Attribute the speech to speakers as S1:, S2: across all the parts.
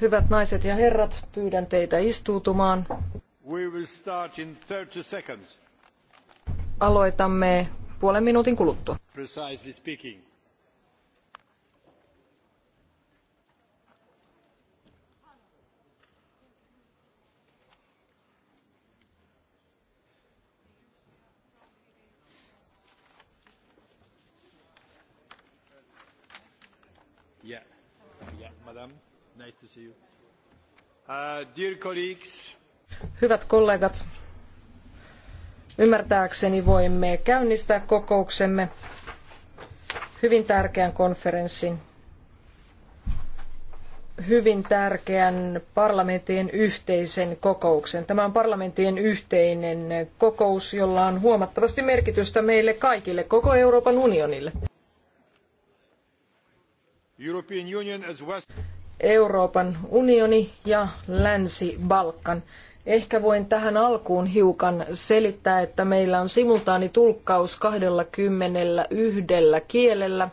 S1: Hyvät naiset ja herrat, pyydän teitä istuutumaan. Aloitamme puolen minuutin kuluttua.
S2: Precisely speaking. Uh,
S1: Hyvät kollegat, ymmärtääkseni voimme käynnistää kokouksemme hyvin tärkeän konferenssin, hyvin tärkeän parlamenttien yhteisen kokouksen. Tämä on parlamenttien yhteinen kokous, jolla on huomattavasti merkitystä meille kaikille, koko Euroopan unionille. Euroopan unioni ja Länsi-Balkan. Ehkä voin tähän alkuun hiukan selittää, että meillä on simultaanitulkkaus 21 kielellä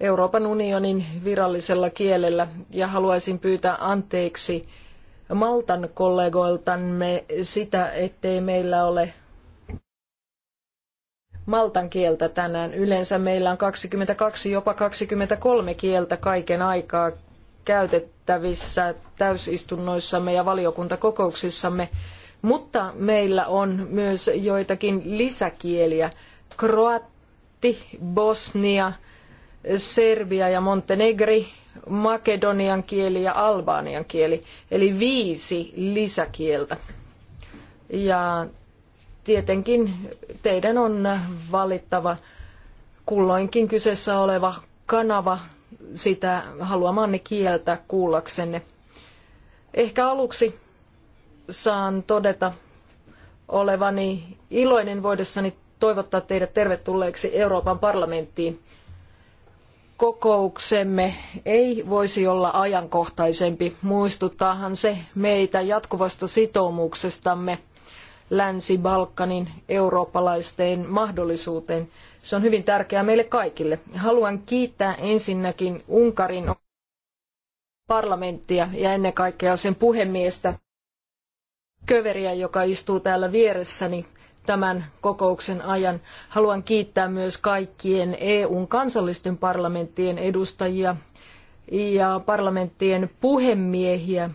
S1: Euroopan unionin virallisella kielellä ja haluaisin pyytää anteeksi Maltan kollegoiltamme sitä, ettei meillä ole Maltan kieltä tänään. Yleensä meillä on 22, jopa 23 kieltä kaiken aikaa käytettävissä täysistunnoissamme ja valiokuntakokouksissamme, mutta meillä on myös joitakin lisäkieliä. Kroatti, Bosnia, Serbia ja Montenegri, makedonian kieli ja albaanian kieli, eli viisi lisäkieltä. Ja tietenkin teidän on valittava kulloinkin kyseessä oleva kanava sitä haluamanne kieltä kuullaksenne. Ehkä aluksi saan todeta olevani iloinen voidessani toivottaa teidät tervetulleeksi Euroopan parlamenttiin. Kokouksemme ei voisi olla ajankohtaisempi, muistuttaahan se meitä jatkuvasta sitoumuksestamme Länsi-Balkanin eurooppalaisten mahdollisuuteen. Se on hyvin tärkeää meille kaikille. Haluan kiittää ensinnäkin Unkarin parlamenttia ja ennen kaikkea sen puhemiestä Köveriä, joka istuu täällä vieressäni tämän kokouksen ajan. Haluan kiittää myös kaikkien EUn kansallisten parlamenttien edustajia ja parlamenttien puhemiehiä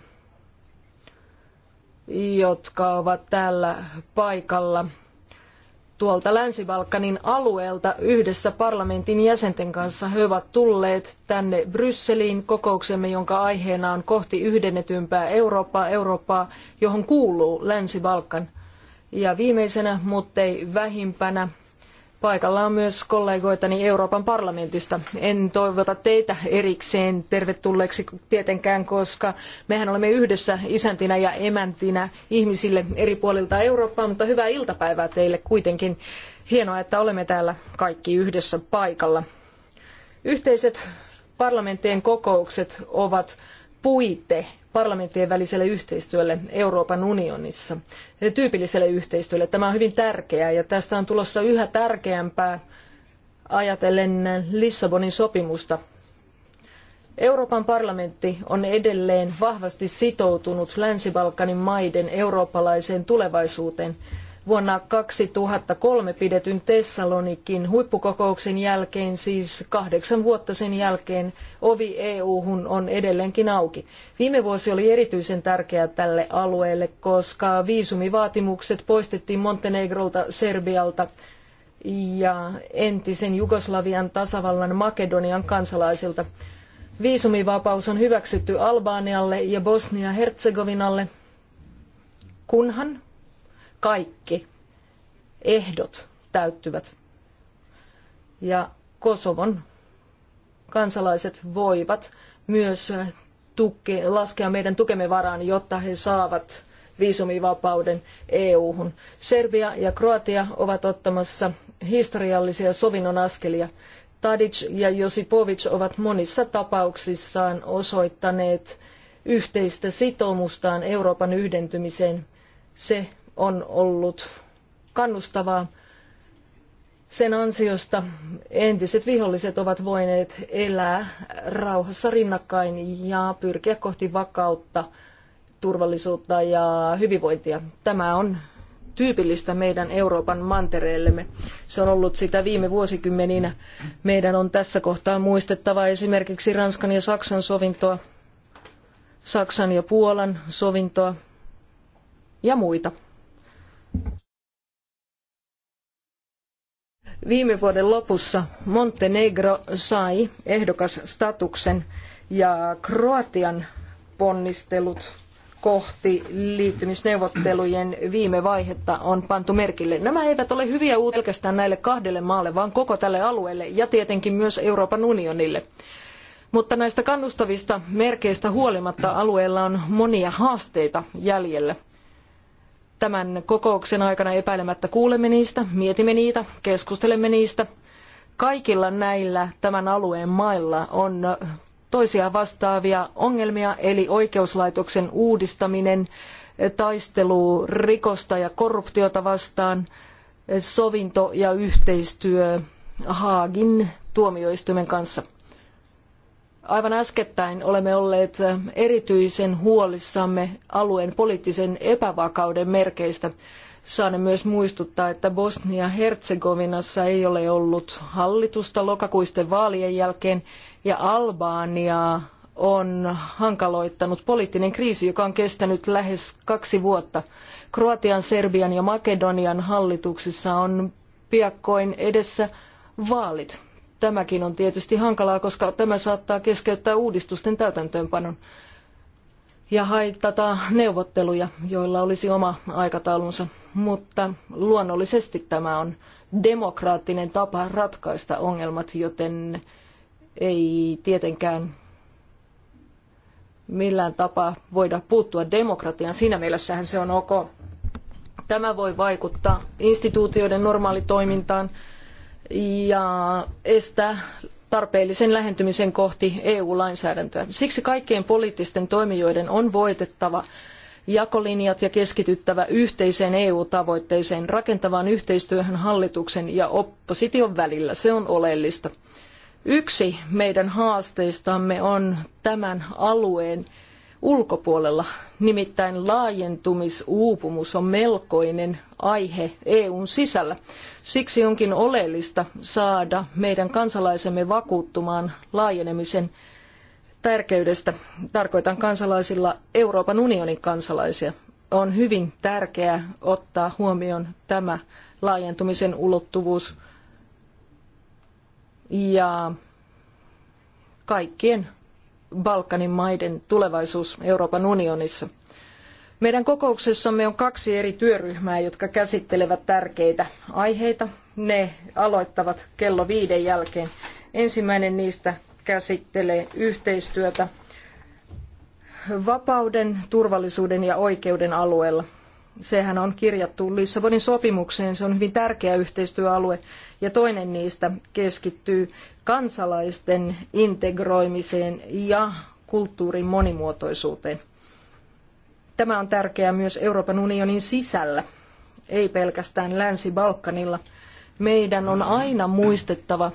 S1: jotka ovat täällä paikalla tuolta Länsi-Balkanin alueelta yhdessä parlamentin jäsenten kanssa. He ovat tulleet tänne Brysseliin kokouksemme, jonka aiheena on kohti yhdennetympää Eurooppaa, Eurooppaa, johon kuuluu Länsi-Balkan. Ja viimeisenä, muttei vähimpänä, Paikalla on myös kollegoitani Euroopan parlamentista. En toivota teitä erikseen tervetulleeksi tietenkään, koska mehän olemme yhdessä isäntinä ja emäntinä ihmisille eri puolilta Eurooppaa, mutta hyvää iltapäivää teille kuitenkin. Hienoa, että olemme täällä kaikki yhdessä paikalla. Yhteiset parlamenttien kokoukset ovat puite parlamenttien väliselle yhteistyölle Euroopan unionissa, tyypilliselle yhteistyölle. Tämä on hyvin tärkeää ja tästä on tulossa yhä tärkeämpää ajatellen Lissabonin sopimusta. Euroopan parlamentti on edelleen vahvasti sitoutunut Länsi-Balkanin maiden eurooppalaiseen tulevaisuuteen vuonna 2003 pidetyn Tessalonikin huippukokouksen jälkeen, siis kahdeksan vuotta sen jälkeen, ovi EU-hun on edelleenkin auki. Viime vuosi oli erityisen tärkeä tälle alueelle, koska viisumivaatimukset poistettiin Montenegrolta, Serbialta ja entisen Jugoslavian tasavallan Makedonian kansalaisilta. Viisumivapaus on hyväksytty Albanialle ja Bosnia-Herzegovinalle, kunhan kaikki ehdot täyttyvät. Ja Kosovon kansalaiset voivat myös tuke, laskea meidän tukemme varaan, jotta he saavat viisumivapauden EU-hun. Serbia ja Kroatia ovat ottamassa historiallisia sovinnon askelia. Tadic ja Josipovic ovat monissa tapauksissaan osoittaneet yhteistä sitoumustaan Euroopan yhdentymiseen. Se on ollut kannustavaa. Sen ansiosta entiset viholliset ovat voineet elää rauhassa rinnakkain ja pyrkiä kohti vakautta, turvallisuutta ja hyvinvointia. Tämä on tyypillistä meidän Euroopan mantereellemme. Se on ollut sitä viime vuosikymmeninä. Meidän on tässä kohtaa muistettava esimerkiksi Ranskan ja Saksan sovintoa, Saksan ja Puolan sovintoa ja muita. Viime vuoden lopussa Montenegro sai ehdokasstatuksen ja Kroatian ponnistelut kohti liittymisneuvottelujen viime vaihetta on pantu merkille. Nämä eivät ole hyviä uutisia pelkästään näille kahdelle maalle, vaan koko tälle alueelle ja tietenkin myös Euroopan unionille. Mutta näistä kannustavista merkeistä huolimatta alueella on monia haasteita jäljellä. Tämän kokouksen aikana epäilemättä kuulemme niistä, mietimme niitä, keskustelemme niistä. Kaikilla näillä tämän alueen mailla on toisia vastaavia ongelmia, eli oikeuslaitoksen uudistaminen, taistelu rikosta ja korruptiota vastaan, sovinto ja yhteistyö Haagin tuomioistuimen kanssa. Aivan äskettäin olemme olleet erityisen huolissamme alueen poliittisen epävakauden merkeistä. Saan myös muistuttaa, että Bosnia-Herzegovinassa ei ole ollut hallitusta lokakuisten vaalien jälkeen ja Albaaniaa on hankaloittanut poliittinen kriisi, joka on kestänyt lähes kaksi vuotta. Kroatian, Serbian ja Makedonian hallituksissa on piakkoin edessä vaalit. Tämäkin on tietysti hankalaa, koska tämä saattaa keskeyttää uudistusten täytäntöönpanon ja haitata neuvotteluja, joilla olisi oma aikataulunsa. Mutta luonnollisesti tämä on demokraattinen tapa ratkaista ongelmat, joten ei tietenkään millään tapaa voida puuttua demokratiaan. Siinä mielessähän se on ok. Tämä voi vaikuttaa instituutioiden normaalitoimintaan, toimintaan ja estää tarpeellisen lähentymisen kohti EU-lainsäädäntöä. Siksi kaikkien poliittisten toimijoiden on voitettava jakolinjat ja keskityttävä yhteiseen EU-tavoitteeseen rakentavaan yhteistyöhön hallituksen ja opposition välillä. Se on oleellista. Yksi meidän haasteistamme on tämän alueen ulkopuolella. Nimittäin laajentumisuupumus on melkoinen aihe EUn sisällä. Siksi onkin oleellista saada meidän kansalaisemme vakuuttumaan laajenemisen tärkeydestä. Tarkoitan kansalaisilla Euroopan unionin kansalaisia. On hyvin tärkeää ottaa huomioon tämä laajentumisen ulottuvuus ja kaikkien Balkanin maiden tulevaisuus Euroopan unionissa. Meidän kokouksessamme on kaksi eri työryhmää, jotka käsittelevät tärkeitä aiheita. Ne aloittavat kello viiden jälkeen. Ensimmäinen niistä käsittelee yhteistyötä vapauden, turvallisuuden ja oikeuden alueella. Sehän on kirjattu Lissabonin sopimukseen, se on hyvin tärkeä yhteistyöalue. Ja toinen niistä keskittyy kansalaisten integroimiseen ja kulttuurin monimuotoisuuteen. Tämä on tärkeää myös Euroopan unionin sisällä, ei pelkästään Länsi-Balkanilla. Meidän on aina muistettava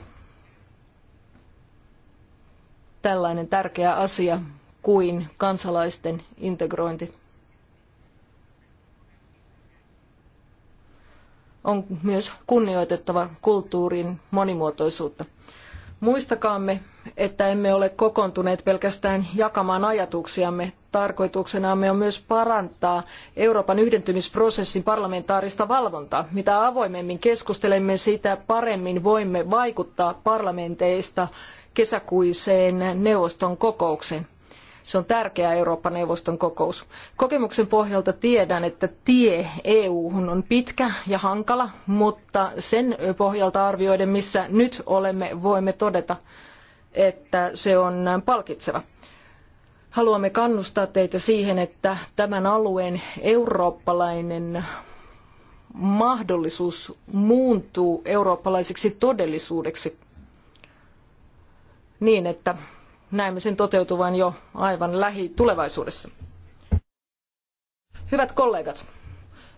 S1: tällainen tärkeä asia kuin kansalaisten integrointi. on myös kunnioitettava kulttuurin monimuotoisuutta. Muistakaamme, että emme ole kokoontuneet pelkästään jakamaan ajatuksiamme. Tarkoituksenamme on myös parantaa Euroopan yhdentymisprosessin parlamentaarista valvontaa. Mitä avoimemmin keskustelemme, sitä paremmin voimme vaikuttaa parlamenteista kesäkuiseen neuvoston kokoukseen. Se on tärkeä Euroopan neuvoston kokous. Kokemuksen pohjalta tiedän, että tie EU-hun on pitkä ja hankala, mutta sen pohjalta arvioiden, missä nyt olemme, voimme todeta, että se on palkitseva. Haluamme kannustaa teitä siihen, että tämän alueen eurooppalainen mahdollisuus muuntuu eurooppalaiseksi todellisuudeksi niin, että näemme sen toteutuvan jo aivan lähitulevaisuudessa. Hyvät kollegat,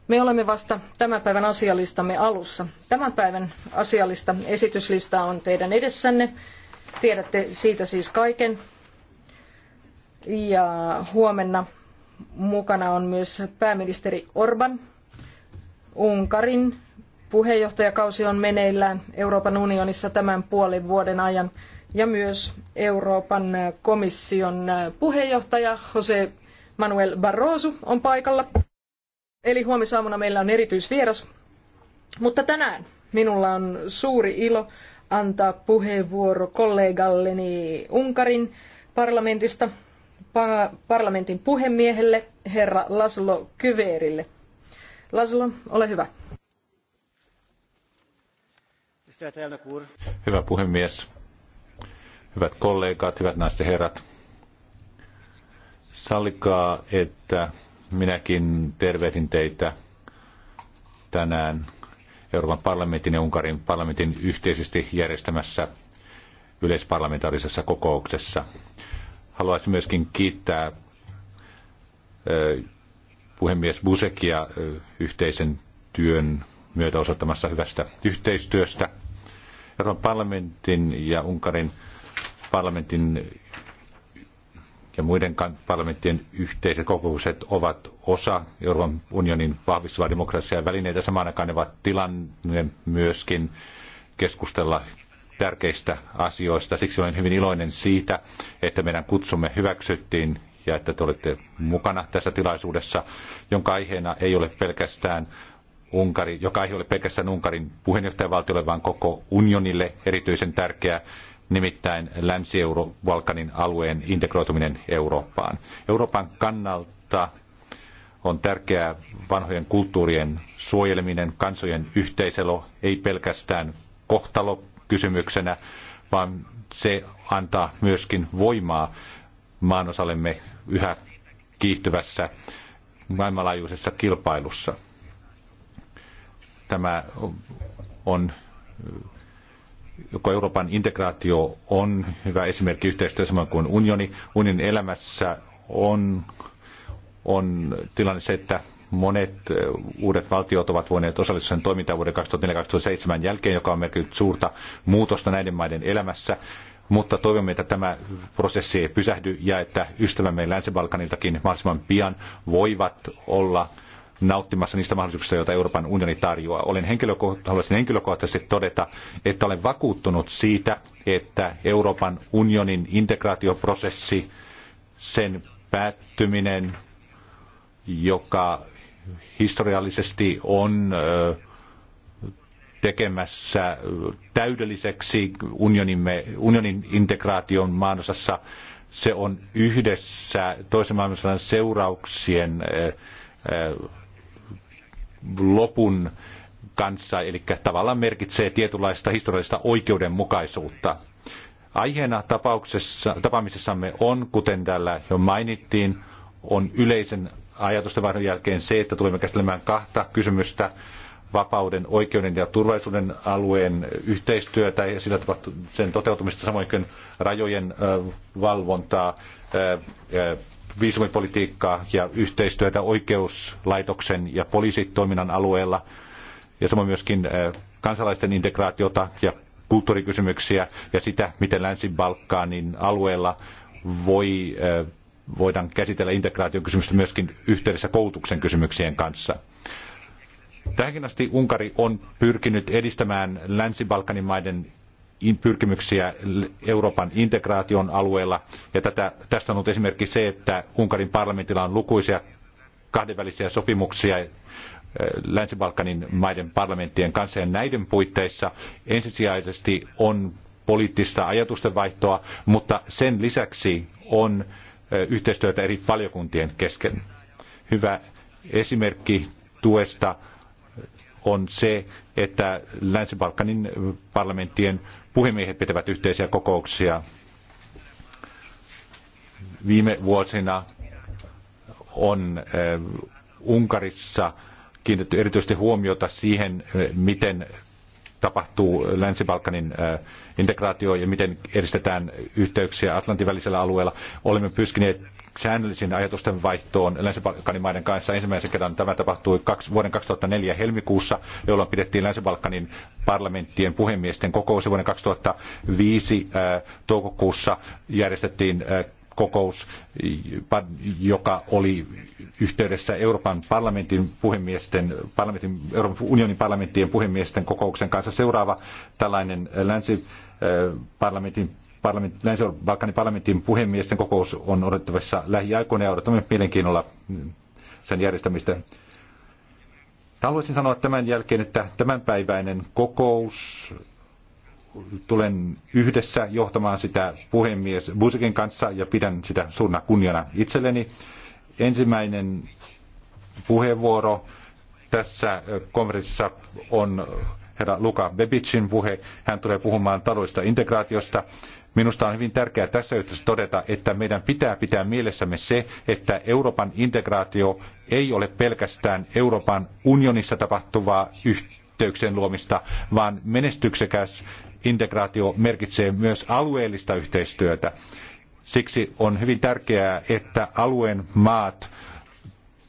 S1: me olemme vasta tämän päivän asialistamme alussa. Tämän päivän asialista esityslista on teidän edessänne. Tiedätte siitä siis kaiken. Ja huomenna mukana on myös pääministeri Orban. Unkarin puheenjohtajakausi on meneillään Euroopan unionissa tämän puolen vuoden ajan ja myös Euroopan komission puheenjohtaja Jose Manuel Barroso on paikalla. Eli huomisaamuna meillä on erityisvieras. Mutta tänään minulla on suuri ilo antaa puheenvuoro kollegalleni Unkarin parlamentista, parlamentin puhemiehelle, herra Laszlo Kyverille. Laszlo, ole hyvä.
S2: Hyvä puhemies, hyvät kollegat, hyvät naiset ja herrat. Sallikaa, että minäkin tervehdin teitä tänään Euroopan parlamentin ja Unkarin parlamentin yhteisesti järjestämässä yleisparlamentaarisessa kokouksessa. Haluaisin myöskin kiittää puhemies Busekia yhteisen työn myötä osoittamassa hyvästä yhteistyöstä. Euroopan parlamentin ja Unkarin parlamentin ja muiden parlamenttien yhteiset kokoukset ovat osa Euroopan unionin vahvistavaa demokratiaa välineitä. Samaan aikaan ne ovat tilanne myöskin keskustella tärkeistä asioista. Siksi olen hyvin iloinen siitä, että meidän kutsumme hyväksyttiin ja että te olette mukana tässä tilaisuudessa, jonka aiheena ei ole pelkästään Unkari, joka ei ole pelkästään Unkarin puheenjohtajavaltiolle, vaan koko unionille erityisen tärkeä nimittäin Länsi-Valkanin alueen integroituminen Eurooppaan. Euroopan kannalta on tärkeää vanhojen kulttuurien suojeleminen, kansojen yhteiselo, ei pelkästään kohtalokysymyksenä, vaan se antaa myöskin voimaa maanosallemme yhä kiihtyvässä maailmanlaajuisessa kilpailussa. Tämä on joko Euroopan integraatio on hyvä esimerkki yhteistyöstä samoin kuin unioni. Unionin elämässä on, on tilanne se, että monet uudet valtiot ovat voineet osallistua sen toimintaan vuoden 2004-2007 jälkeen, joka on merkinnyt suurta muutosta näiden maiden elämässä. Mutta toivomme, että tämä prosessi ei pysähdy ja että ystävämme Länsi-Balkaniltakin mahdollisimman pian voivat olla nauttimassa niistä mahdollisuuksista, joita Euroopan unioni tarjoaa. Olen henkilöko- haluaisin henkilökohtaisesti todeta, että olen vakuuttunut siitä, että Euroopan unionin integraatioprosessi, sen päättyminen, joka historiallisesti on tekemässä täydelliseksi unionimme, unionin integraation maanosassa. Se on yhdessä toisen maailmansodan seurauksien lopun kanssa, eli tavallaan merkitsee tietynlaista historiallista oikeudenmukaisuutta. Aiheena tapauksessa, tapaamisessamme on, kuten täällä jo mainittiin, on yleisen ajatustenvaihdon jälkeen se, että tulemme käsittelemään kahta kysymystä vapauden, oikeuden ja turvallisuuden alueen yhteistyötä ja sillä sen toteutumista, samoin kuin rajojen valvontaa, viisumipolitiikkaa ja yhteistyötä oikeuslaitoksen ja poliisitoiminnan alueella ja samoin myöskin äh, kansalaisten integraatiota ja kulttuurikysymyksiä ja sitä, miten Länsi-Balkanin alueella voi, äh, voidaan käsitellä integraation kysymystä myöskin yhteydessä koulutuksen kysymyksien kanssa. Tähänkin asti Unkari on pyrkinyt edistämään Länsi-Balkanin maiden pyrkimyksiä Euroopan integraation alueella. Ja tätä, tästä on ollut esimerkki se, että Unkarin parlamentilla on lukuisia kahdenvälisiä sopimuksia eh, Länsi-Balkanin maiden parlamenttien kanssa ja näiden puitteissa ensisijaisesti on poliittista ajatustenvaihtoa, mutta sen lisäksi on eh, yhteistyötä eri valiokuntien kesken. Hyvä esimerkki tuesta on se, että Länsi-Balkanin parlamenttien puhemiehet pitävät yhteisiä kokouksia. Viime vuosina on eh, Unkarissa kiinnitetty erityisesti huomiota siihen, eh, miten tapahtuu Länsi-Balkanin eh, integraatio ja miten edistetään yhteyksiä Atlantin välisellä alueella. Olemme pyskineet säännöllisin ajatusten vaihtoon länsi maiden kanssa. Ensimmäisen kerran tämä tapahtui kaksi, vuoden 2004 helmikuussa, jolloin pidettiin Länsi-Balkanin parlamenttien puhemiesten kokous. Vuoden 2005 ää, toukokuussa järjestettiin ää, kokous, joka oli yhteydessä Euroopan parlamentin puhemiesten, parlamentin, Euroopan unionin parlamenttien puhemiesten kokouksen kanssa. Seuraava tällainen länsi parlamentin Länsi-Balkanin parlamentin puhemiesten kokous on odottavissa lähiaikoina ja odotamme mielenkiinnolla sen järjestämistä. Haluaisin sanoa tämän jälkeen, että tämänpäiväinen kokous tulen yhdessä johtamaan sitä puhemies Busikin kanssa ja pidän sitä suurna kunniana itselleni. Ensimmäinen puheenvuoro tässä äh, konferenssissa on herra Luka Bebicin puhe. Hän tulee puhumaan taloudellisesta integraatiosta Minusta on hyvin tärkeää tässä yhteydessä todeta, että meidän pitää pitää mielessämme se, että Euroopan integraatio ei ole pelkästään Euroopan unionissa tapahtuvaa yhteyksien luomista, vaan menestyksekäs integraatio merkitsee myös alueellista yhteistyötä. Siksi on hyvin tärkeää, että alueen maat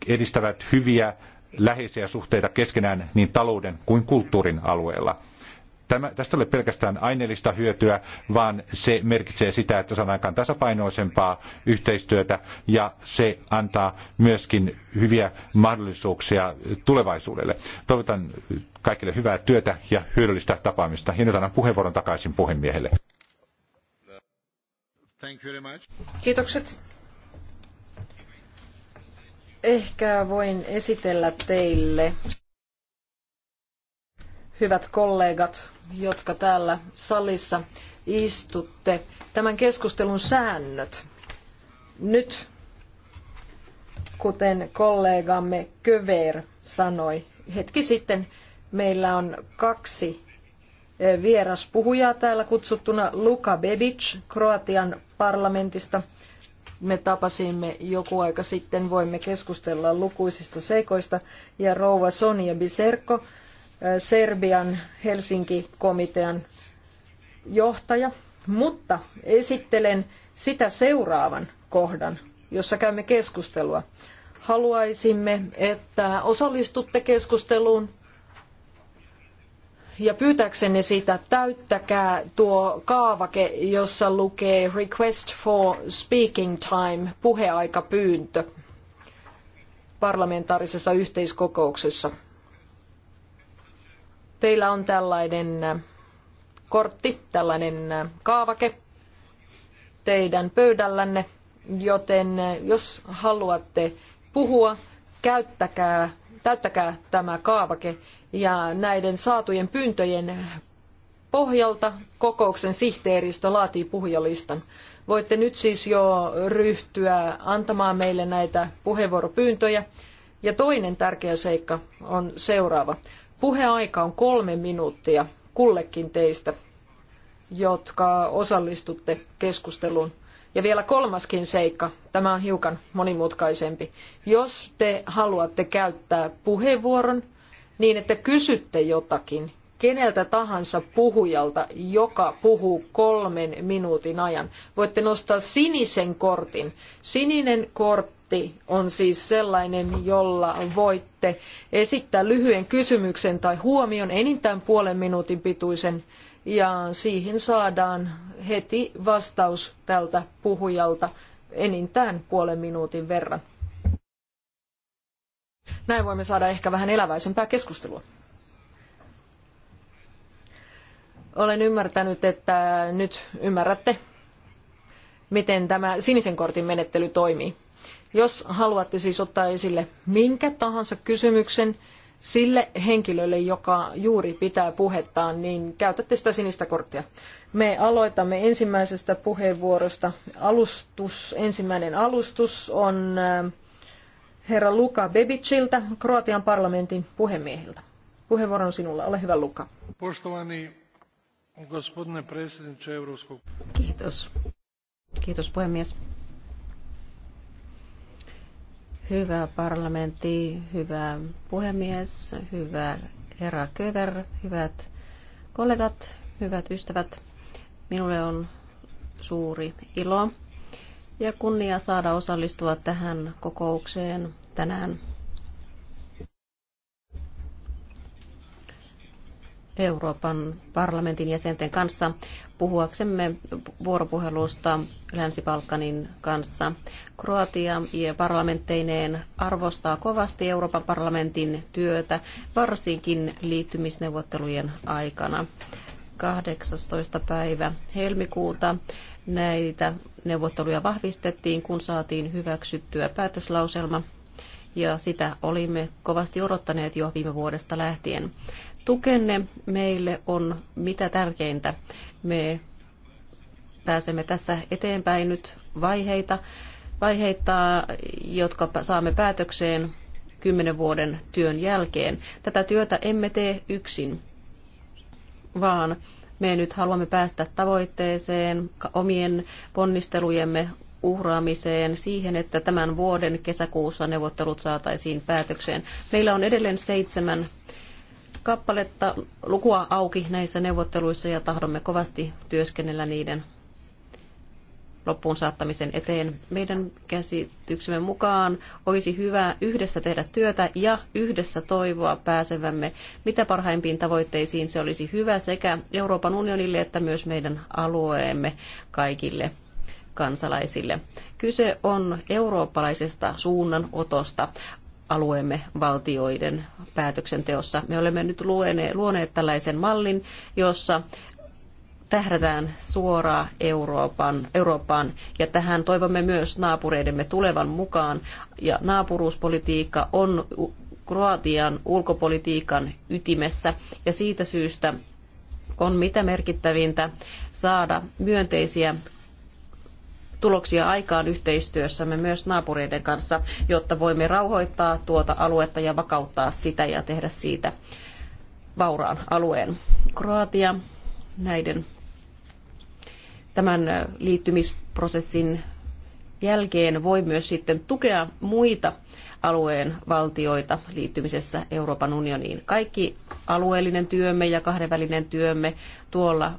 S2: edistävät hyviä läheisiä suhteita keskenään niin talouden kuin kulttuurin alueella. Tämä, tästä ei ole pelkästään aineellista hyötyä, vaan se merkitsee sitä, että saadaan aikaan tasapainoisempaa yhteistyötä ja se antaa myöskin hyviä mahdollisuuksia tulevaisuudelle. Toivotan kaikille hyvää työtä ja hyödyllistä tapaamista. Ja nyt annan puheenvuoron takaisin puhemiehelle.
S1: Kiitokset. Ehkä voin esitellä teille, hyvät kollegat, jotka täällä salissa istutte, tämän keskustelun säännöt. Nyt, kuten kollegamme Köver sanoi hetki sitten, meillä on kaksi eh, vieraspuhujaa täällä kutsuttuna Luka Bebic Kroatian parlamentista. Me tapasimme joku aika sitten, voimme keskustella lukuisista seikoista, ja rouva Sonia Biserko Serbian Helsinki-komitean johtaja, mutta esittelen sitä seuraavan kohdan, jossa käymme keskustelua. Haluaisimme, että osallistutte keskusteluun ja pyytäksenne sitä täyttäkää tuo kaavake, jossa lukee Request for Speaking Time, puheaikapyyntö parlamentaarisessa yhteiskokouksessa teillä on tällainen äh, kortti, tällainen äh, kaavake teidän pöydällänne, joten äh, jos haluatte puhua, käyttäkää, täyttäkää tämä kaavake ja näiden saatujen pyyntöjen pohjalta kokouksen sihteeristö laatii puhujalistan. Voitte nyt siis jo ryhtyä antamaan meille näitä puheenvuoropyyntöjä. Ja toinen tärkeä seikka on seuraava. Puheaika on kolme minuuttia kullekin teistä, jotka osallistutte keskusteluun. Ja vielä kolmaskin seikka, tämä on hiukan monimutkaisempi. Jos te haluatte käyttää puheenvuoron niin, että kysytte jotakin, keneltä tahansa puhujalta, joka puhuu kolmen minuutin ajan. Voitte nostaa sinisen kortin. Sininen kortti formaatti on siis sellainen, jolla voitte esittää lyhyen kysymyksen tai huomion enintään puolen minuutin pituisen ja siihen saadaan heti vastaus tältä puhujalta enintään puolen minuutin verran. Näin voimme saada ehkä vähän eläväisempää keskustelua. Olen ymmärtänyt, että nyt ymmärrätte, miten tämä sinisen kortin menettely toimii. Jos haluatte siis ottaa esille minkä tahansa kysymyksen sille henkilölle, joka juuri pitää puhettaan, niin käytätte sitä sinistä korttia. Me aloitamme ensimmäisestä puheenvuorosta. Alustus, ensimmäinen alustus on äh, herra Luka Bebiciltä, Kroatian parlamentin puhemiehiltä. Puheenvuoro on sinulla. Ole hyvä, Luka.
S3: Kiitos. Kiitos, puhemies. Hyvä parlamentti, hyvä puhemies, hyvä herra Köver, hyvät kollegat, hyvät ystävät. Minulle on suuri ilo ja kunnia saada osallistua tähän kokoukseen tänään. Euroopan parlamentin jäsenten kanssa puhuaksemme vuoropuhelusta Länsi-Balkanin kanssa. Kroatia ja parlamentteineen arvostaa kovasti Euroopan parlamentin työtä, varsinkin liittymisneuvottelujen aikana. 18. päivä helmikuuta näitä neuvotteluja vahvistettiin, kun saatiin hyväksyttyä päätöslauselma ja sitä olimme kovasti odottaneet jo viime vuodesta lähtien. Tukenne meille on mitä tärkeintä. Me pääsemme tässä eteenpäin nyt vaiheita, vaiheita jotka saamme päätökseen kymmenen vuoden työn jälkeen. Tätä työtä emme tee yksin, vaan me nyt haluamme päästä tavoitteeseen, omien ponnistelujemme uhraamiseen, siihen, että tämän vuoden kesäkuussa neuvottelut saataisiin päätökseen. Meillä on edelleen seitsemän kappaletta lukua auki näissä neuvotteluissa ja tahdomme kovasti työskennellä niiden loppuun saattamisen eteen. Meidän käsityksemme mukaan olisi hyvä yhdessä tehdä työtä ja yhdessä toivoa pääsevämme mitä parhaimpiin tavoitteisiin. Se olisi hyvä sekä Euroopan unionille että myös meidän alueemme kaikille kansalaisille. Kyse on eurooppalaisesta suunnanotosta alueemme valtioiden päätöksenteossa. Me olemme nyt luoneet tällaisen mallin, jossa tähdätään suoraan Euroopan, Eurooppaan ja tähän toivomme myös naapureidemme tulevan mukaan. Ja naapuruuspolitiikka on Kroatian ulkopolitiikan ytimessä ja siitä syystä on mitä merkittävintä saada myönteisiä tuloksia aikaan yhteistyössämme myös naapureiden kanssa, jotta voimme rauhoittaa tuota aluetta ja vakauttaa sitä ja tehdä siitä vauraan alueen. Kroatia näiden tämän liittymisprosessin jälkeen voi myös sitten tukea muita alueen valtioita liittymisessä Euroopan unioniin. Kaikki alueellinen työmme ja kahdenvälinen työmme tuolla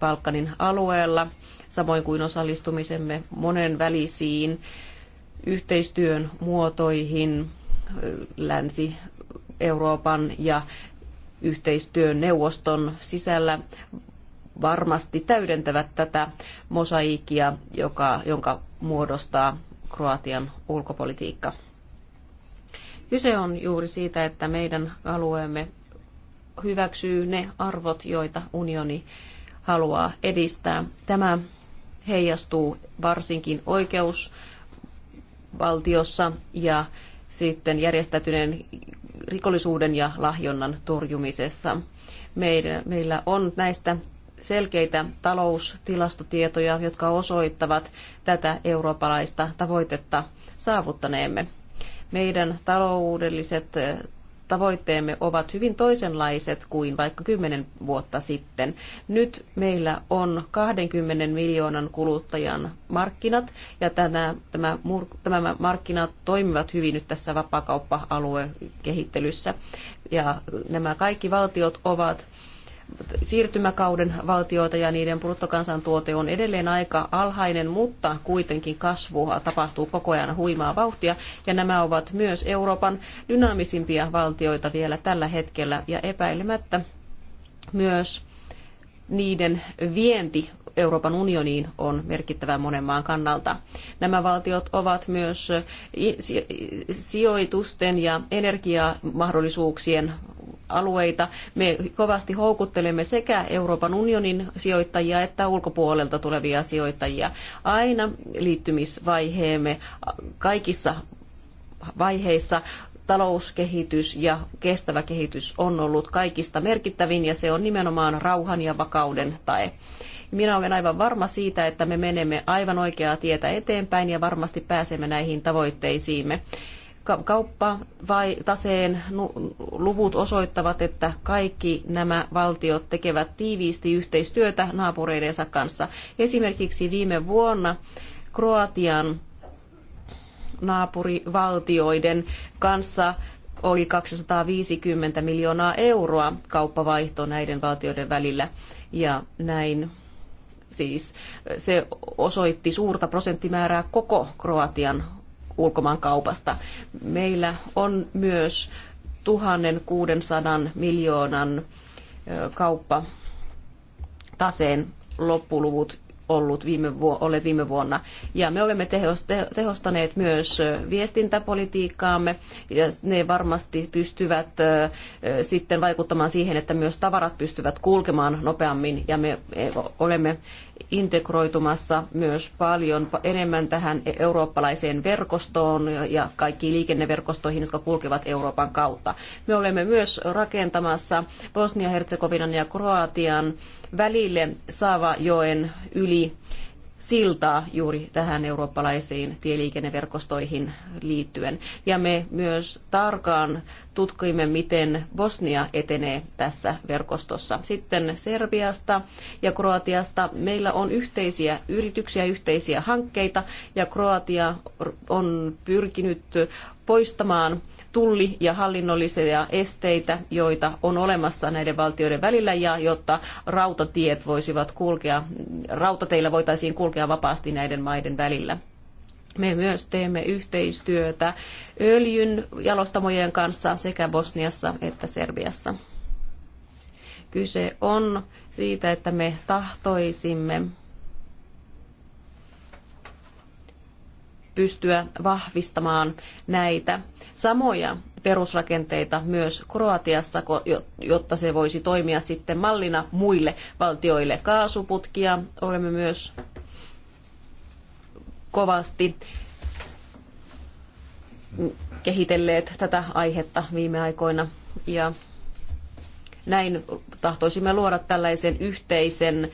S3: Balkanin alueella samoin kuin osallistumisemme monenvälisiin yhteistyön muotoihin Länsi-Euroopan ja yhteistyön neuvoston sisällä varmasti täydentävät tätä mosaikia, joka, jonka muodostaa Kroatian ulkopolitiikka. Kyse on juuri siitä, että meidän alueemme hyväksyy ne arvot, joita unioni haluaa edistää. Tämä heijastuu varsinkin oikeusvaltiossa ja sitten järjestäytyneen rikollisuuden ja lahjonnan torjumisessa. Meidän, meillä on näistä selkeitä taloustilastotietoja, jotka osoittavat tätä eurooppalaista tavoitetta saavuttaneemme. Meidän taloudelliset tavoitteemme ovat hyvin toisenlaiset kuin vaikka kymmenen vuotta sitten. Nyt meillä on 20 miljoonan kuluttajan markkinat ja tämä, tämä, tämä markkinat toimivat hyvin nyt tässä vapaakauppa-aluekehittelyssä. Ja nämä kaikki valtiot ovat siirtymäkauden valtioita ja niiden bruttokansantuote on edelleen aika alhainen, mutta kuitenkin kasvua tapahtuu koko ajan huimaa vauhtia ja nämä ovat myös Euroopan dynaamisimpia valtioita vielä tällä hetkellä ja epäilemättä myös niiden vienti Euroopan unioniin on merkittävä monen maan kannalta. Nämä valtiot ovat myös sijoitusten ja energiamahdollisuuksien alueita. Me kovasti houkuttelemme sekä Euroopan unionin sijoittajia että ulkopuolelta tulevia sijoittajia. Aina liittymisvaiheemme kaikissa vaiheissa talouskehitys ja kestävä kehitys on ollut kaikista merkittävin ja se on nimenomaan rauhan ja vakauden tae. Minä olen aivan varma siitä, että me menemme aivan oikeaa tietä eteenpäin ja varmasti pääsemme näihin tavoitteisiimme kauppa vai taseen luvut osoittavat, että kaikki nämä valtiot tekevät tiiviisti yhteistyötä naapureidensa kanssa. Esimerkiksi viime vuonna Kroatian naapurivaltioiden kanssa oli 250 miljoonaa euroa kauppavaihto näiden valtioiden välillä ja näin Siis se osoitti suurta prosenttimäärää koko Kroatian ulkomaankaupasta. Meillä on myös 1600 miljoonan kauppa taseen loppuluvut ollut viime, vu- olleet viime vuonna. Ja me olemme tehostaneet myös viestintäpolitiikkaamme ja ne varmasti pystyvät sitten vaikuttamaan siihen, että myös tavarat pystyvät kulkemaan nopeammin ja me e, olemme integroitumassa myös paljon enemmän tähän eurooppalaiseen verkostoon ja kaikkiin liikenneverkostoihin, jotka kulkevat Euroopan kautta. Me olemme myös rakentamassa Bosnia-Herzegovinan ja Kroatian välille joen yli siltaa juuri tähän eurooppalaisiin tieliikenneverkostoihin liittyen. Ja me myös tarkkaan tutkimme, miten Bosnia etenee tässä verkostossa. Sitten Serbiasta ja Kroatiasta. Meillä on yhteisiä yrityksiä, yhteisiä hankkeita ja Kroatia on pyrkinyt poistamaan tulli- ja hallinnollisia esteitä, joita on olemassa näiden valtioiden välillä, ja jotta rautatiet voisivat kulkea, rautateillä voitaisiin kulkea vapaasti näiden maiden välillä. Me myös teemme yhteistyötä öljyn jalostamojen kanssa sekä Bosniassa että Serbiassa. Kyse on siitä, että me tahtoisimme pystyä vahvistamaan näitä samoja perusrakenteita myös Kroatiassa, jotta se voisi toimia sitten mallina muille valtioille. Kaasuputkia olemme myös kovasti kehitelleet tätä aihetta viime aikoina ja näin tahtoisimme luoda tällaisen yhteisen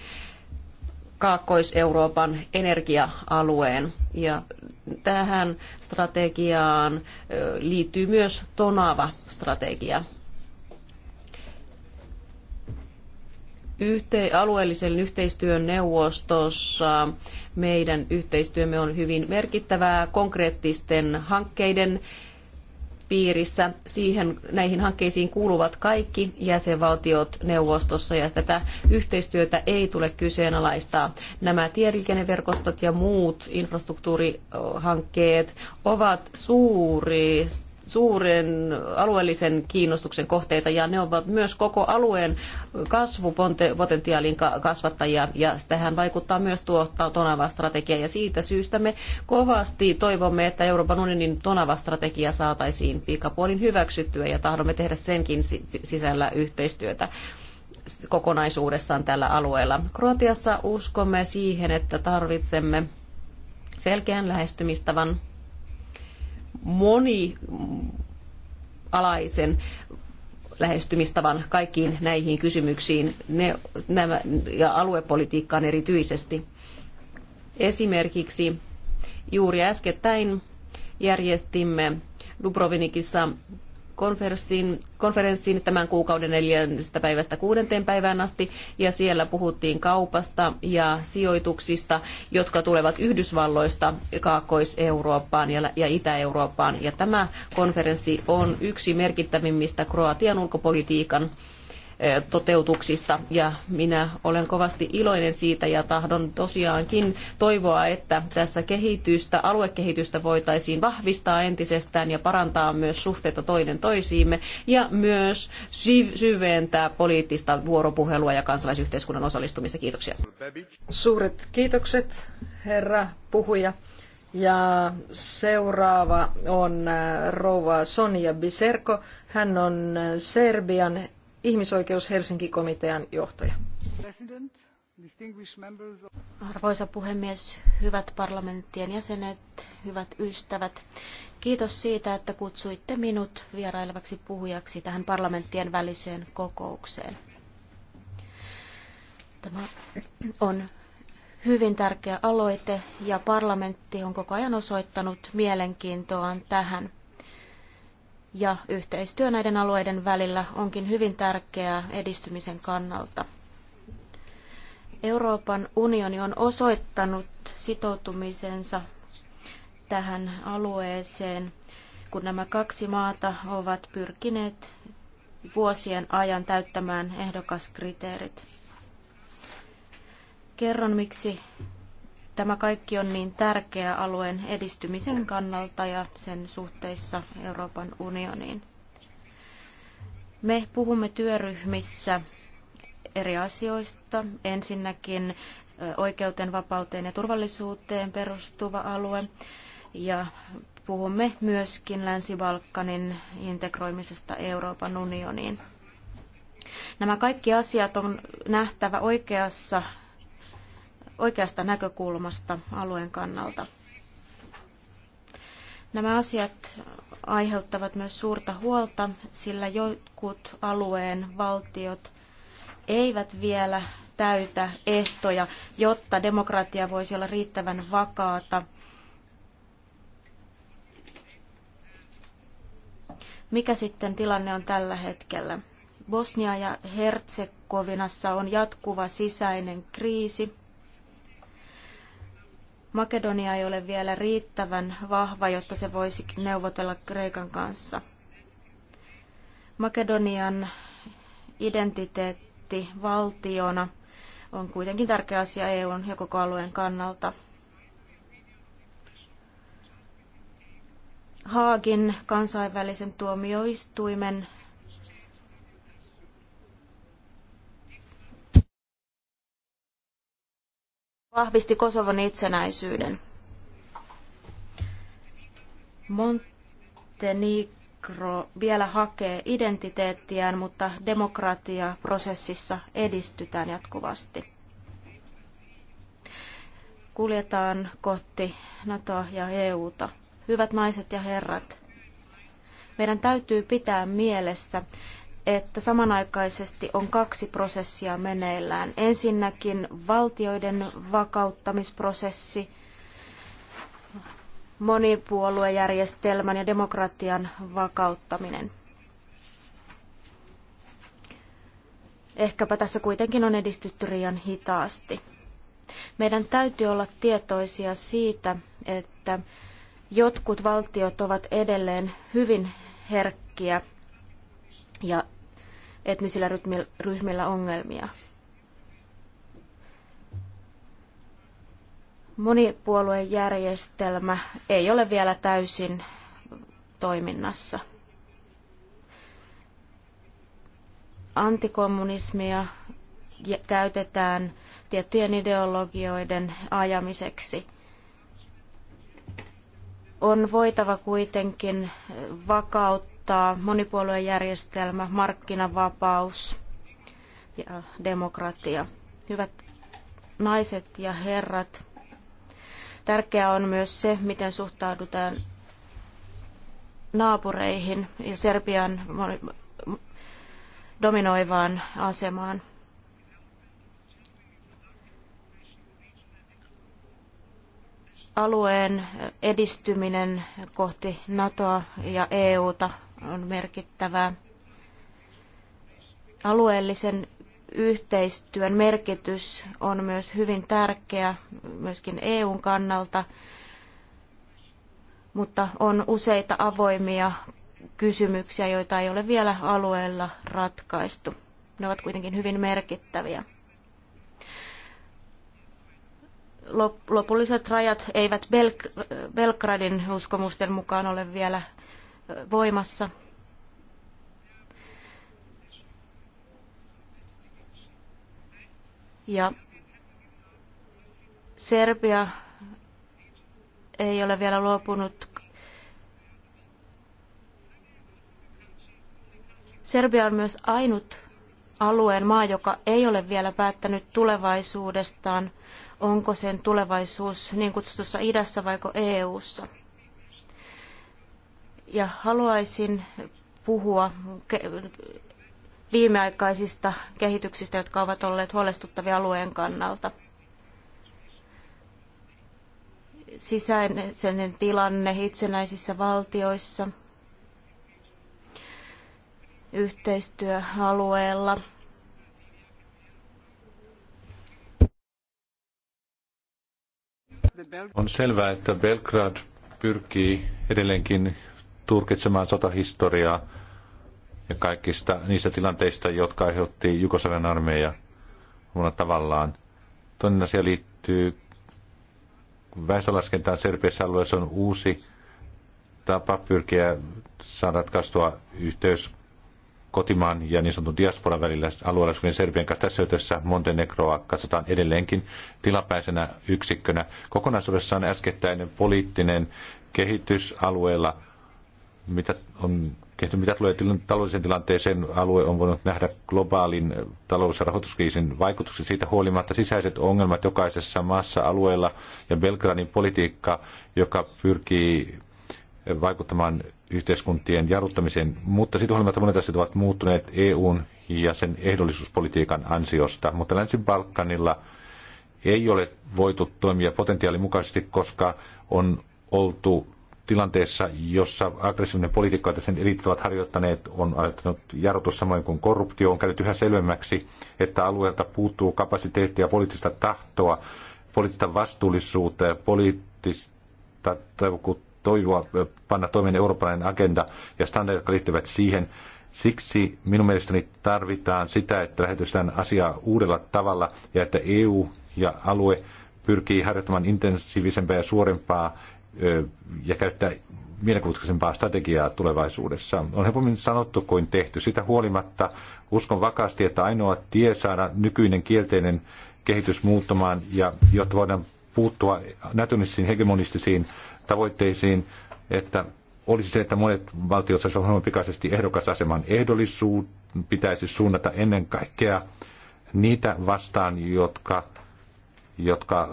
S3: Kaakkois-Euroopan energia-alueen. Ja tähän strategiaan liittyy myös Tonava-strategia. Yhte- alueellisen yhteistyön neuvostossa meidän yhteistyömme on hyvin merkittävää konkreettisten hankkeiden piirissä. Siihen, näihin hankkeisiin kuuluvat kaikki jäsenvaltiot neuvostossa ja tätä yhteistyötä ei tule kyseenalaistaa. Nämä tieliikenneverkostot ja muut infrastruktuurihankkeet ovat suurista suuren alueellisen kiinnostuksen kohteita ja ne ovat myös koko alueen kasvupotentiaalin kasvattajia ja tähän vaikuttaa myös tuo Tonava-strategia ja siitä syystä me kovasti toivomme, että Euroopan unionin Tonava-strategia saataisiin pikapuolin hyväksyttyä ja tahdomme tehdä senkin sisällä yhteistyötä kokonaisuudessaan tällä alueella. Kroatiassa uskomme siihen, että tarvitsemme selkeän lähestymistavan monialaisen lähestymistavan kaikkiin näihin kysymyksiin ne, nämä, ja aluepolitiikkaan erityisesti. Esimerkiksi juuri äskettäin järjestimme Dubrovnikissa konferenssiin, konferenssiin tämän kuukauden neljännestä päivästä kuudenteen päivään asti, ja siellä puhuttiin kaupasta ja sijoituksista, jotka tulevat Yhdysvalloista Kaakkois-Eurooppaan ja, ja Itä-Eurooppaan. Ja tämä konferenssi on yksi merkittävimmistä Kroatian ulkopolitiikan Eh, toteutuksista ja minä olen kovasti iloinen siitä ja tahdon tosiaankin toivoa, että tässä kehitystä, aluekehitystä voitaisiin vahvistaa entisestään ja parantaa myös suhteita toinen toisiimme ja myös syventää poliittista vuoropuhelua ja kansalaisyhteiskunnan osallistumista. Kiitoksia.
S1: Suuret kiitokset, herra puhuja. Ja seuraava on äh, rouva Sonja Biserko. Hän on Serbian ihmisoikeus Helsinki-komitean johtaja. Arvoisa puhemies, hyvät parlamenttien jäsenet,
S4: hyvät ystävät. Kiitos siitä, että kutsuitte minut vierailevaksi puhujaksi tähän parlamenttien väliseen kokoukseen. Tämä on hyvin tärkeä aloite ja parlamentti on koko ajan osoittanut mielenkiintoaan tähän ja yhteistyö näiden alueiden välillä onkin hyvin tärkeää edistymisen kannalta. Euroopan unioni on osoittanut sitoutumisensa tähän alueeseen, kun nämä kaksi maata ovat pyrkineet vuosien ajan täyttämään ehdokaskriteerit. Kerron, miksi Tämä kaikki on niin tärkeä alueen edistymisen kannalta ja sen suhteissa Euroopan unioniin. Me puhumme työryhmissä eri asioista. Ensinnäkin oikeuteen, vapauteen ja turvallisuuteen perustuva alue. Ja puhumme myöskin Länsi-Balkanin integroimisesta Euroopan unioniin. Nämä kaikki asiat on nähtävä oikeassa oikeasta näkökulmasta alueen kannalta. Nämä asiat aiheuttavat myös suurta huolta, sillä jotkut alueen valtiot eivät vielä täytä ehtoja, jotta demokratia voisi olla riittävän vakaata. Mikä sitten tilanne on tällä hetkellä? Bosnia ja Herzegovinassa on jatkuva sisäinen kriisi. Makedonia ei ole vielä riittävän vahva, jotta se voisi neuvotella Kreikan kanssa. Makedonian identiteetti valtiona on kuitenkin tärkeä asia EUn ja koko alueen kannalta. Haagin kansainvälisen tuomioistuimen vahvisti Kosovon itsenäisyyden. Montenegro vielä hakee identiteettiään, mutta demokratiaprosessissa edistytään jatkuvasti. Kuljetaan kohti NATOa ja EUta. Hyvät naiset ja herrat, meidän täytyy pitää mielessä, että samanaikaisesti on kaksi prosessia meneillään. Ensinnäkin valtioiden vakauttamisprosessi, monipuoluejärjestelmän ja demokratian vakauttaminen. Ehkäpä tässä kuitenkin on edistytty riian hitaasti. Meidän täytyy olla tietoisia siitä, että jotkut valtiot ovat edelleen hyvin herkkiä ja etnisillä ryhmillä ongelmia. Monipuoluejärjestelmä ei ole vielä täysin toiminnassa. Antikommunismia käytetään tiettyjen ideologioiden ajamiseksi on voitava kuitenkin vakautta muuttaa monipuoluejärjestelmä, markkinavapaus ja demokratia. Hyvät naiset ja herrat, tärkeää on myös se, miten suhtaudutaan naapureihin ja Serbian dominoivaan asemaan. Alueen edistyminen kohti NATOa ja EUta on merkittävää. Alueellisen yhteistyön merkitys on myös hyvin tärkeä myöskin EUn kannalta, mutta on useita avoimia kysymyksiä, joita ei ole vielä alueella ratkaistu. Ne ovat kuitenkin hyvin merkittäviä. Lopulliset rajat eivät Belgradin uskomusten mukaan ole vielä voimassa. Ja Serbia ei ole vielä luopunut. Serbia on myös ainut alueen maa, joka ei ole vielä päättänyt tulevaisuudestaan, onko sen tulevaisuus niin kutsutussa idässä vaiko EU:ssa ja haluaisin puhua viimeaikaisista kehityksistä, jotka ovat olleet huolestuttavia alueen kannalta. Sisäinen tilanne itsenäisissä valtioissa, yhteistyöalueella,
S2: On selvää, että Belgrad pyrkii edelleenkin tulkitsemaan sotahistoriaa ja kaikista niistä tilanteista, jotka aiheutti Jugoslavian armeija omalla tavallaan. Toinen asia liittyy väestölaskentaan Serbiassa alueessa on uusi tapa pyrkiä saada ratkaistua yhteys kotimaan ja niin sanotun diasporan välillä alueella asuvien Serbian kanssa. Tässä yhteydessä Montenegroa katsotaan edelleenkin tilapäisenä yksikkönä. Kokonaisuudessaan äskettäinen poliittinen kehitys alueella mitä on tehty, mitä tulee taloudelliseen tilanteeseen, alue on voinut nähdä globaalin talous- ja rahoituskriisin vaikutuksen siitä huolimatta sisäiset ongelmat jokaisessa maassa alueella ja Belgradin politiikka, joka pyrkii vaikuttamaan yhteiskuntien jarruttamiseen, mutta siitä huolimatta monet asiat ovat muuttuneet EUn ja sen ehdollisuuspolitiikan ansiosta, mutta Länsi-Balkanilla ei ole voitu toimia potentiaalin mukaisesti, koska on oltu tilanteessa, jossa aggressiivinen politiikka, jota sen eliitit ovat harjoittaneet, on aiheuttanut jarrutus samoin kuin korruptio, on käynyt yhä selvemmäksi, että alueelta puuttuu kapasiteettia, poliittista tahtoa, poliittista vastuullisuutta ja poliittista toivoa panna toimeen eurooppalainen agenda ja standardit, jotka liittyvät siihen. Siksi minun mielestäni tarvitaan sitä, että lähetetään asiaa uudella tavalla ja että EU ja alue pyrkii harjoittamaan intensiivisempää ja suorempaa ja käyttää mielenkiintoisempaa strategiaa tulevaisuudessa. On helpommin sanottu kuin tehty. Sitä huolimatta uskon vakaasti, että ainoa tie saada nykyinen kielteinen kehitys muuttumaan ja jotta voidaan puuttua nationalistisiin hegemonistisiin tavoitteisiin, että olisi se, että monet valtiot saisivat pikaisesti ehdokasaseman ehdollisuus pitäisi suunnata ennen kaikkea niitä vastaan, jotka jotka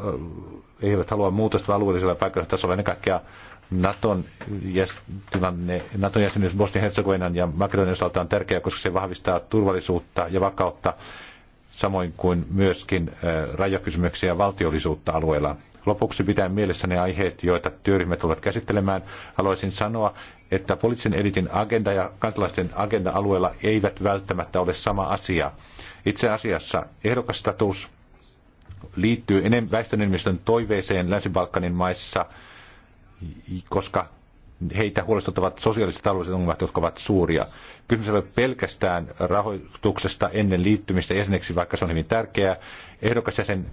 S2: eivät halua muutosta alueellisella ja paikallisella tasolla. Ennen kaikkea Naton, jäs, tilanne, Naton jäsenyys Bosnia-Herzegovinan ja Makedonian osalta on tärkeää, koska se vahvistaa turvallisuutta ja vakautta, samoin kuin myöskin rajakysymyksiä ja valtiollisuutta alueella. Lopuksi pitää mielessä ne aiheet, joita työryhmät tulevat käsittelemään. Haluaisin sanoa, että poliittisen elitin agenda ja kansalaisten agenda alueella eivät välttämättä ole sama asia. Itse asiassa ehdokasstatus liittyy väestön enemmistön toiveeseen Länsi-Balkanin maissa, koska heitä huolestuttavat sosiaaliset ja taloudelliset ongelmat, jotka ovat suuria. Kysymys ei ole pelkästään rahoituksesta ennen liittymistä jäseneksi, vaikka se on hyvin tärkeää. Ehdokasjäsen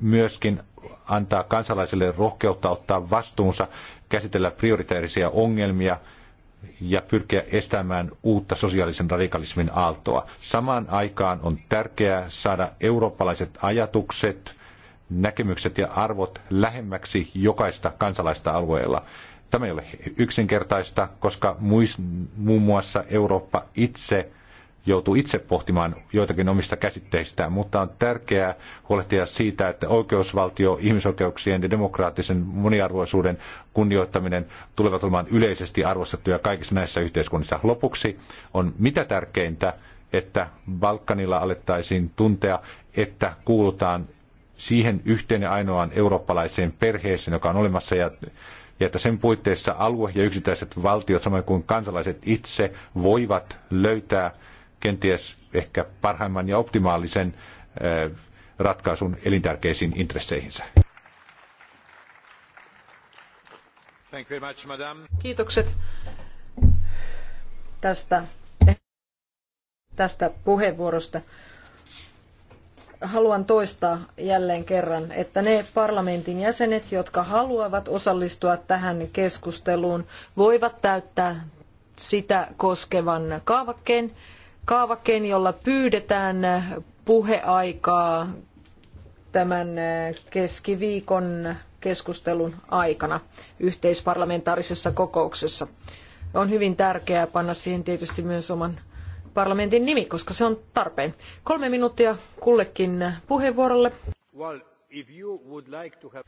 S2: myöskin antaa kansalaisille rohkeutta ottaa vastuunsa, käsitellä prioriteerisia ongelmia – ja pyrkiä estämään uutta sosiaalisen radikalismin aaltoa. Samaan aikaan on tärkeää saada eurooppalaiset ajatukset, näkemykset ja arvot lähemmäksi jokaista kansalaista alueella. Tämä ei ole yksinkertaista, koska muun muassa Eurooppa itse – joutuu itse pohtimaan joitakin omista käsitteistään, mutta on tärkeää huolehtia siitä, että oikeusvaltio, ihmisoikeuksien ja demokraattisen moniarvoisuuden kunnioittaminen tulevat olemaan yleisesti arvostettuja kaikissa näissä yhteiskunnissa. Lopuksi on mitä tärkeintä, että Balkanilla alettaisiin tuntea, että kuulutaan siihen yhteen ja ainoaan eurooppalaiseen perheeseen, joka on olemassa ja ja että sen puitteissa alue ja yksittäiset valtiot, samoin kuin kansalaiset itse, voivat löytää kenties ehkä parhaimman ja optimaalisen eh, ratkaisun elintärkeisiin intresseihinsä.
S1: Kiitokset tästä, tästä puheenvuorosta. Haluan toistaa jälleen kerran, että ne parlamentin jäsenet, jotka haluavat osallistua tähän keskusteluun, voivat täyttää sitä koskevan kaavakkeen kaavakkeen, jolla pyydetään puheaikaa tämän keskiviikon keskustelun aikana yhteisparlamentaarisessa kokouksessa. On hyvin tärkeää panna siihen tietysti myös oman parlamentin nimi, koska se on tarpeen. Kolme minuuttia kullekin puheenvuorolle.
S2: Well, like have...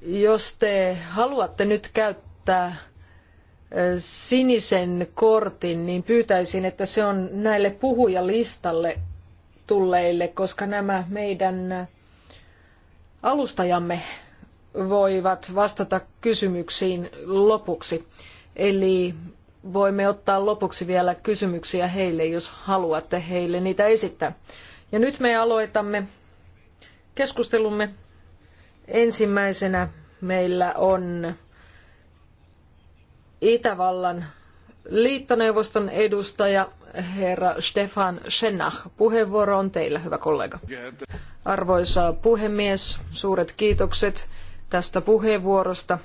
S1: Jos te haluatte nyt käyttää sinisen kortin, niin pyytäisin, että se on näille puhujalistalle tulleille, koska nämä meidän alustajamme voivat vastata kysymyksiin lopuksi. Eli voimme ottaa lopuksi vielä kysymyksiä heille, jos haluatte heille niitä esittää. Ja nyt me aloitamme keskustelumme. Ensimmäisenä meillä on Itävallan liittoneuvoston edustaja herra Stefan Schennach. Puheenvuoro on teillä, hyvä kollega. Arvoisa puhemies, suuret kiitokset tästä puheenvuorosta.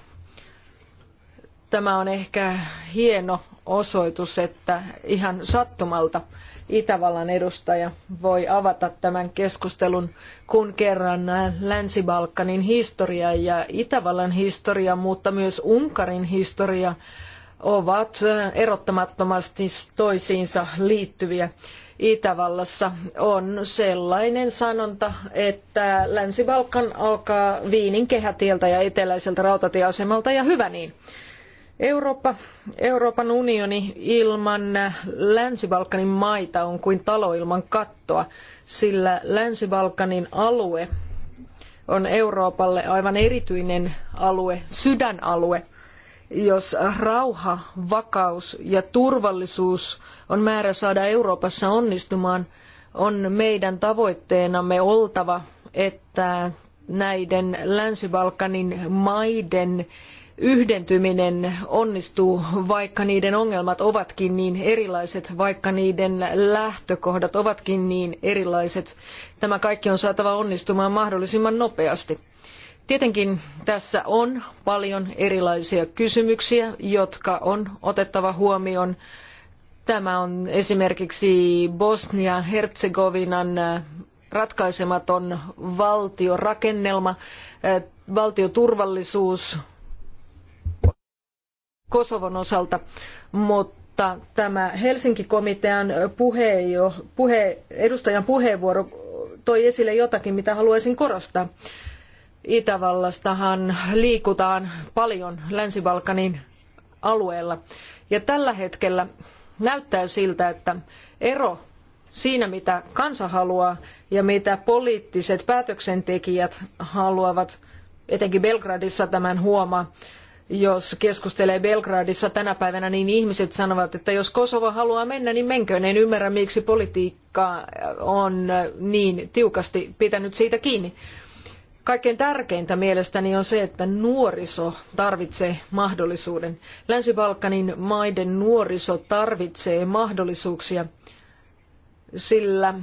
S1: Tämä on ehkä hieno osoitus, että ihan sattumalta Itävallan edustaja voi avata tämän keskustelun, kun kerran Länsi-Balkanin historia ja Itävallan historia, mutta myös Unkarin historia ovat erottamattomasti toisiinsa liittyviä. Itävallassa on sellainen sanonta, että Länsi-Balkan alkaa Viinin kehätieltä ja eteläiseltä rautatieasemalta ja hyvä niin. Eurooppa, Euroopan unioni ilman Länsi-Balkanin maita on kuin talo ilman kattoa, sillä Länsi-Balkanin alue on Euroopalle aivan erityinen alue, sydänalue – jos rauha, vakaus ja turvallisuus on määrä saada Euroopassa onnistumaan, on meidän tavoitteenamme oltava, että näiden Länsi-Balkanin maiden yhdentyminen onnistuu, vaikka niiden ongelmat ovatkin niin erilaiset, vaikka niiden lähtökohdat ovatkin niin erilaiset. Tämä kaikki on saatava onnistumaan mahdollisimman nopeasti. Tietenkin tässä on paljon erilaisia kysymyksiä, jotka on otettava huomioon. Tämä on esimerkiksi Bosnia-Herzegovinan äh, ratkaisematon valtiorakennelma, äh, valtioturvallisuus Kosovon osalta, mutta tämä Helsinki-komitean puheenjo, puhe, edustajan puheenvuoro toi esille jotakin, mitä haluaisin korostaa. Itävallastahan liikutaan paljon Länsi-Balkanin alueella. Ja tällä hetkellä näyttää siltä, että ero siinä, mitä kansa haluaa ja mitä poliittiset päätöksentekijät haluavat, etenkin Belgradissa tämän huomaa, jos keskustelee Belgradissa tänä päivänä, niin ihmiset sanovat, että jos Kosovo haluaa mennä, niin menköön. En ymmärrä, miksi politiikka on niin tiukasti pitänyt siitä kiinni. Kaikkein tärkeintä mielestäni on se, että nuoriso tarvitsee mahdollisuuden. Länsi-Balkanin maiden nuoriso tarvitsee mahdollisuuksia, sillä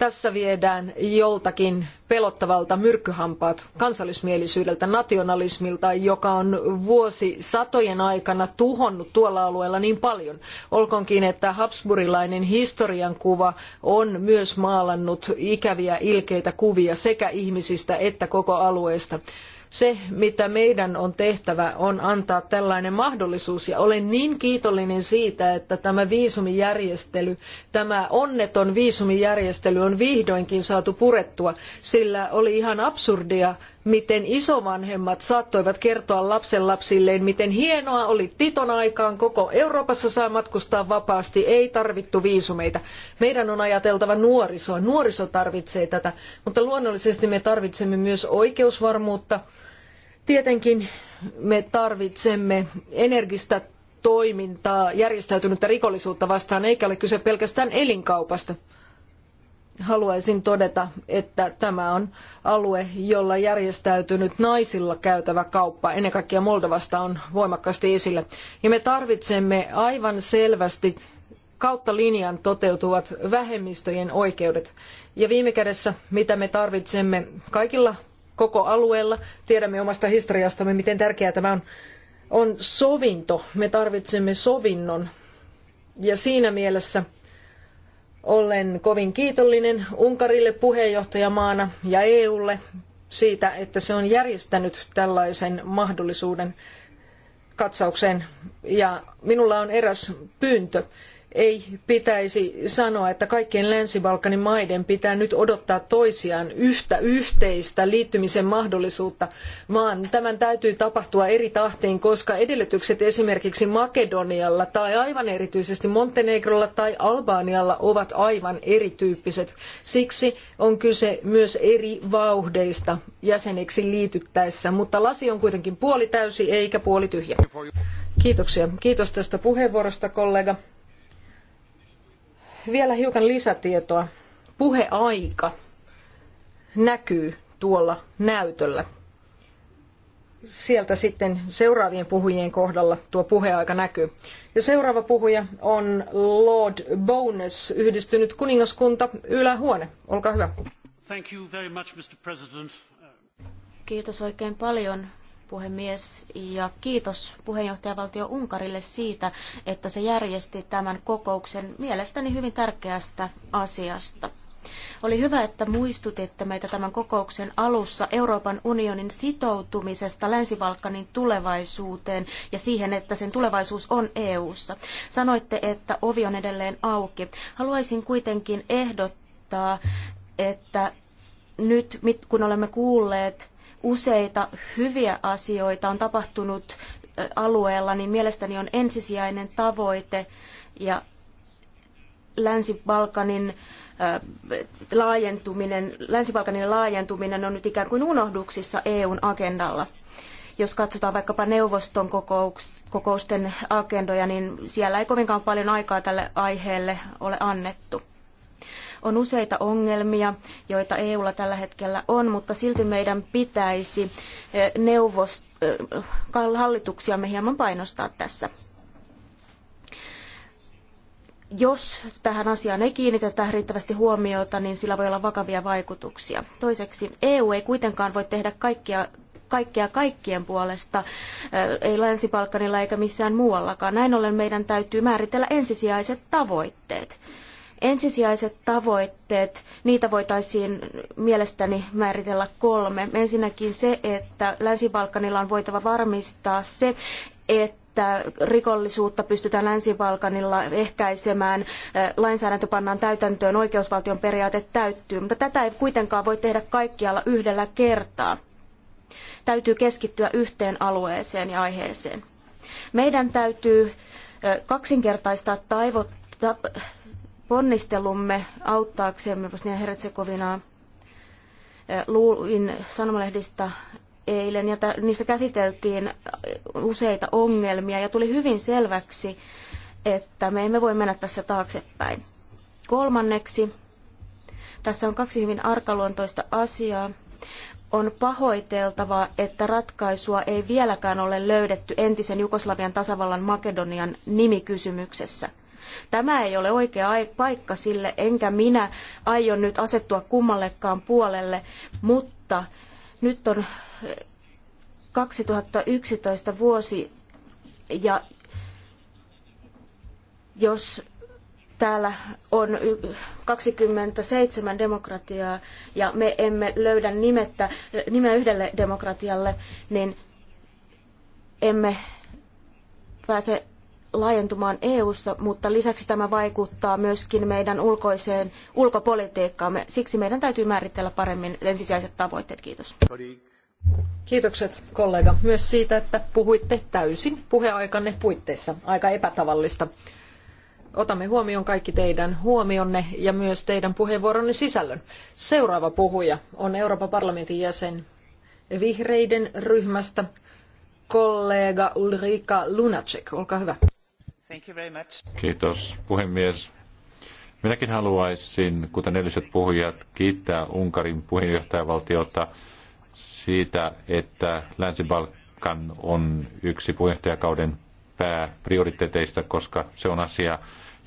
S1: tässä viedään joltakin pelottavalta myrkkyhampaat kansallismielisyydeltä, nationalismilta, joka on vuosisatojen aikana tuhonnut tuolla alueella niin paljon. Olkoonkin, että habsburilainen historiankuva on myös maalannut ikäviä ilkeitä kuvia sekä ihmisistä että koko alueesta. Se, mitä meidän on tehtävä, on antaa tällainen mahdollisuus. Ja olen niin kiitollinen siitä, että tämä viisumijärjestely, tämä onneton viisumijärjestely on vihdoinkin saatu purettua, sillä oli ihan absurdia miten isovanhemmat saattoivat kertoa lapsenlapsilleen, miten hienoa oli Titon aikaan, koko Euroopassa saa matkustaa vapaasti, ei tarvittu viisumeita. Meidän on ajateltava nuorisoa, nuoriso tarvitsee tätä, mutta luonnollisesti me tarvitsemme myös oikeusvarmuutta. Tietenkin me tarvitsemme energistä toimintaa järjestäytynyttä rikollisuutta vastaan, eikä ole kyse pelkästään elinkaupasta haluaisin todeta, että tämä on alue, jolla järjestäytynyt naisilla käytävä kauppa, ennen kaikkea Moldovasta, on voimakkaasti esillä. Ja me tarvitsemme aivan selvästi kautta linjan toteutuvat vähemmistöjen oikeudet. Ja viime kädessä, mitä me tarvitsemme kaikilla koko alueella, tiedämme omasta historiastamme, miten tärkeää tämä on, on sovinto. Me tarvitsemme sovinnon. Ja siinä mielessä olen kovin kiitollinen Unkarille puheenjohtajamaana ja EUlle siitä, että se on järjestänyt tällaisen mahdollisuuden katsaukseen. Ja minulla on eräs pyyntö ei pitäisi sanoa, että kaikkien Länsi-Balkanin maiden pitää nyt odottaa toisiaan yhtä yhteistä liittymisen mahdollisuutta, vaan tämän täytyy tapahtua eri tahtiin, koska edellytykset esimerkiksi Makedonialla tai aivan erityisesti Montenegrolla tai Albanialla ovat aivan erityyppiset. Siksi on kyse myös eri vauhdeista jäseneksi liityttäessä, mutta lasi on kuitenkin puoli täysi eikä puoli tyhjä. Kiitoksia. Kiitos tästä puheenvuorosta, kollega vielä hiukan lisätietoa. Puheaika näkyy tuolla näytöllä. Sieltä sitten seuraavien puhujien kohdalla tuo puheaika näkyy. Ja seuraava puhuja on Lord Bones, yhdistynyt kuningaskunta, ylähuone. Olkaa hyvä.
S3: Thank you very much, Mr. President.
S4: Kiitos oikein paljon puhemies, ja kiitos puheenjohtajavaltio Unkarille siitä, että se järjesti tämän kokouksen mielestäni hyvin tärkeästä asiasta. Oli hyvä, että muistutitte meitä tämän kokouksen alussa Euroopan unionin sitoutumisesta Länsi-Balkanin tulevaisuuteen ja siihen, että sen tulevaisuus on EU:ssa. Sanoitte, että ovi on edelleen auki. Haluaisin kuitenkin ehdottaa, että nyt kun olemme kuulleet useita hyviä asioita on tapahtunut alueella, niin mielestäni on ensisijainen tavoite ja Länsi-Balkanin laajentuminen, Länsi-Balkanin laajentuminen on nyt ikään kuin unohduksissa EUn agendalla. Jos katsotaan vaikkapa neuvoston kokouks, kokousten agendoja, niin siellä ei kovinkaan paljon aikaa tälle aiheelle ole annettu. On useita ongelmia, joita EUlla tällä hetkellä on, mutta silti meidän pitäisi eh, neuvost- eh, hallituksiamme hieman painostaa tässä jos tähän asiaan ei kiinnitetä riittävästi huomiota, niin sillä voi olla vakavia vaikutuksia. Toiseksi EU ei kuitenkaan voi tehdä kaikkia, kaikkea kaikkien puolesta, eh, ei Länsi-Balkanilla eikä missään muuallakaan. Näin ollen meidän täytyy määritellä ensisijaiset tavoitteet. Ensisijaiset tavoitteet, niitä voitaisiin mielestäni määritellä kolme. Ensinnäkin se, että Länsi-Balkanilla on voitava varmistaa se, että rikollisuutta pystytään Länsi-Balkanilla ehkäisemään, lainsäädäntö pannaan täytäntöön, oikeusvaltion periaate täyttyy, mutta tätä ei kuitenkaan voi tehdä kaikkialla yhdellä kertaa. Täytyy keskittyä yhteen alueeseen ja aiheeseen. Meidän täytyy kaksinkertaistaa taivot, ponnistelumme auttaaksemme Bosnian Herzegovinaa. Luin sanomalehdistä eilen ja niissä käsiteltiin useita ongelmia ja tuli hyvin selväksi, että me emme voi mennä tässä taaksepäin. Kolmanneksi, tässä on kaksi hyvin arkaluontoista asiaa. On pahoiteltavaa, että ratkaisua ei vieläkään ole löydetty entisen Jugoslavian tasavallan Makedonian nimikysymyksessä. Tämä ei ole oikea paikka sille, enkä minä aio nyt asettua kummallekaan puolelle, mutta nyt on 2011 eh, vuosi ja jos täällä on 27 demokratiaa ja me emme löydä nimettä, nimeä yhdelle demokratialle, niin emme pääse laajentumaan EU:ssa, mutta lisäksi tämä vaikuttaa myöskin meidän ulkoiseen ulkopolitiikkaamme. Siksi meidän täytyy määritellä paremmin
S1: ensisijaiset tavoitteet. Kiitos. Kiitokset kollega myös siitä, että puhuitte täysin puheaikanne puitteissa. Aika epätavallista. Otamme huomioon kaikki teidän huomionne ja myös teidän puheenvuoronne sisällön. Seuraava puhuja on Euroopan parlamentin jäsen vihreiden ryhmästä kollega Ulrika Lunacek. Olkaa hyvä.
S2: Kiitos puhemies. Minäkin haluaisin, kuten edelliset puhujat, kiittää Unkarin puheenjohtajavaltiota siitä, että Länsi-Balkan on yksi puheenjohtajakauden pääprioriteeteista, koska se on asia,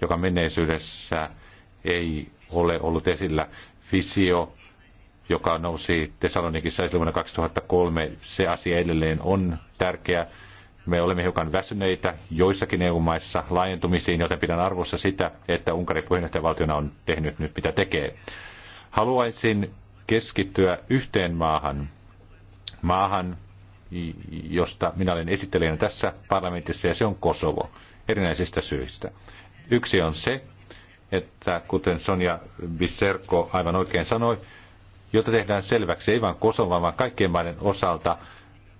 S2: joka menneisyydessä ei ole ollut esillä. Visio, joka nousi Tesalonikissa esille vuonna 2003, se asia edelleen on tärkeä. Me olemme hiukan väsyneitä joissakin EU-maissa laajentumisiin, joten pidän arvossa sitä, että Unkari puheenjohtajavaltiona on tehnyt nyt mitä tekee. Haluaisin keskittyä yhteen maahan, maahan, josta minä olen esittelijänä tässä parlamentissa, ja se on Kosovo, erinäisistä syistä. Yksi on se, että kuten Sonja Biserko aivan oikein sanoi, jota tehdään selväksi ei vain Kosovo, vaan kaikkien maiden osalta,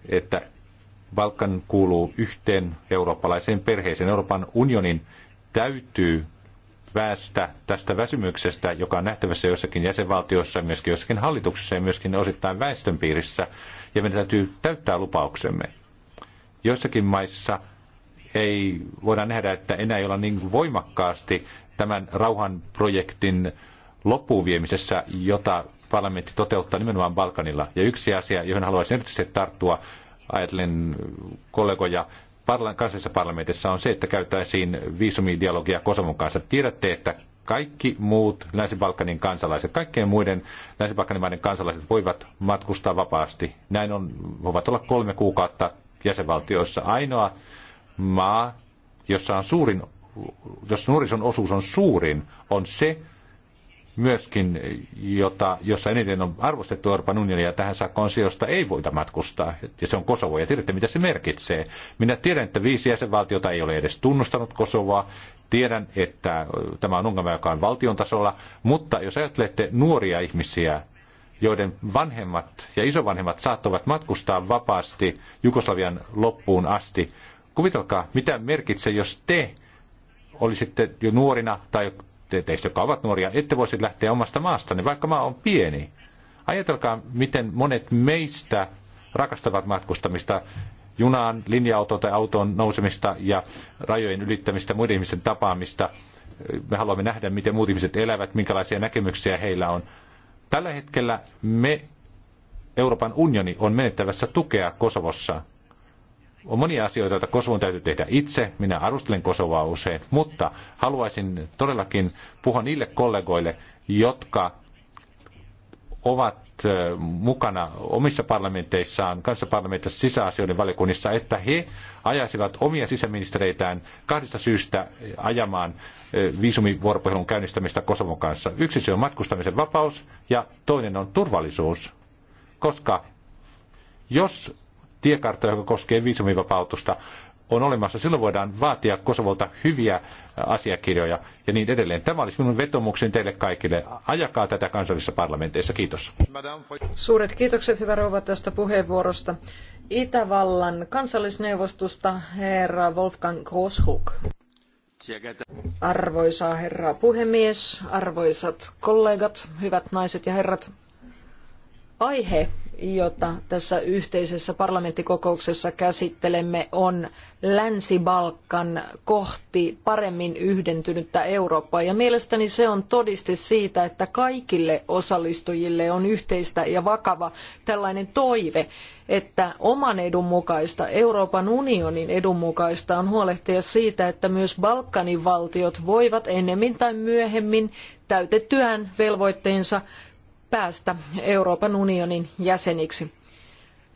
S2: että Balkan kuuluu yhteen eurooppalaiseen perheeseen. Euroopan unionin täytyy päästä tästä väsymyksestä, joka on nähtävässä jossakin jäsenvaltiossa, myöskin jossakin hallituksessa ja myöskin osittain väestönpiirissä, ja meidän täytyy täyttää lupauksemme. Joissakin maissa ei voida nähdä, että enää ei olla niin voimakkaasti tämän rauhanprojektin loppuun viemisessä, jota parlamentti toteuttaa nimenomaan Balkanilla. Ja yksi asia, johon haluaisin erityisesti tarttua, ajatellen kollegoja kansallisessa parlamentissa on se, että käytäisiin viisumidialogia Kosovon kanssa. Tiedätte, että kaikki muut Länsi-Balkanin kansalaiset, kaikkien muiden Länsi-Balkanin maiden kansalaiset voivat matkustaa vapaasti. Näin on, voivat olla kolme kuukautta jäsenvaltioissa. Ainoa maa, jossa on suurin, jos nuorison osuus on suurin, on se, myöskin, jota, jossa eniten on arvostettu Euroopan unionia, ja tähän saakka on se, josta ei voida matkustaa, ja se on Kosovo, ja tiedätte, mitä se merkitsee. Minä tiedän, että viisi jäsenvaltiota ei ole edes tunnustanut Kosovoa, tiedän, että tämä on ongelma, joka on valtion tasolla, mutta jos ajattelette nuoria ihmisiä, joiden vanhemmat ja isovanhemmat saattavat matkustaa vapaasti Jugoslavian loppuun asti, kuvitelkaa, mitä merkitsee, jos te olisitte jo nuorina tai teistä, jotka ovat nuoria, ette voisi lähteä omasta maastanne, niin vaikka maa on pieni. Ajatelkaa, miten monet meistä rakastavat matkustamista junaan, linja-autoon tai autoon nousemista ja rajojen ylittämistä, muiden ihmisten tapaamista. Me haluamme nähdä, miten muut ihmiset elävät, minkälaisia näkemyksiä heillä on. Tällä hetkellä me, Euroopan unioni, on menettävässä tukea Kosovossa on monia asioita, joita Kosovon täytyy tehdä itse. Minä arvostelen Kosovaa usein, mutta haluaisin todellakin puhua niille kollegoille, jotka ovat mukana omissa parlamenteissaan, kansanparlamenteissa sisäasioiden valiokunnissa, että he ajaisivat omia sisäministereitään kahdesta syystä ajamaan viisumivuoropuhelun käynnistämistä Kosovon kanssa. Yksi syy on matkustamisen vapaus ja toinen on turvallisuus, koska jos tiekartta, joka koskee viisumivapautusta, on olemassa. Silloin voidaan vaatia Kosovolta hyviä asiakirjoja ja niin edelleen. Tämä olisi minun vetomuksen teille kaikille. Ajakaa tätä kansallisissa parlamenteissa. Kiitos.
S1: Suuret kiitokset, hyvä rouva, tästä puheenvuorosta. Itävallan kansallisneuvostosta herra Wolfgang Groshuk. Arvoisa herra puhemies, arvoisat kollegat, hyvät naiset ja herrat. Aihe, jota tässä yhteisessä parlamenttikokouksessa käsittelemme, on Länsi-Balkan kohti paremmin yhdentynyttä Eurooppaa. Ja mielestäni se on todiste siitä, että kaikille osallistujille on yhteistä ja vakava tällainen toive, että oman edun mukaista, Euroopan unionin edun mukaista on huolehtia siitä, että myös Balkanin valtiot voivat ennemmin tai myöhemmin täytettyään velvoitteensa päästä Euroopan unionin jäseniksi.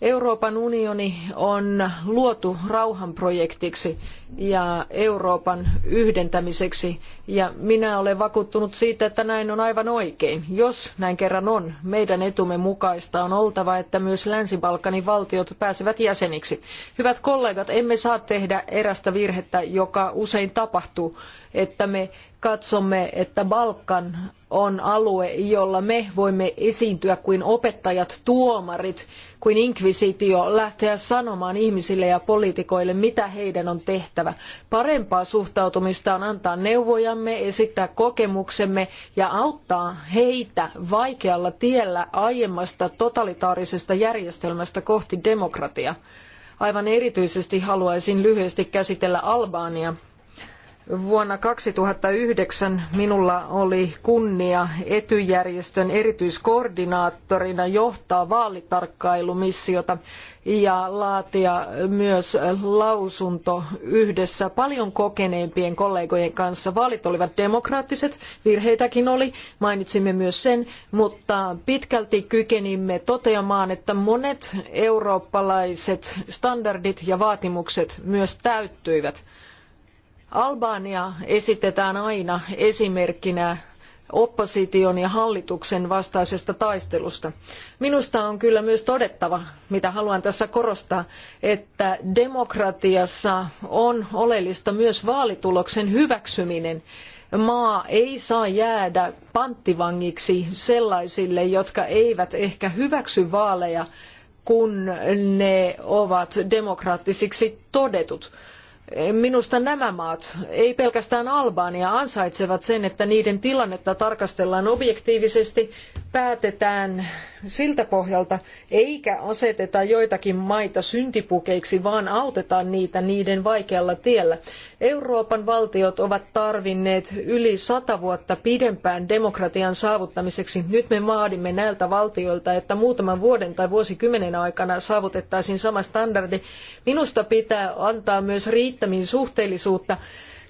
S1: Euroopan unioni on luotu rauhanprojektiksi ja Euroopan yhdentämiseksi ja minä olen vakuuttunut siitä, että näin on aivan oikein. Jos näin kerran on, meidän etumme mukaista on oltava, että myös Länsi-Balkanin valtiot pääsevät jäseniksi. Hyvät kollegat, emme saa tehdä erästä virhettä, joka usein tapahtuu, että me katsomme, että Balkan on alue, jolla me voimme esiintyä kuin opettajat, tuomarit, kuin inkvisitio, lähteä sanomaan ihmisille ja poliitikoille, mitä heidän on tehtävä. Parempaa suhtautumista on antaa neuvojamme, esittää kokemuksemme ja auttaa heitä vaikealla tiellä aiemmasta totalitaarisesta järjestelmästä kohti demokratiaa. Aivan erityisesti haluaisin lyhyesti käsitellä Albaniaa. Vuonna 2009 minulla oli kunnia etyjärjestön erityiskoordinaattorina johtaa vaalitarkkailumissiota ja laatia myös lausunto yhdessä paljon kokeneempien kollegojen kanssa. Vaalit olivat demokraattiset, virheitäkin oli, mainitsimme myös sen, mutta pitkälti kykenimme toteamaan, että monet eurooppalaiset standardit ja vaatimukset myös täyttyivät Albania esitetään aina esimerkkinä opposition ja hallituksen vastaisesta taistelusta. Minusta on kyllä myös todettava, mitä haluan tässä korostaa, että demokratiassa on oleellista myös vaalituloksen hyväksyminen. Maa ei saa jäädä panttivangiksi sellaisille, jotka eivät ehkä hyväksy vaaleja, kun ne ovat demokraattisiksi todetut. Minusta nämä maat, ei pelkästään Albania, ansaitsevat sen, että niiden tilannetta tarkastellaan objektiivisesti, päätetään siltä pohjalta, eikä aseteta joitakin maita syntipukeiksi, vaan autetaan niitä niiden vaikealla tiellä. Euroopan valtiot ovat tarvinneet yli sata vuotta pidempään demokratian saavuttamiseksi. Nyt me vaadimme näiltä valtioilta, että muutaman vuoden tai vuosikymmenen aikana saavutettaisiin sama standardi. Minusta pitää antaa myös riittämiin suhteellisuutta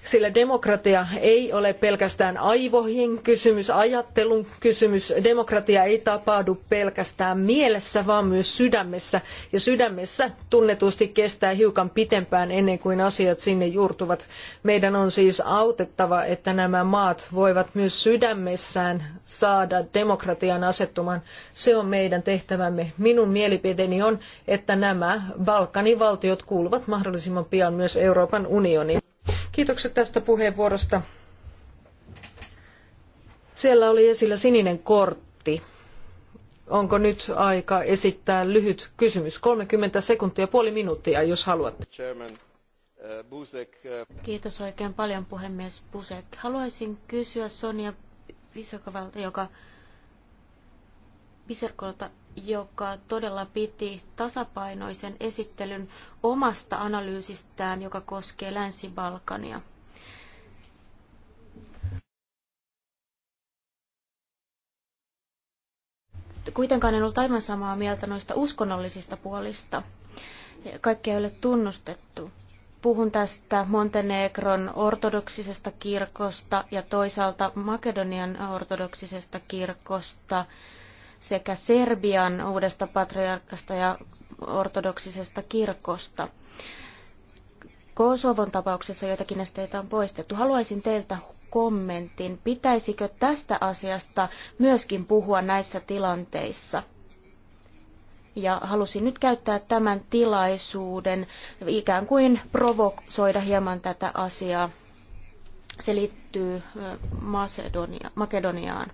S1: sillä demokratia ei ole pelkästään aivojen kysymys, ajattelun kysymys. Demokratia ei tapahdu pelkästään mielessä, vaan myös sydämessä. Ja sydämessä tunnetusti kestää hiukan pitempään ennen kuin asiat sinne juurtuvat. Meidän on siis autettava, että nämä maat voivat myös sydämessään saada demokratian asettumaan. Se on meidän tehtävämme. Minun mielipiteeni on, että nämä Balkanin valtiot kuuluvat mahdollisimman pian myös Euroopan unioniin. Kiitokset tästä puheenvuorosta. Siellä oli esillä sininen kortti. Onko nyt aika esittää lyhyt kysymys? 30 sekuntia, puoli minuuttia, jos haluat. Uh, uh,
S4: Kiitos oikein paljon puhemies Busek. Haluaisin kysyä Sonia Visokavalta, joka Biserkolta joka todella piti tasapainoisen esittelyn omasta analyysistään, joka koskee Länsi-Balkania. Kuitenkaan en ollut aivan samaa mieltä noista uskonnollisista puolista. Kaikkea ei ole tunnustettu. Puhun tästä Montenegron ortodoksisesta kirkosta ja toisaalta Makedonian ortodoksisesta kirkosta sekä Serbian uudesta patriarkasta ja ortodoksisesta kirkosta. Kosovon tapauksessa joitakin esteitä on poistettu. Haluaisin teiltä kommentin. Pitäisikö tästä asiasta myöskin puhua näissä tilanteissa? Ja halusin nyt käyttää tämän tilaisuuden ikään kuin provosoida hieman tätä asiaa. Se liittyy Macedonia, Makedoniaan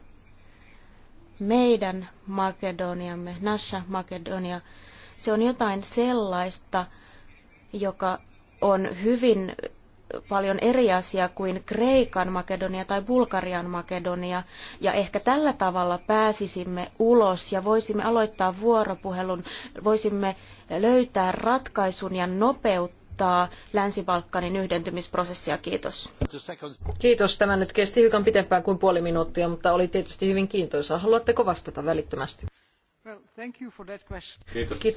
S4: meidän Makedoniamme, Nasha Makedonia, se on jotain sellaista, joka on hyvin paljon eri asia kuin Kreikan Makedonia tai Bulgarian Makedonia. Ja ehkä tällä tavalla pääsisimme ulos ja voisimme aloittaa vuoropuhelun, voisimme löytää ratkaisun ja nopeutta
S1: auttaa Länsi-Balkanin yhdentymisprosessia. Kiitos. Kiitos. Tämä nyt kesti hiukan pitempään kuin puoli minuuttia, mutta oli tietysti hyvin kiintoisaa. Haluatteko vastata välittömästi? Well,
S2: Kiitos. Ki-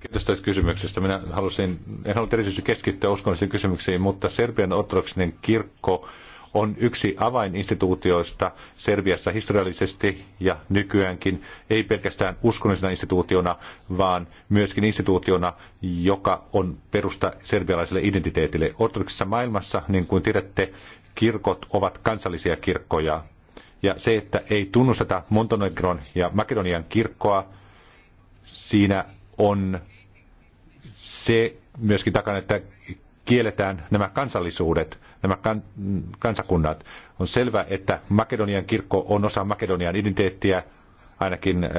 S2: Kiitos tästä kysymyksestä. Minä halusin, en halua erityisesti keskittyä uskonnollisiin kysymyksiin, mutta Serbian ortodoksinen kirkko on yksi avaininstituutioista Serbiassa historiallisesti ja nykyäänkin, ei pelkästään uskonnollisena instituutiona, vaan myöskin instituutiona, joka on perusta serbialaiselle identiteetille. Ortodoksisessa maailmassa, niin kuin tiedätte, kirkot ovat kansallisia kirkkoja. Ja se, että ei tunnusteta Montenegron ja Makedonian kirkkoa, siinä on se myöskin takana, että kielletään nämä kansallisuudet nämä kan, kansakunnat. On selvä, että Makedonian kirkko on osa Makedonian identiteettiä, ainakin äh,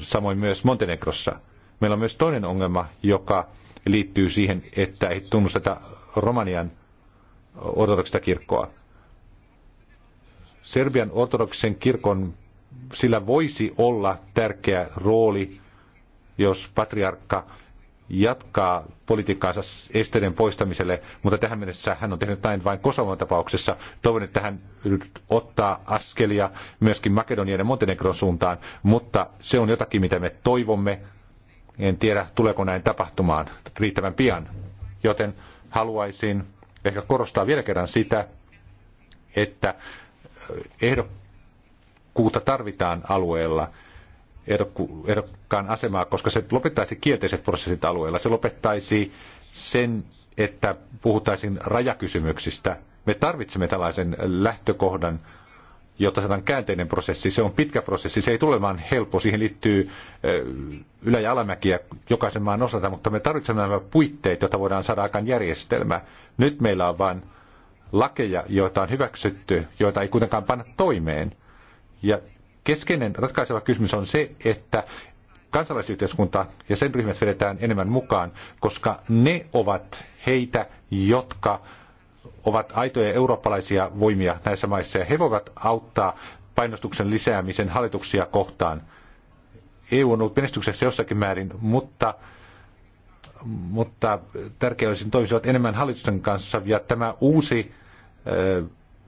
S2: samoin myös Montenegrossa. Meillä on myös toinen ongelma, joka liittyy siihen, että ei tunnusteta Romanian ortodoksista kirkkoa. Serbian ortodoksen kirkon sillä voisi olla tärkeä rooli, jos patriarkka jatkaa politiikkaansa esteiden poistamiselle, mutta tähän mennessä hän on tehnyt näin vain Kosovan tapauksessa. Toivon, että hän ottaa askelia myöskin Makedonian ja Montenegron suuntaan, mutta se on jotakin, mitä me toivomme. En tiedä, tuleeko näin tapahtumaan riittävän pian. Joten haluaisin ehkä korostaa vielä kerran sitä, että ehdokkuutta tarvitaan alueella – ehdokkaan asemaa, koska se lopettaisi kielteiset prosessit alueella. Se lopettaisi sen, että puhutaisiin rajakysymyksistä. Me tarvitsemme tällaisen lähtökohdan, jotta saadaan käänteinen prosessi. Se on pitkä prosessi, se ei vaan helppo. Siihen liittyy ylä- ja alamäkiä jokaisen maan osalta, mutta me tarvitsemme nämä puitteet, joita voidaan saada aikaan järjestelmä. Nyt meillä on vain lakeja, joita on hyväksytty, joita ei kuitenkaan panna toimeen. Ja Keskeinen ratkaiseva kysymys on se, että kansalaisyhteiskunta ja sen ryhmät vedetään enemmän mukaan, koska ne ovat heitä, jotka ovat aitoja eurooppalaisia voimia näissä maissa ja he voivat auttaa painostuksen lisäämisen hallituksia kohtaan. EU on ollut menestyksessä jossakin määrin, mutta, mutta tärkeää olisi toimisivat enemmän hallitusten kanssa ja tämä uusi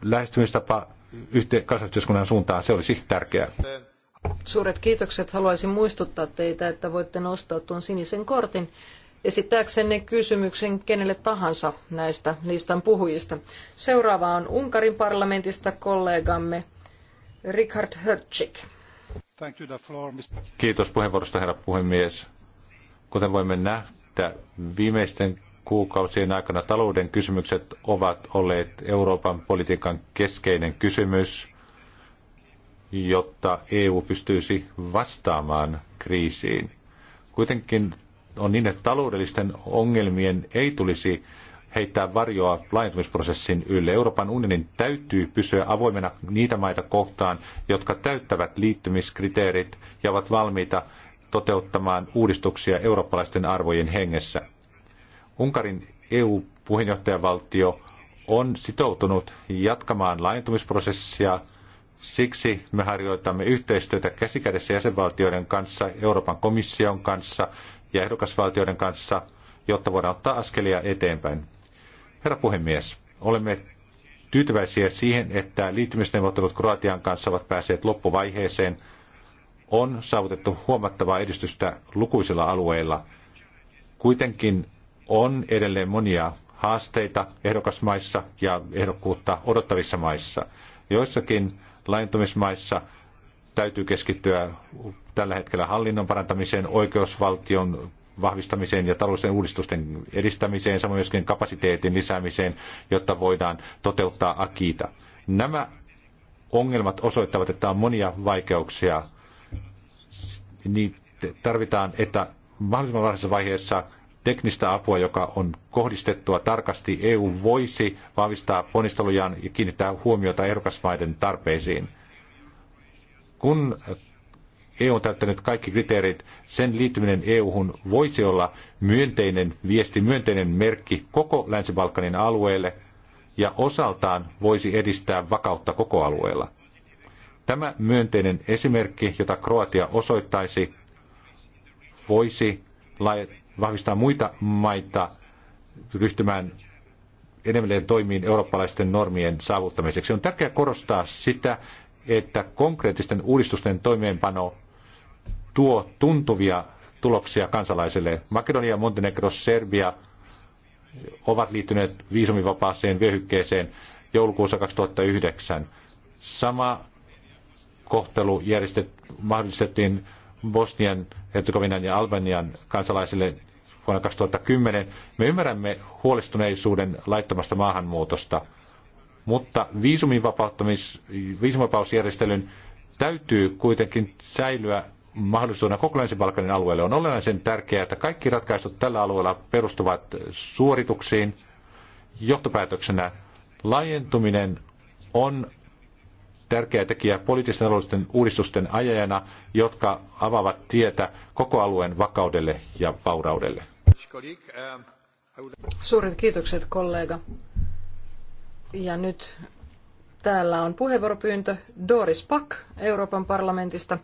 S2: lähestymistapa yhte, suuntaan. Se olisi tärkeää.
S1: Suuret kiitokset. Haluaisin muistuttaa teitä, että voitte nostaa tuon sinisen kortin esittääksenne kysymyksen kenelle tahansa näistä listan puhujista. Seuraava on Unkarin parlamentista kollegamme Richard Hörczyk.
S2: Kiitos puheenvuorosta, herra puhemies. Kuten voimme nähdä, viimeisten kuukausien aikana talouden kysymykset ovat olleet Euroopan politiikan keskeinen kysymys, jotta EU pystyisi vastaamaan kriisiin. Kuitenkin on niin, että taloudellisten ongelmien ei tulisi heittää varjoa laajentumisprosessin ylle. Euroopan unionin täytyy pysyä avoimena niitä maita kohtaan, jotka täyttävät liittymiskriteerit ja ovat valmiita toteuttamaan uudistuksia eurooppalaisten arvojen hengessä. Unkarin EU-puheenjohtajavaltio on sitoutunut jatkamaan laajentumisprosessia. Siksi me harjoitamme yhteistyötä käsikädessä jäsenvaltioiden kanssa, Euroopan komission kanssa ja ehdokasvaltioiden kanssa, jotta voidaan ottaa askelia eteenpäin. Herra puhemies, olemme tyytyväisiä siihen, että liittymisneuvottelut Kroatian kanssa ovat päässeet loppuvaiheeseen. On saavutettu huomattavaa edistystä lukuisilla alueilla. Kuitenkin on edelleen monia haasteita ehdokasmaissa ja ehdokkuutta odottavissa maissa. Joissakin laajentumismaissa täytyy keskittyä tällä hetkellä hallinnon parantamiseen, oikeusvaltion vahvistamiseen ja taloudellisten uudistusten edistämiseen, samoin myöskin kapasiteetin lisäämiseen, jotta voidaan toteuttaa akiita. Nämä ongelmat osoittavat, että on monia vaikeuksia. Niin tarvitaan, että mahdollisimman varhaisessa vaiheessa teknistä apua, joka on kohdistettua tarkasti, EU voisi vahvistaa ponnistelujaan ja kiinnittää huomiota ehdokasmaiden tarpeisiin. Kun EU on täyttänyt kaikki kriteerit, sen liittyminen EU-hun voisi olla myönteinen viesti, myönteinen merkki koko Länsi-Balkanin alueelle ja osaltaan voisi edistää vakautta koko alueella. Tämä myönteinen esimerkki, jota Kroatia osoittaisi, voisi vahvistaa muita maita ryhtymään enemmän toimiin eurooppalaisten normien saavuttamiseksi. On tärkeää korostaa sitä, että konkreettisten uudistusten toimeenpano tuo tuntuvia tuloksia kansalaisille. Makedonia, Montenegro, Serbia ovat liittyneet viisumivapaaseen vyöhykkeeseen joulukuussa 2009. Sama kohtelu järjestet, mahdollistettiin Bosnian, Herzegovinan ja Albanian kansalaisille vuonna 2010. Me ymmärrämme huolestuneisuuden laittomasta maahanmuutosta, mutta viisumivapausjärjestelyn täytyy kuitenkin säilyä mahdollisuutena länsi Balkanin alueelle. On olennaisen tärkeää, että kaikki ratkaisut tällä alueella perustuvat suorituksiin. Johtopäätöksenä laajentuminen on tärkeä tekijä poliittisten alueellisten uudistusten ajajana, jotka avaavat tietä koko alueen vakaudelle ja vauraudelle. Um,
S1: Suuret kiitokset, kollega. Ja nyt täällä on puheenvuoropyyntö Doris Pack Euroopan parlamentista,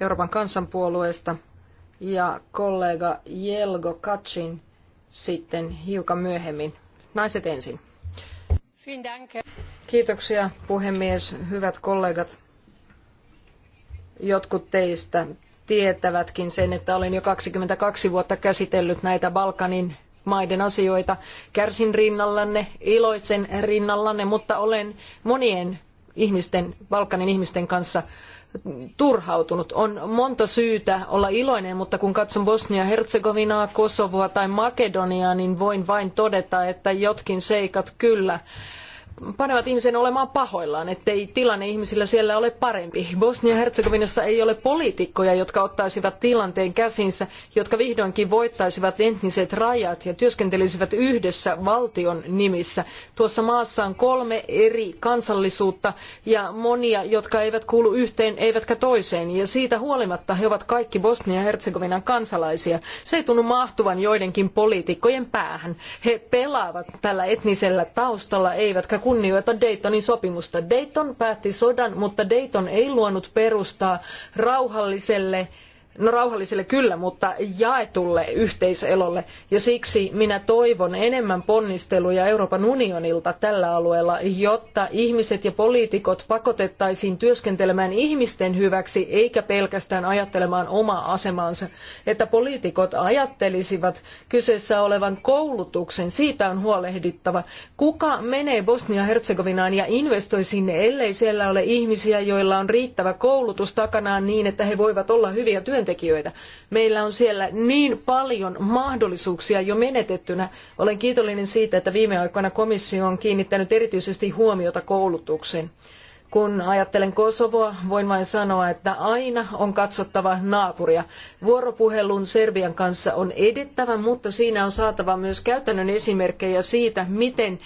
S1: Euroopan kansanpuolueesta ja kollega Jelgo Kacin sitten hiukan myöhemmin. Naiset ensin. Kiitoksia puhemies, hyvät kollegat. Jotkut teistä tietävätkin sen, että olen jo 22 vuotta käsitellyt näitä Balkanin maiden asioita. Kärsin rinnallanne, iloitsen rinnallanne, mutta olen monien ihmisten, Balkanin ihmisten kanssa turhautunut. On monta syytä olla iloinen, mutta kun katson Bosnia-Herzegovinaa, Kosovoa tai Makedoniaa, niin voin vain todeta, että jotkin seikat kyllä panevat ihmisen olemaan pahoillaan, ettei tilanne ihmisillä siellä ole parempi. Bosnia-Herzegovinassa ei ole poliitikkoja, jotka ottaisivat tilanteen käsinsä, jotka vihdoinkin voittaisivat entiset rajat ja työskentelisivät yhdessä valtion nimissä. Tuossa maassa on kolme eri kansallisuutta ja monia, jotka eivät kuulu yhteen eivätkä toiseen. Ja siitä huolimatta he ovat kaikki Bosnia-Herzegovinan kansalaisia. Se ei tunnu mahtuvan joidenkin poliitikkojen päähän. He pelaavat tällä etnisellä taustalla, eivätkä kunnioita Daytonin sopimusta. Dayton päätti sodan, mutta Dayton ei luonut perustaa rauhalliselle No rauhalliselle kyllä, mutta jaetulle yhteiselolle. Ja siksi minä toivon enemmän ponnisteluja Euroopan unionilta tällä alueella, jotta ihmiset ja poliitikot pakotettaisiin työskentelemään ihmisten hyväksi, eikä pelkästään ajattelemaan omaa asemaansa. Että poliitikot ajattelisivat kyseessä olevan koulutuksen, siitä on huolehdittava. Kuka menee Bosnia-Herzegovinaan ja investoi sinne, ellei siellä ole ihmisiä, joilla on riittävä koulutus takanaan niin, että he voivat olla hyviä työntekijöitä? työntekijöitä. Meillä on siellä niin paljon mahdollisuuksia jo menetettynä. Olen kiitollinen siitä, että viime aikoina komissio on kiinnittänyt erityisesti huomiota koulutukseen. Kun ajattelen Kosovoa, voin vain sanoa, että aina on katsottava naapuria. Vuoropuhelun Serbian kanssa on edettävä, mutta siinä on saatava myös käytännön esimerkkejä siitä, miten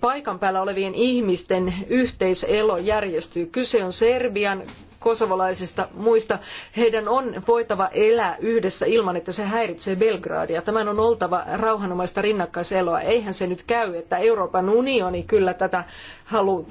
S1: paikan päällä olevien ihmisten yhteiselo järjestyy. Kyse on Serbian kosovolaisista muista, heidän on voitava elää yhdessä ilman, että se häiritsee Belgradia. Tämän on oltava rauhanomaista rinnakkaiseloa. Eihän se nyt käy, että Euroopan unioni kyllä tätä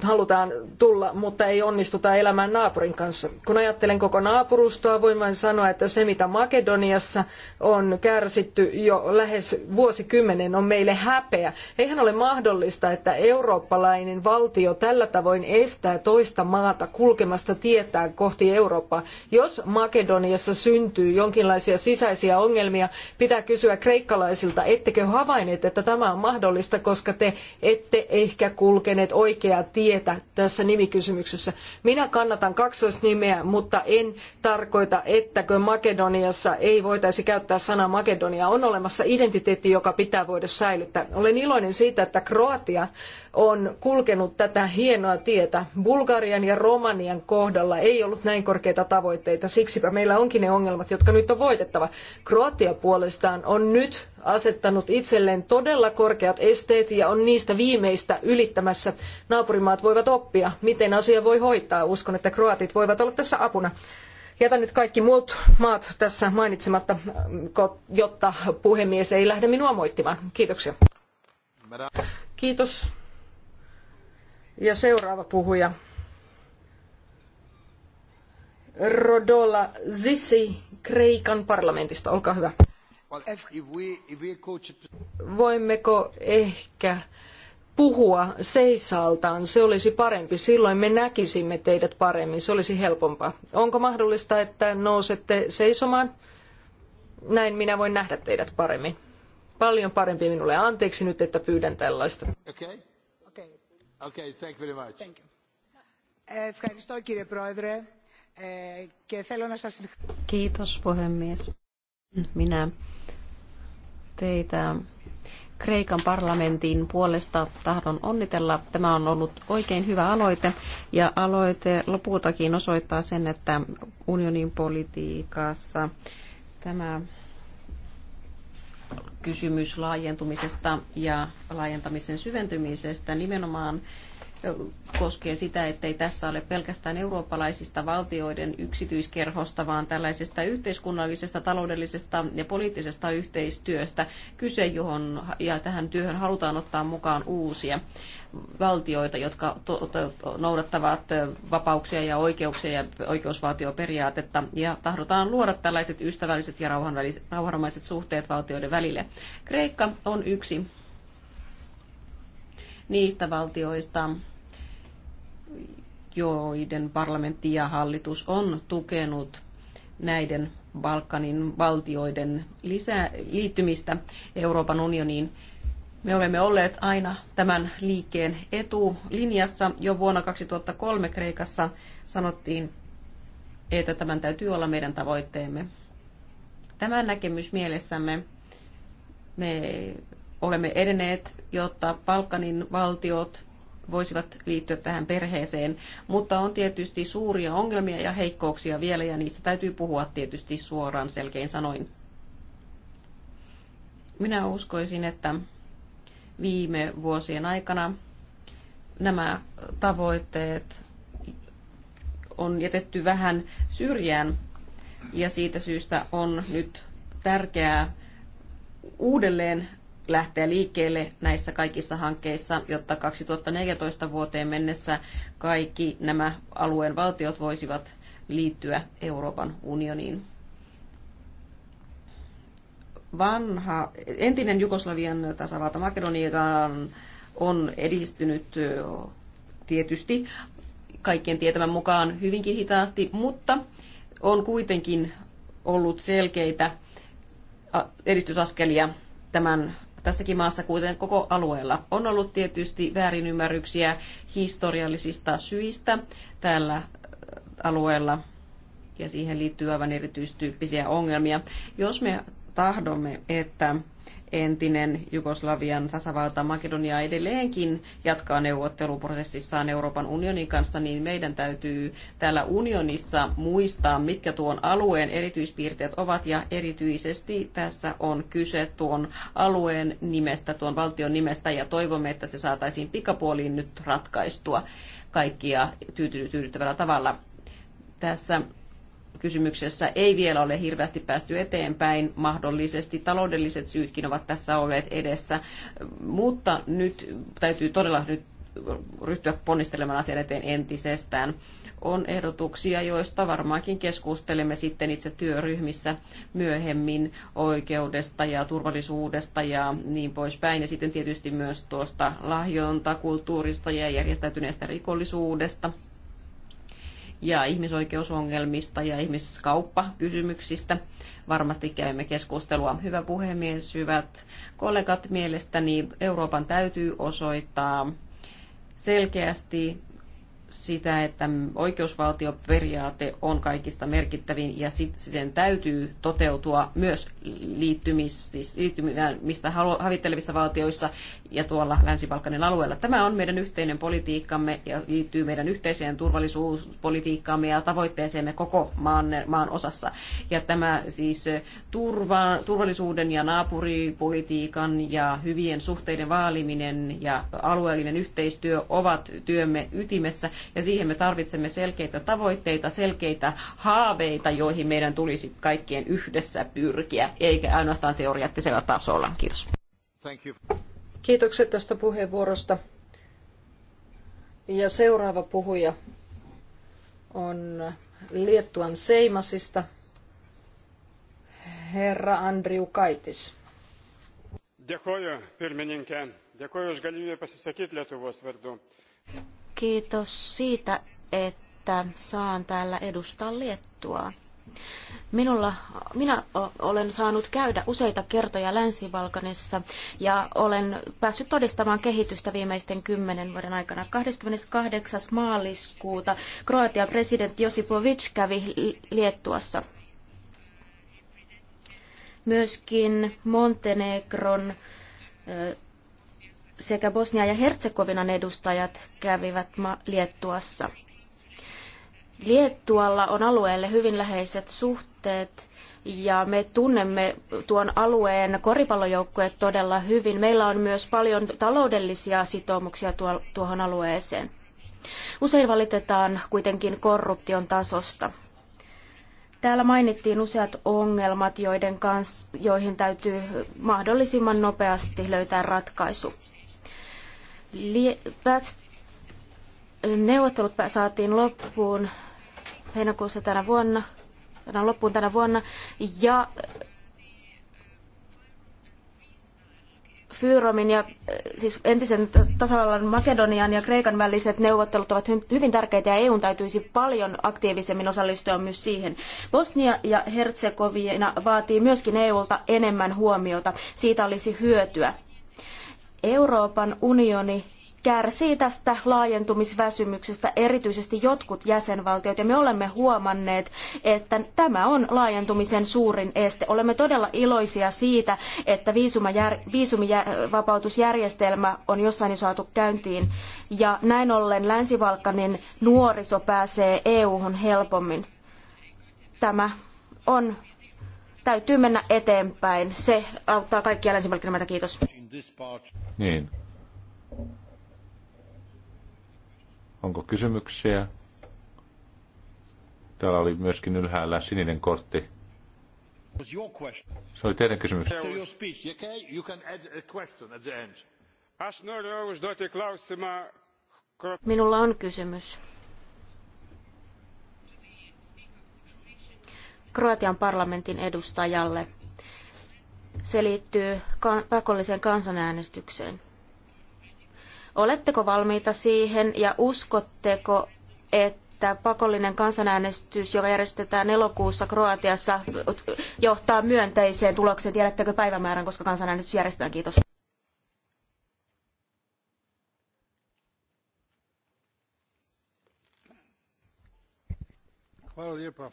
S1: halutaan tulla, mutta ei onnistuta elämään naapurin kanssa. Kun ajattelen koko naapurustoa, voin vain sanoa, että se mitä Makedoniassa on kärsitty jo lähes vuosikymmenen on meille häpeä. Eihän ole mahdollista, että eurooppalainen valtio tällä tavoin estää toista maata kulkemasta tietää kohti Eurooppaa. Jos Makedoniassa syntyy jonkinlaisia sisäisiä ongelmia, pitää kysyä kreikkalaisilta, ettekö havainneet, että tämä on mahdollista, koska te ette ehkä kulkeneet oikein oikeaa tietä tässä nimikysymyksessä. Minä kannatan kaksoisnimeä, mutta en tarkoita, ettäkö Makedoniassa ei voitaisi käyttää sanaa Makedonia. On olemassa identiteetti, joka pitää voida säilyttää. Olen iloinen siitä, että Kroatia on kulkenut tätä hienoa tietä. Bulgarian ja Romanian kohdalla ei ollut näin korkeita tavoitteita, siksipä meillä onkin ne ongelmat, jotka nyt on voitettava. Kroatia puolestaan on nyt asettanut itselleen todella korkeat esteet ja on niistä viimeistä ylittämässä. Naapurimaat voivat oppia, miten asia voi hoitaa. Uskon, että kroatit voivat olla tässä apuna. Jätän nyt kaikki muut maat tässä mainitsematta, jotta puhemies ei lähde minua moittimaan. Kiitoksia. Kiitos. Ja seuraava puhuja. Rodola Zissi Kreikan parlamentista. Olkaa hyvä. Voimmeko ehkä puhua seisaltaan? Se olisi parempi. Silloin me näkisimme teidät paremmin. Se olisi helpompaa. Onko mahdollista, että nousette seisomaan? Näin minä voin nähdä teidät paremmin. Paljon parempi minulle. Anteeksi nyt, että pyydän tällaista.
S2: Okay. Okay, thank
S3: Kiitos puhemies. Eh, Minä teitä Kreikan parlamentin puolesta tahdon onnitella. Tämä on ollut oikein hyvä aloite ja aloite lopultakin osoittaa sen, että unionin politiikassa tämä kysymys laajentumisesta ja laajentamisen syventymisestä nimenomaan koskee sitä, ettei tässä ole pelkästään eurooppalaisista valtioiden yksityiskerhosta, vaan tällaisesta yhteiskunnallisesta, taloudellisesta ja poliittisesta yhteistyöstä kyse, johon ja tähän työhön halutaan ottaa mukaan uusia valtioita, jotka noudattavat vapauksia ja oikeuksia ja oikeusvaltioperiaatetta ja tahdotaan luoda tällaiset ystävälliset ja rauhanomaiset suhteet valtioiden välille. Kreikka on yksi niistä valtioista, joiden parlamentti ja hallitus on tukenut näiden Balkanin valtioiden lisää, liittymistä Euroopan unioniin. Me olemme olleet aina tämän liikkeen etulinjassa. Jo vuonna 2003 Kreikassa sanottiin, että tämän täytyy olla meidän tavoitteemme. Tämän näkemys mielessämme me olemme edenneet, jotta Balkanin valtiot voisivat liittyä tähän perheeseen, mutta on tietysti suuria ongelmia ja heikkouksia vielä ja niistä täytyy puhua tietysti suoraan selkein sanoin. Minä uskoisin, että viime vuosien aikana nämä tavoitteet on jätetty vähän syrjään ja siitä syystä on nyt tärkeää uudelleen lähteä liikkeelle näissä kaikissa hankkeissa, jotta 2014 vuoteen mennessä kaikki nämä alueen valtiot voisivat liittyä Euroopan unioniin. Vanha, entinen Jugoslavian tasavalta Makedonian on edistynyt tietysti kaikkien tietämän mukaan hyvinkin hitaasti, mutta on kuitenkin ollut selkeitä edistysaskelia tämän tässäkin maassa, kuten koko alueella. On ollut tietysti väärinymmärryksiä historiallisista syistä tällä äh, alueella ja siihen liittyy aivan erityistyyppisiä ongelmia. Jos me tahdomme, että entinen Jugoslavian tasavalta Makedonia edelleenkin jatkaa neuvotteluprosessissaan Euroopan unionin kanssa, niin meidän täytyy täällä unionissa muistaa, mitkä tuon alueen erityispiirteet ovat, ja erityisesti tässä on kyse tuon alueen nimestä, tuon valtion nimestä, ja toivomme, että se saataisiin pikapuoliin nyt ratkaistua kaikkia tyydyttävällä tavalla. Tässä kysymyksessä ei vielä ole hirveästi päästy eteenpäin. Mahdollisesti taloudelliset syytkin ovat tässä olleet edessä, mutta nyt täytyy todella nyt ryhtyä ponnistelemaan asian eteen entisestään. On ehdotuksia, joista varmaankin keskustelemme sitten itse työryhmissä myöhemmin oikeudesta ja turvallisuudesta ja niin poispäin. Ja sitten tietysti myös tuosta lahjontakulttuurista ja järjestäytyneestä rikollisuudesta ja ihmisoikeusongelmista ja ihmiskauppakysymyksistä. Varmasti käymme keskustelua. Hyvä puhemies, hyvät kollegat, mielestäni Euroopan täytyy osoittaa selkeästi sitä, että oikeusvaltioperiaate on kaikista merkittävin ja siten täytyy toteutua myös liittymistä havittelevissa valtioissa ja tuolla Länsi-Balkanin alueella. Tämä on meidän yhteinen politiikkamme ja liittyy meidän yhteiseen turvallisuuspolitiikkaamme ja tavoitteeseemme koko maan, maan osassa. Ja tämä siis turva, turvallisuuden ja naapuripolitiikan ja hyvien suhteiden vaaliminen ja alueellinen yhteistyö ovat työmme ytimessä ja siihen me tarvitsemme selkeitä tavoitteita, selkeitä haaveita, joihin meidän tulisi kaikkien yhdessä pyrkiä, eikä ainoastaan teoriattisella tasolla. Kiitos.
S1: Kiitokset tästä puheenvuorosta. Ja seuraava puhuja on Liettuan Seimasista herra Andriu Kaitis.
S4: Dėkoju, pirmininkė. Dėkoju už galimybę pasisakyti Lietuvos vardu.
S1: Kiitos siitä,
S4: että saan täällä edustaa Liettua. Minulla, minä olen saanut käydä useita kertoja Länsi-Balkanissa ja olen päässyt todistamaan kehitystä viimeisten kymmenen vuoden aikana. 28. maaliskuuta Kroatian presidentti Josipovic kävi Liettuassa. Myöskin Montenegron sekä Bosnia ja Herzegovinan edustajat kävivät Liettuassa. Liettualla on alueelle hyvin läheiset suhteet ja me tunnemme tuon alueen koripallojoukkueet todella hyvin. Meillä on myös paljon taloudellisia sitoumuksia tuohon alueeseen. Usein valitetaan kuitenkin korruption tasosta. Täällä mainittiin useat ongelmat, joiden kanssa, joihin täytyy mahdollisimman nopeasti löytää ratkaisu. Li- neuvottelut saatiin loppuun heinäkuussa tänä vuonna, tänä loppuun tänä vuonna, ja Fyromin ja siis entisen tasavallan Makedonian ja Kreikan väliset neuvottelut ovat hyvin tärkeitä ja EUn täytyisi paljon aktiivisemmin osallistua myös siihen. Bosnia ja Herzegovina vaatii myöskin EUlta enemmän huomiota. Siitä olisi hyötyä. Euroopan unioni kärsii tästä laajentumisväsymyksestä erityisesti jotkut jäsenvaltiot ja me olemme huomanneet, että tämä on laajentumisen suurin este. Olemme todella iloisia siitä, että viisumivapautusjärjestelmä on jossain jo saatu käyntiin ja näin ollen Länsi-Balkanin nuoriso pääsee EU-hun helpommin. Tämä on täytyy mennä eteenpäin. Se auttaa kaikkia länsimarkkinoita. Kiitos.
S2: Niin. Onko kysymyksiä? Täällä oli myöskin ylhäällä sininen kortti. Se oli teidän kysymyksenne.
S4: Minulla on kysymys. Kroatian parlamentin edustajalle. Se liittyy pakolliseen kansanäänestykseen. Oletteko valmiita siihen ja uskotteko, että pakollinen kansanäänestys, joka järjestetään elokuussa Kroatiassa, johtaa myönteiseen tulokseen? Tiedättekö päivämäärän, koska kansanäänestys järjestetään? Kiitos.
S2: Hvala lijepa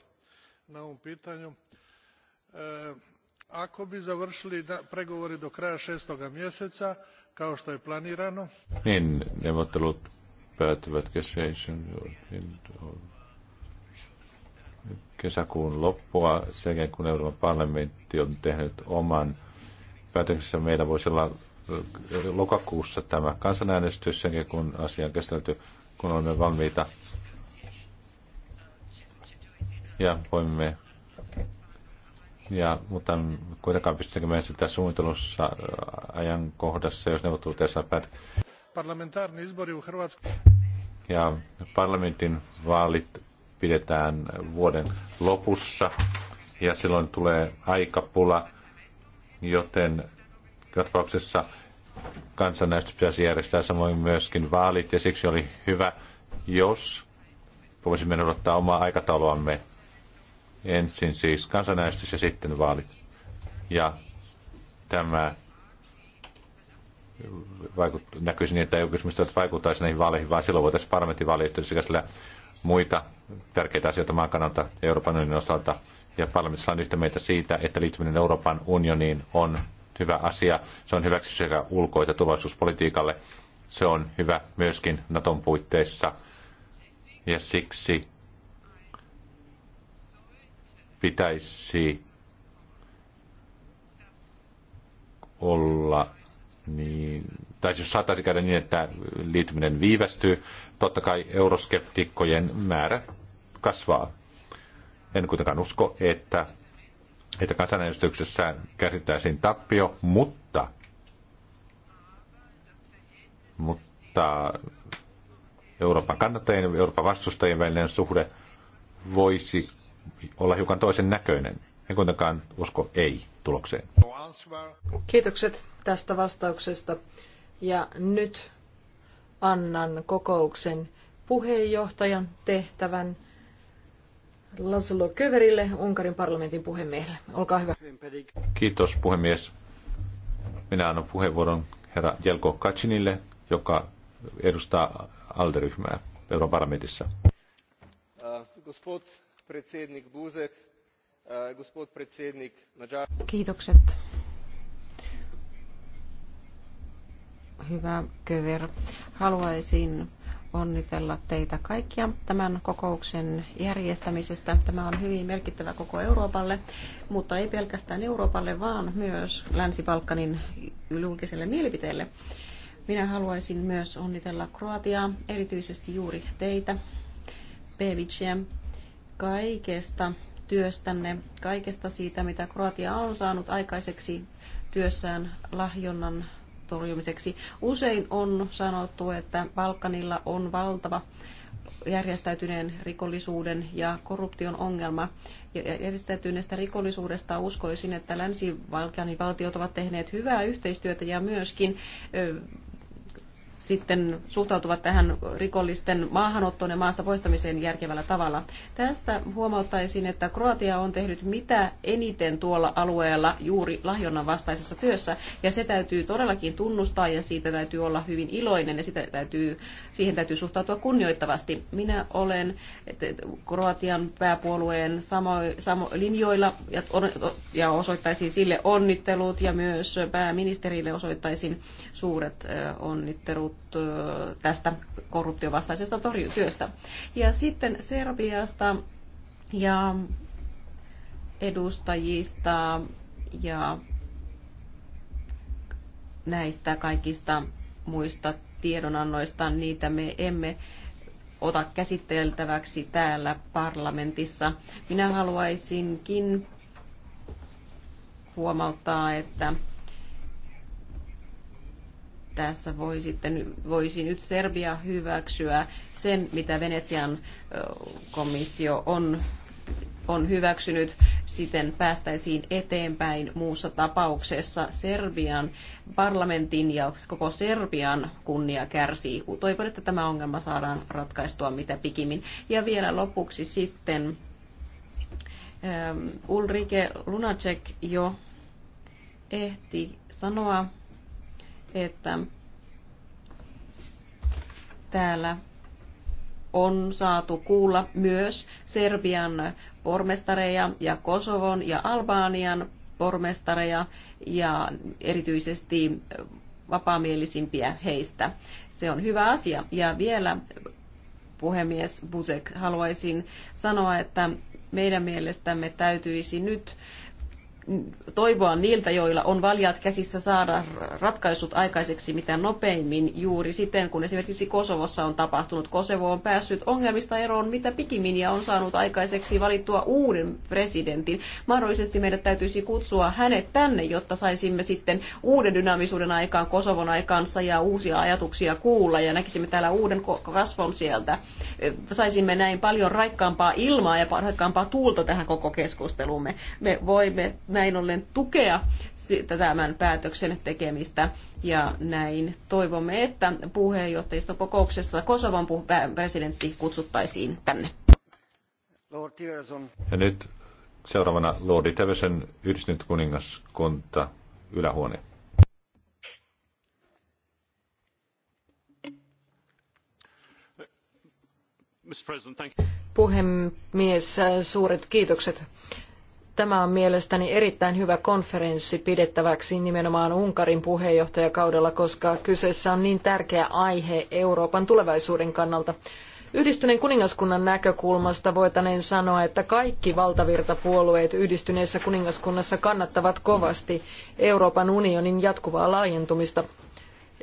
S2: na ovom pitanju. E, ako bi završili pregovori do kraja šestoga mjeseca, kao što je planirano... Niin, neuvottelut päätyvät kesän niin, kesäkuun loppua, sen jälkeen kun Euroopan parlamentti on tehnyt oman päätöksensä, meillä voisi olla lokakuussa tämä kansanäänestys, sen jälkeen kun asia on käsitelty, kun olemme valmiita ja voimme ja, mutta kuitenkaan pystytäänkö me sitä suunnittelussa äh, ajankohdassa, jos neuvottelut ei saa päätä. Ja parlamentin vaalit pidetään vuoden lopussa ja silloin tulee aikapula, joten tapauksessa kansanäistys pitäisi järjestää samoin myöskin vaalit ja siksi oli hyvä, jos voisimme odottaa omaa aikatauluamme Ensin siis kansanäänestys ja sitten vaalit. Ja tämä vaikut, näkyisi niin, että ei kysymys, että vaikuttaisi näihin vaaleihin, vaan silloin voitaisiin parlamentin sekä käsitellä muita tärkeitä asioita maan kannalta Euroopan unionin osalta. Ja parlamentissa on yhtä meitä siitä, että liittyminen Euroopan unioniin on hyvä asia. Se on hyväksi sekä ulko- että turvallisuuspolitiikalle. Se on hyvä myöskin Naton puitteissa. Ja siksi pitäisi olla, niin, tai jos saattaisi käydä niin, että liittyminen viivästyy, totta kai euroskeptikkojen määrä kasvaa. En kuitenkaan usko, että, että kansanäänestyksessä käsittäisiin tappio, mutta, mutta Euroopan kannattajien ja Euroopan vastustajien välinen suhde voisi olla hiukan toisen näköinen. En kuitenkaan usko ei tulokseen.
S1: Kiitokset tästä vastauksesta. Ja nyt annan kokouksen puheenjohtajan tehtävän Laszlo Köverille, Unkarin parlamentin puhemiehelle. Olkaa
S3: hyvä.
S2: Kiitos puhemies. Minä annan puheenvuoron herra Jelko Kacinille, joka edustaa ALDE-ryhmää Euroopan parlamentissa. Uh,
S4: predsednik Buzek, eh, gospod predsednik Mađar...
S3: Hyvä Köver. Haluaisin onnitella teitä kaikkia tämän kokouksen järjestämisestä. Tämä on hyvin merkittävä koko Euroopalle, mutta ei pelkästään Euroopalle, vaan myös Länsi-Balkanin julkiselle mielipiteelle. Minä haluaisin myös onnitella Kroatiaa, erityisesti juuri teitä, Pevicia, kaikesta työstänne, kaikesta siitä, mitä Kroatia on saanut aikaiseksi työssään lahjonnan torjumiseksi. Usein on sanottu, että Balkanilla on valtava järjestäytyneen rikollisuuden ja korruption ongelma. Järjestäytyneestä rikollisuudesta uskoisin, että länsi valtiot ovat tehneet hyvää yhteistyötä ja myöskin sitten suhtautuvat tähän rikollisten maahanottoon ja maasta poistamiseen järkevällä tavalla. Tästä huomauttaisin, että Kroatia on tehnyt mitä eniten tuolla alueella juuri lahjonnan vastaisessa työssä, ja se täytyy todellakin tunnustaa, ja siitä täytyy olla hyvin iloinen, ja sitä täytyy, siihen täytyy suhtautua kunnioittavasti. Minä olen Kroatian pääpuolueen samo, samo linjoilla, ja, ja osoittaisin sille onnittelut, ja myös pääministerille osoittaisin suuret onnittelut neuvottelut tästä korruptiovastaisesta työstä. Ja sitten Serbiasta ja edustajista ja näistä kaikista muista tiedonannoista, niitä me emme ota käsiteltäväksi täällä parlamentissa. Minä haluaisinkin huomauttaa, että tässä voi sitten, voisi nyt Serbia hyväksyä sen, mitä Venetsian komissio on on hyväksynyt, siten päästäisiin eteenpäin muussa tapauksessa Serbian parlamentin ja koko Serbian kunnia kärsii. Toivon, että tämä ongelma saadaan ratkaistua mitä pikimmin. Ja vielä lopuksi sitten Ulrike Lunacek jo ehti sanoa että täällä on saatu kuulla myös Serbian pormestareja ja Kosovon ja Albanian pormestareja ja erityisesti vapaamielisimpiä heistä. Se on hyvä asia. Ja vielä puhemies Buzek haluaisin sanoa, että meidän mielestämme täytyisi nyt toivoa niiltä, joilla on valjat käsissä saada ratkaisut aikaiseksi mitä nopeimmin juuri siten, kun esimerkiksi Kosovossa on tapahtunut. Kosovo on päässyt ongelmista eroon mitä pikimmin ja on saanut aikaiseksi valittua uuden presidentin. Mahdollisesti meidät täytyisi kutsua hänet tänne, jotta saisimme sitten uuden dynaamisuuden aikaan Kosovon aikansa ja uusia ajatuksia kuulla ja näkisimme täällä uuden kasvon sieltä. Saisimme näin paljon raikkaampaa ilmaa ja raikkaampaa tuulta tähän koko keskusteluumme. Me voimme näin ollen tukea tämän päätöksen tekemistä. Ja näin toivomme, että puheenjohtajiston kokouksessa Kosovan presidentti kutsuttaisiin tänne.
S2: Ja nyt seuraavana Lordi Tevesen yhdistynyt kuningaskunta ylähuone.
S1: Puhemies, suuret kiitokset. Tämä on mielestäni erittäin hyvä konferenssi pidettäväksi nimenomaan Unkarin puheenjohtajakaudella, koska kyseessä on niin tärkeä aihe Euroopan tulevaisuuden kannalta. Yhdistyneen kuningaskunnan näkökulmasta voitaneen sanoa, että kaikki valtavirtapuolueet yhdistyneessä kuningaskunnassa kannattavat kovasti Euroopan unionin jatkuvaa laajentumista.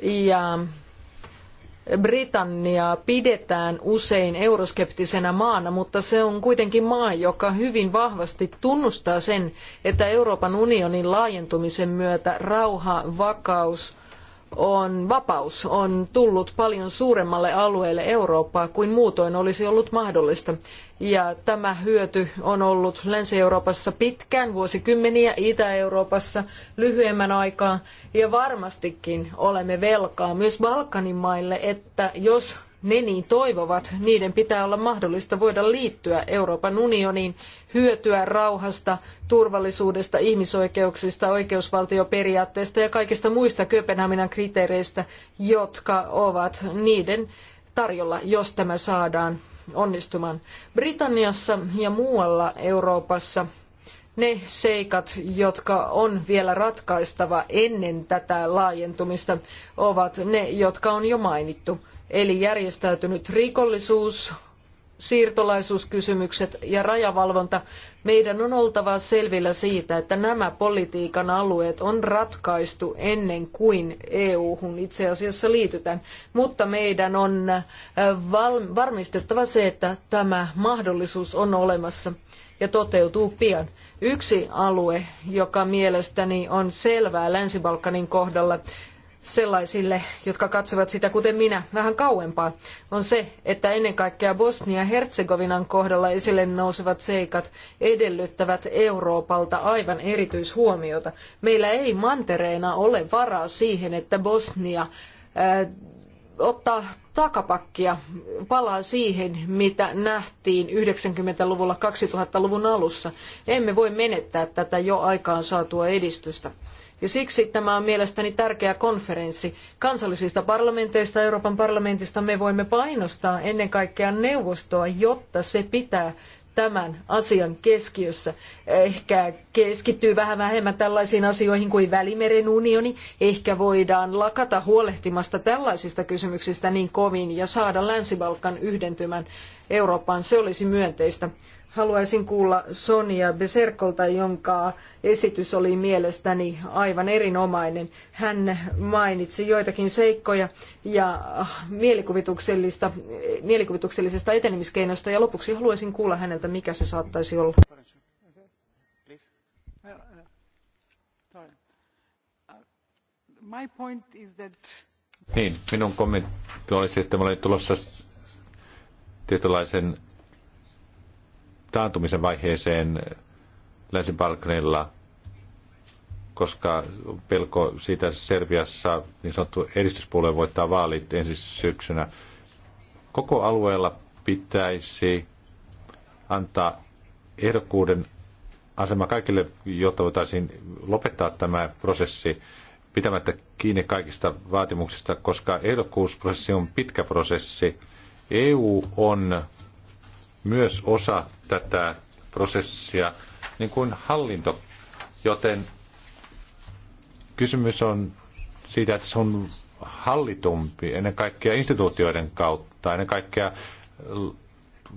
S1: Ja Britanniaa pidetään usein euroskeptisenä maana, mutta se on kuitenkin maa, joka hyvin vahvasti tunnustaa sen, että Euroopan unionin laajentumisen myötä rauha, vakaus, on vapaus on tullut paljon suuremmalle alueelle Eurooppaa kuin muutoin olisi ollut mahdollista. Ja tämä hyöty on ollut Länsi-Euroopassa pitkään, vuosikymmeniä, Itä-Euroopassa lyhyemmän aikaa. Ja varmastikin olemme velkaa myös Balkanin maille, että jos ne niin toivovat, niiden pitää olla mahdollista voida liittyä Euroopan unioniin, hyötyä rauhasta, turvallisuudesta, ihmisoikeuksista, oikeusvaltioperiaatteesta ja kaikista muista Kööpenhaminan kriteereistä, jotka ovat niiden tarjolla, jos tämä saadaan onnistumaan. Britanniassa ja muualla Euroopassa ne seikat, jotka on vielä ratkaistava ennen tätä laajentumista, ovat ne, jotka on jo mainittu eli järjestäytynyt rikollisuus, siirtolaisuuskysymykset ja rajavalvonta, meidän on oltava selvillä siitä, että nämä politiikan alueet on ratkaistu ennen kuin EU-hun itse asiassa liitytään. Mutta meidän on äh, varmistettava se, että tämä mahdollisuus on olemassa ja toteutuu pian. Yksi alue, joka mielestäni on selvää Länsi-Balkanin kohdalla, sellaisille, jotka katsovat sitä kuten minä vähän kauempaa, on se, että ennen kaikkea Bosnia-Herzegovinan kohdalla esille nousevat seikat edellyttävät Euroopalta aivan erityishuomiota. Meillä ei mantereena ole varaa siihen, että Bosnia ää, äh, ottaa takapakkia, palaa siihen, mitä nähtiin 90-luvulla 2000-luvun alussa. Emme voi menettää tätä jo aikaan saatua edistystä. Ja siksi tämä on mielestäni tärkeä konferenssi. Kansallisista parlamenteista, Euroopan parlamentista me voimme painostaa ennen kaikkea neuvostoa, jotta se pitää tämän asian keskiössä. Ehkä keskittyy vähän vähemmän tällaisiin asioihin kuin Välimeren unioni. Ehkä voidaan lakata huolehtimasta tällaisista kysymyksistä niin kovin ja saada Länsi-Balkan yhdentymään Eurooppaan. Se olisi myönteistä haluaisin kuulla Sonia Beserkolta, jonka esitys oli mielestäni aivan erinomainen. Hän mainitsi joitakin seikkoja ja ah, mielikuvituksellista, mielikuvituksellisesta etenemiskeinosta ja lopuksi haluaisin kuulla häneltä, mikä se saattaisi olla.
S2: Niin, minun kommentti olisi, että mä olin tulossa tietynlaisen taantumisen vaiheeseen Länsi-Balkanilla, koska pelko siitä Serbiassa niin sanottu edistyspuolue voittaa vaalit ensi syksynä. Koko alueella pitäisi antaa ehdokkuuden asema kaikille, jotta voitaisiin lopettaa tämä prosessi pitämättä kiinni kaikista vaatimuksista, koska ehdokkuusprosessi on pitkä prosessi. EU on myös osa tätä prosessia, niin kuin hallinto. Joten kysymys on siitä, että se on hallitumpi ennen kaikkea instituutioiden kautta, ennen kaikkea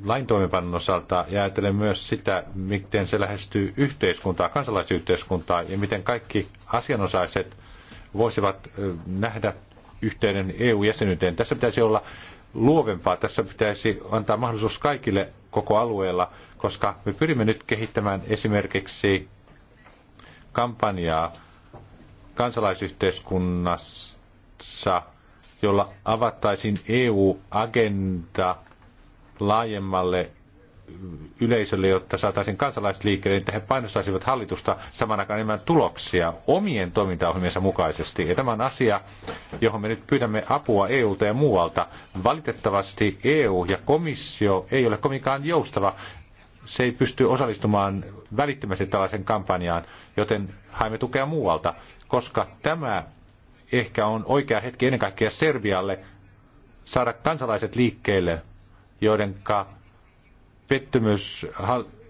S2: lain toimivan osalta ja ajatellen myös sitä, miten se lähestyy yhteiskuntaa, kansalaisyhteiskuntaa ja miten kaikki asianosaiset voisivat nähdä yhteyden EU-jäsenyyteen. Tässä pitäisi olla luovempaa. Tässä pitäisi antaa mahdollisuus kaikille koko alueella, koska me pyrimme nyt kehittämään esimerkiksi kampanjaa kansalaisyhteiskunnassa, jolla avattaisiin EU-agenda laajemmalle yleisölle, jotta saataisiin kansalaiset liikkeelle, niin että he painostaisivat hallitusta saman aikaan enemmän tuloksia omien toimintaohjelmiensa mukaisesti. Ja tämä on asia, johon me nyt pyydämme apua eu ja muualta. Valitettavasti EU ja komissio ei ole kovinkaan joustava. Se ei pysty osallistumaan välittömästi tällaisen kampanjaan, joten haemme tukea muualta, koska tämä ehkä on oikea hetki ennen kaikkea Serbialle saada kansalaiset liikkeelle, joidenka pettymys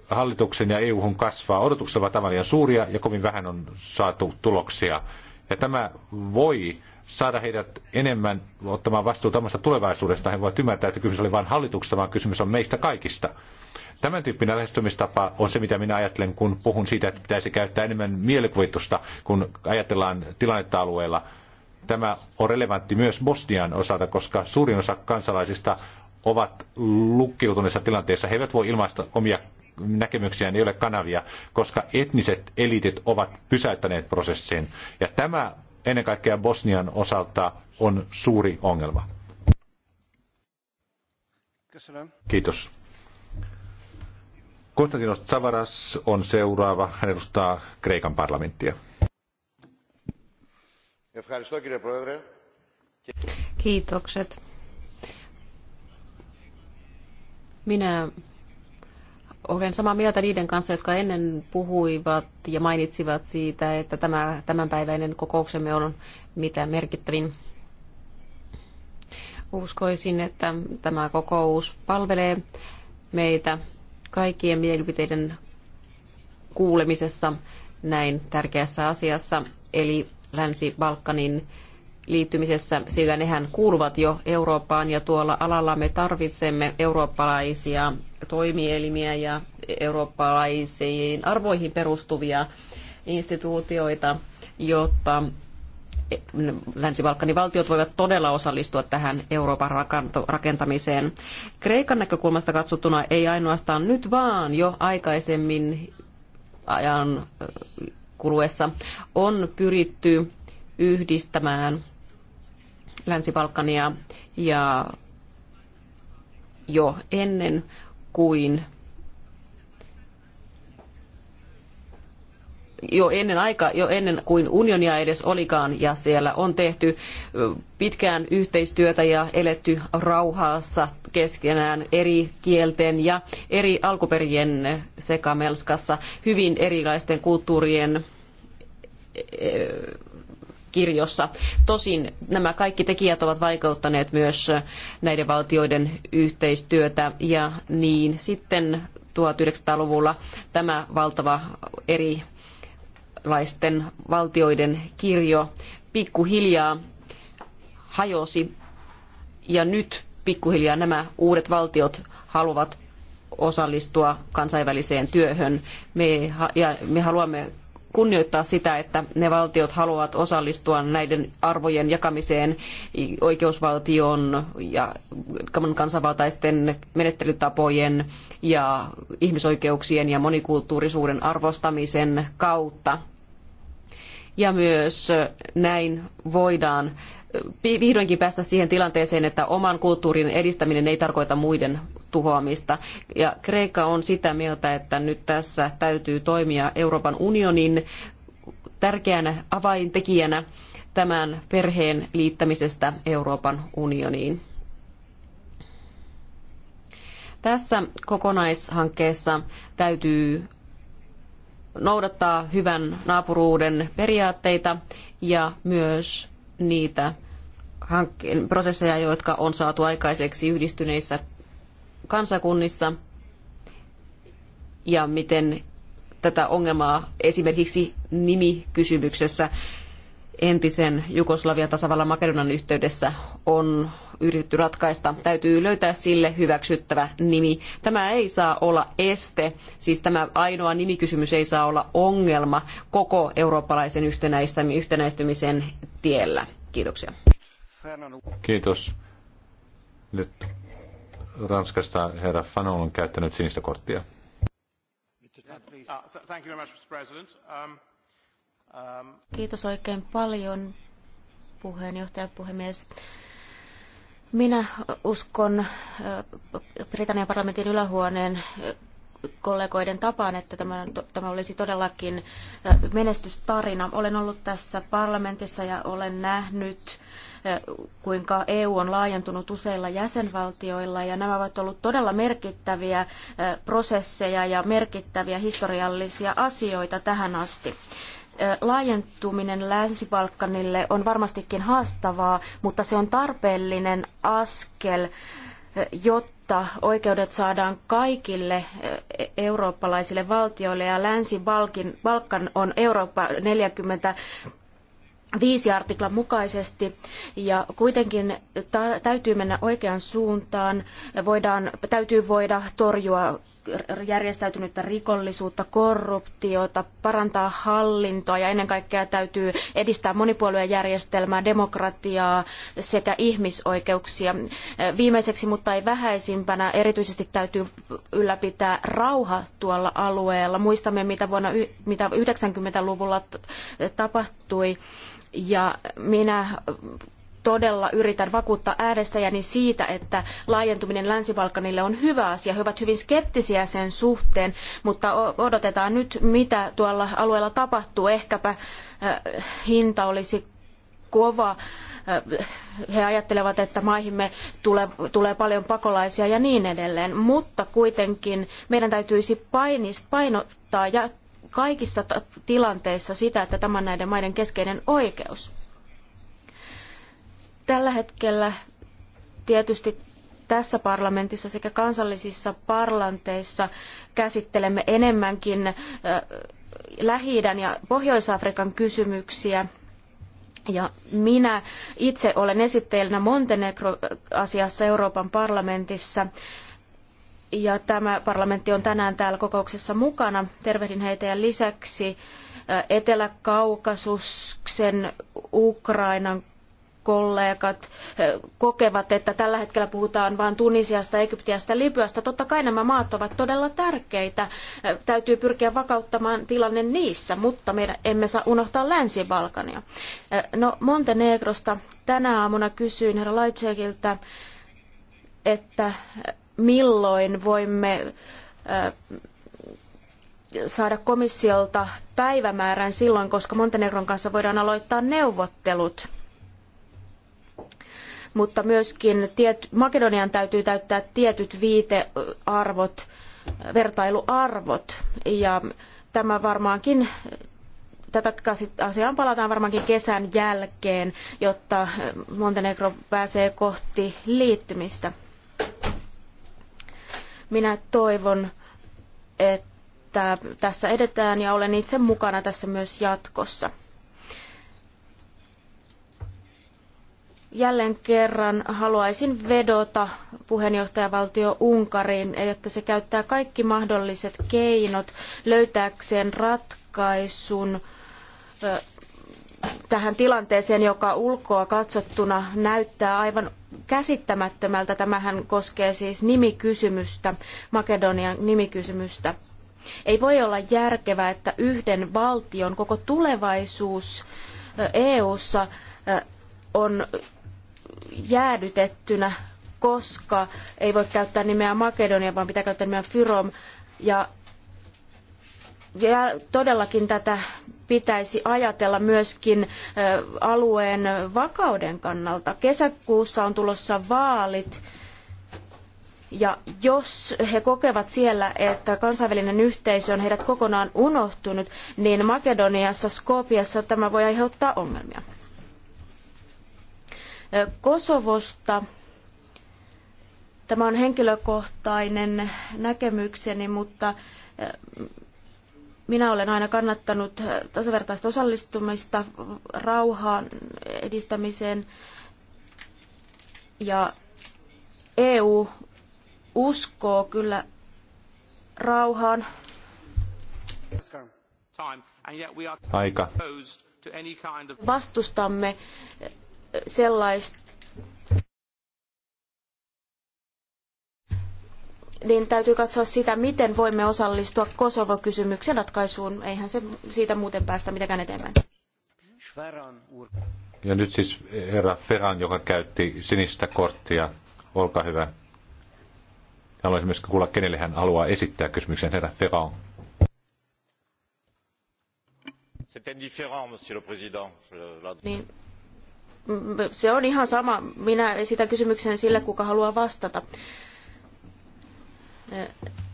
S2: hallituksen ja EU-hun kasvaa. Odotukset ovat aivan liian suuria ja kovin vähän on saatu tuloksia. Ja tämä voi saada heidät enemmän ottamaan vastuuta omasta tulevaisuudesta. He voivat ymmärtää, että kysymys oli vain hallituksesta, vaan kysymys on meistä kaikista. Tämän tyyppinen lähestymistapa on se, mitä minä ajattelen, kun puhun siitä, että pitäisi käyttää enemmän mielikuvitusta, kun ajatellaan tilannetta alueella. Tämä on relevantti myös Bosnian osalta, koska suurin osa kansalaisista ovat lukkiutuneessa tilanteessa. He eivät voi ilmaista omia näkemyksiään, ei ole kanavia, koska etniset elitit ovat pysäyttäneet prosessin. Ja tämä ennen kaikkea Bosnian osalta on suuri ongelma. Kiitos. Konstantinos Tsavaras on seuraava. Hän edustaa Kreikan parlamenttia.
S3: Kiitokset Minä olen samaa mieltä niiden kanssa, jotka ennen puhuivat ja mainitsivat siitä, että tämä tämänpäiväinen kokouksemme on mitä merkittävin. Uskoisin, että tämä kokous palvelee meitä kaikkien mielipiteiden kuulemisessa näin tärkeässä asiassa, eli Länsi-Balkanin liittymisessä, sillä nehän kuuluvat jo Eurooppaan ja tuolla alalla me tarvitsemme eurooppalaisia toimielimiä ja eurooppalaisiin arvoihin perustuvia instituutioita, jotta Länsi-Balkanin valtiot voivat todella osallistua tähän Euroopan rakentamiseen. Kreikan näkökulmasta katsottuna ei ainoastaan nyt, vaan jo aikaisemmin ajan kuluessa on pyritty yhdistämään Länsi-Balkania ja jo ennen kuin jo ennen aika, jo ennen kuin unionia edes olikaan, ja siellä on tehty pitkään yhteistyötä ja eletty rauhaassa keskenään eri kielten ja eri alkuperien sekamelskassa hyvin erilaisten kulttuurien kirjossa. Tosin nämä kaikki tekijät ovat vaikeuttaneet myös näiden valtioiden yhteistyötä ja niin sitten 1900-luvulla tämä valtava erilaisten valtioiden kirjo pikkuhiljaa hajosi ja nyt pikkuhiljaa nämä uudet valtiot haluavat osallistua kansainväliseen työhön. Me, ja me haluamme kunnioittaa sitä, että ne valtiot haluavat osallistua näiden arvojen jakamiseen, oikeusvaltion ja kansanvaltaisten menettelytapojen ja ihmisoikeuksien ja monikulttuurisuuden arvostamisen kautta. Ja myös näin voidaan eh, vihdoinkin päästä siihen tilanteeseen, että oman kulttuurin edistäminen ei tarkoita muiden tuhoamista. Ja Kreikka on sitä mieltä, että nyt tässä täytyy toimia Euroopan unionin tärkeänä avaintekijänä tämän perheen liittämisestä Euroopan unioniin. Tässä kokonaishankkeessa täytyy noudattaa hyvän naapuruuden periaatteita ja myös niitä hankkeen, prosesseja, jotka on saatu aikaiseksi yhdistyneissä kansakunnissa ja miten tätä ongelmaa esimerkiksi nimikysymyksessä entisen Jugoslavian tasavallan Makedonian yhteydessä on yritetty ratkaista. Täytyy löytää sille hyväksyttävä nimi. Tämä ei saa olla este, siis tämä ainoa nimikysymys ei saa olla ongelma koko eurooppalaisen yhtenäistymisen tiellä. Kiitoksia.
S2: Kiitos. Nyt Ranskasta herra Fanon on käyttänyt sinistä korttia.
S4: Kiitos oikein paljon, puheenjohtaja, puhemies. Minä uskon Britannian parlamentin ylähuoneen kollegoiden tapaan, että tämä, tämä olisi todellakin menestystarina. Olen ollut tässä parlamentissa ja olen nähnyt kuinka EU on laajentunut useilla jäsenvaltioilla ja nämä ovat olleet todella merkittäviä prosesseja ja merkittäviä historiallisia asioita tähän asti laajentuminen Länsi-Balkanille on varmastikin haastavaa, mutta se on tarpeellinen askel, jotta oikeudet saadaan kaikille eurooppalaisille valtioille ja Länsi-Balkan on Eurooppa 40 viisi artiklan mukaisesti ja kuitenkin täytyy mennä oikeaan suuntaan. Voidaan, täytyy voida torjua järjestäytynyttä rikollisuutta, korruptiota, parantaa hallintoa ja ennen kaikkea täytyy edistää monipuoluejärjestelmää, demokratiaa sekä ihmisoikeuksia. Viimeiseksi, mutta ei vähäisimpänä, erityisesti täytyy ylläpitää rauha tuolla alueella. Muistamme, mitä vuonna mitä 90-luvulla tapahtui ja minä todella yritän vakuuttaa äänestäjäni siitä, että laajentuminen Länsi-Balkanille on hyvä asia. He ovat hyvin skeptisiä sen suhteen, mutta odotetaan nyt, mitä tuolla alueella tapahtuu. Ehkäpä äh, hinta olisi kova. Äh, he ajattelevat, että maihimme tulee, tulee paljon pakolaisia ja niin edelleen, mutta kuitenkin meidän täytyisi painottaa ja kaikissa tilanteissa sitä, että tämä on näiden maiden keskeinen oikeus. Tällä hetkellä tietysti tässä parlamentissa sekä kansallisissa parlamenteissa käsittelemme enemmänkin lähi ja Pohjois-Afrikan kysymyksiä. Ja minä itse olen esittäjänä Montenegro-asiassa Euroopan parlamentissa ja tämä parlamentti on tänään täällä kokouksessa mukana. Tervehdin heitä ja lisäksi äh, Etelä-Kaukasuksen Ukrainan kollegat äh, kokevat, että tällä hetkellä puhutaan vain Tunisiasta, Egyptiasta, Libyasta. Totta kai nämä maat ovat todella tärkeitä. Äh, täytyy pyrkiä vakauttamaan tilanne niissä, mutta meidän emme saa unohtaa Länsi-Balkania. No Montenegrosta tänä aamuna kysyin herra Lajcekiltä, että milloin voimme saada komissiolta päivämäärän silloin, koska Montenegron kanssa voidaan aloittaa neuvottelut. Mutta myöskin tiet, Makedonian täytyy täyttää tietyt viitearvot, vertailuarvot. Ja tämä varmaankin, tätä asiaan palataan varmaankin kesän jälkeen, jotta Montenegro pääsee kohti liittymistä. Minä toivon, että tässä edetään ja olen itse mukana tässä myös jatkossa. jälleen kerran haluaisin vedota puheenjohtajavaltio Unkariin, että se käyttää kaikki mahdolliset keinot löytääkseen ratkaisun tähän tilanteeseen, joka ulkoa katsottuna näyttää aivan käsittämättömältä. Tämähän koskee siis nimikysymystä, Makedonian nimikysymystä. Ei voi olla järkevää, että yhden valtion koko tulevaisuus EU:ssa on jäädytettynä, koska ei voi käyttää nimeä Makedonia, vaan pitää käyttää nimeä Fyrom. Ja ja todellakin tätä pitäisi ajatella myöskin alueen vakauden kannalta. Kesäkuussa on tulossa vaalit. Ja jos he kokevat siellä, että kansainvälinen yhteisö on heidät kokonaan unohtunut, niin Makedoniassa, Skopiassa tämä voi aiheuttaa ongelmia. Kosovosta tämä on henkilökohtainen näkemykseni, mutta minä olen aina kannattanut äh, tasavertaista osallistumista rauhaan edistämiseen ja EU uskoo kyllä rauhaan.
S2: Aika. Vastustamme
S4: sellaista niin täytyy katsoa sitä, miten voimme osallistua Kosovo-kysymyksen ratkaisuun. Eihän se siitä muuten päästä mitenkään eteenpäin.
S2: Ja nyt siis herra Ferran, joka käytti sinistä korttia. Olkaa hyvä. Haluaisin myös kuulla, kenelle hän haluaa esittää kysymyksen, herra Ferran. Niin.
S4: Se on ihan sama. Minä esitän kysymyksen sille, kuka haluaa vastata.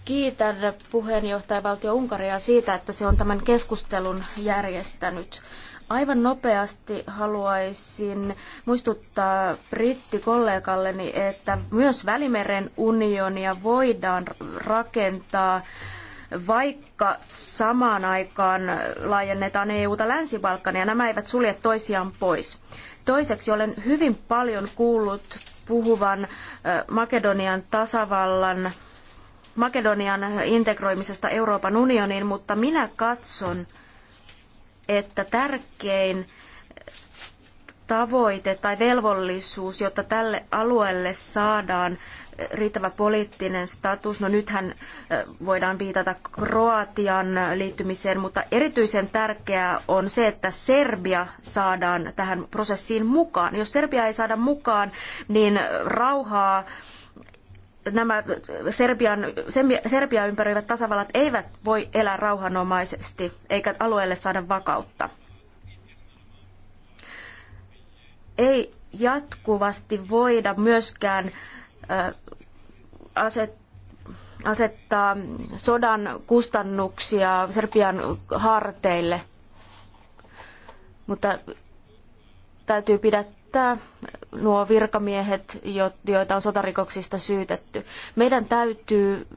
S4: Kiitän puheenjohtajavaltio Unkaria siitä, että se on tämän keskustelun järjestänyt. Aivan nopeasti haluaisin muistuttaa brittikollegalleni, että myös Välimeren unionia voidaan rakentaa vaikka samaan aikaan laajennetaan EU-ta Länsi-Balkania, nämä eivät sulje toisiaan pois. Toiseksi olen hyvin paljon kuullut puhuvan Makedonian tasavallan Makedonian integroimisesta Euroopan unioniin, mutta minä katson, että tärkein tavoite tai velvollisuus, jotta tälle alueelle saadaan riittävä poliittinen status. No nythän voidaan viitata Kroatian liittymiseen, mutta erityisen tärkeää on se, että Serbia saadaan tähän prosessiin mukaan. Jos Serbia ei saada mukaan, niin rauhaa nämä Serbian, ympäröivät tasavallat eivät voi elää rauhanomaisesti eikä alueelle saada vakautta. Ei jatkuvasti voida myöskään asettaa sodan kustannuksia Serbian harteille, mutta täytyy pidättää päättää nuo virkamiehet, joita on sotarikoksista syytetty. Meidän täytyy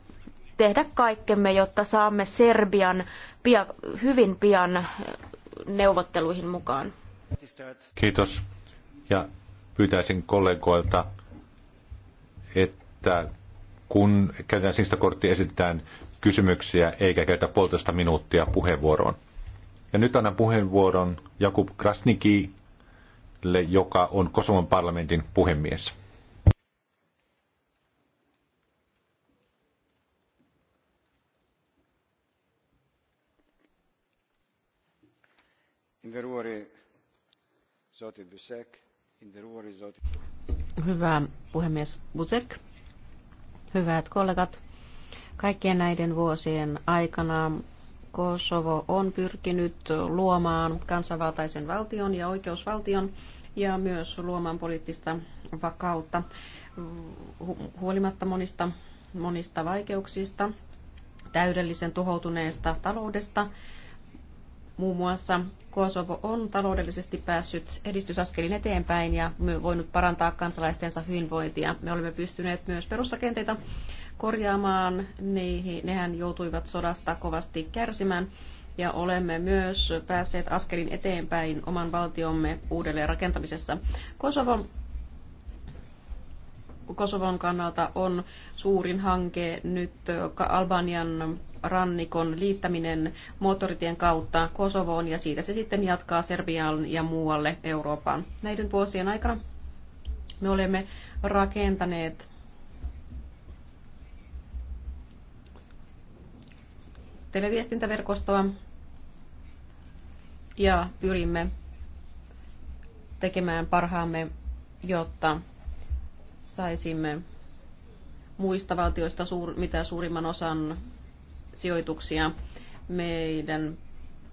S4: tehdä kaikkemme, jotta saamme Serbian pia, hyvin pian neuvotteluihin mukaan.
S2: Kiitos. Ja pyytäisin kollegoilta, että kun käytetään sinistä korttia, esitetään kysymyksiä eikä käytä puolitoista minuuttia puheenvuoroon. Ja nyt annan puheenvuoron Jakub Krasniki joka on Kosovon parlamentin puhemies.
S3: Hyvä puhemies Busek, hyvät kollegat. Kaikkien näiden vuosien aikana Kosovo on pyrkinyt luomaan kansanvaltaisen valtion ja oikeusvaltion ja myös luomaan poliittista vakautta huolimatta monista, monista vaikeuksista, täydellisen tuhoutuneesta taloudesta. Muun muassa Kosovo on taloudellisesti päässyt edistysaskelin eteenpäin ja voinut parantaa kansalaistensa hyvinvointia. Me olemme pystyneet myös perusrakenteita korjaamaan. Niihin, nehän joutuivat sodasta kovasti kärsimään ja olemme myös päässeet askelin eteenpäin oman valtiomme uudelleen rakentamisessa. Kosovon Kosovon kannalta on suurin hanke nyt Albanian rannikon liittäminen moottoritien kautta Kosovoon ja siitä se sitten jatkaa Serbiaan ja muualle Eurooppaan. Näiden vuosien aikana me olemme rakentaneet televiestintäverkostoa ja pyrimme tekemään parhaamme, jotta saisimme muista valtioista suur, mitä suurimman osan sijoituksia. Meidän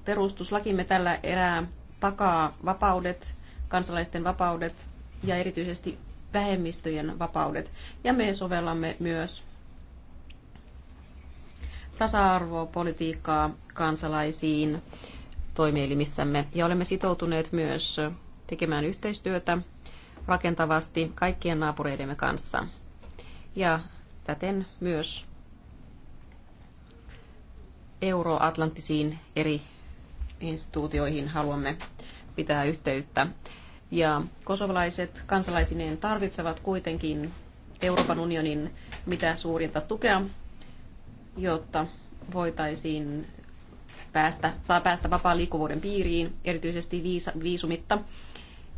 S3: perustuslakimme tällä erää takaa vapaudet, kansalaisten vapaudet ja erityisesti vähemmistöjen vapaudet. Ja me sovellamme myös tasa-arvopolitiikkaa kansalaisiin toimielimissämme. Ja olemme sitoutuneet myös tekemään yhteistyötä rakentavasti kaikkien naapureidemme kanssa. Ja täten myös euroatlanttisiin eri instituutioihin haluamme pitää yhteyttä. Ja kosovalaiset kansalaisineen tarvitsevat kuitenkin Euroopan unionin mitä suurinta tukea jotta voitaisiin päästä, saa päästä vapaan liikkuvuuden piiriin, erityisesti viisa, viisumitta.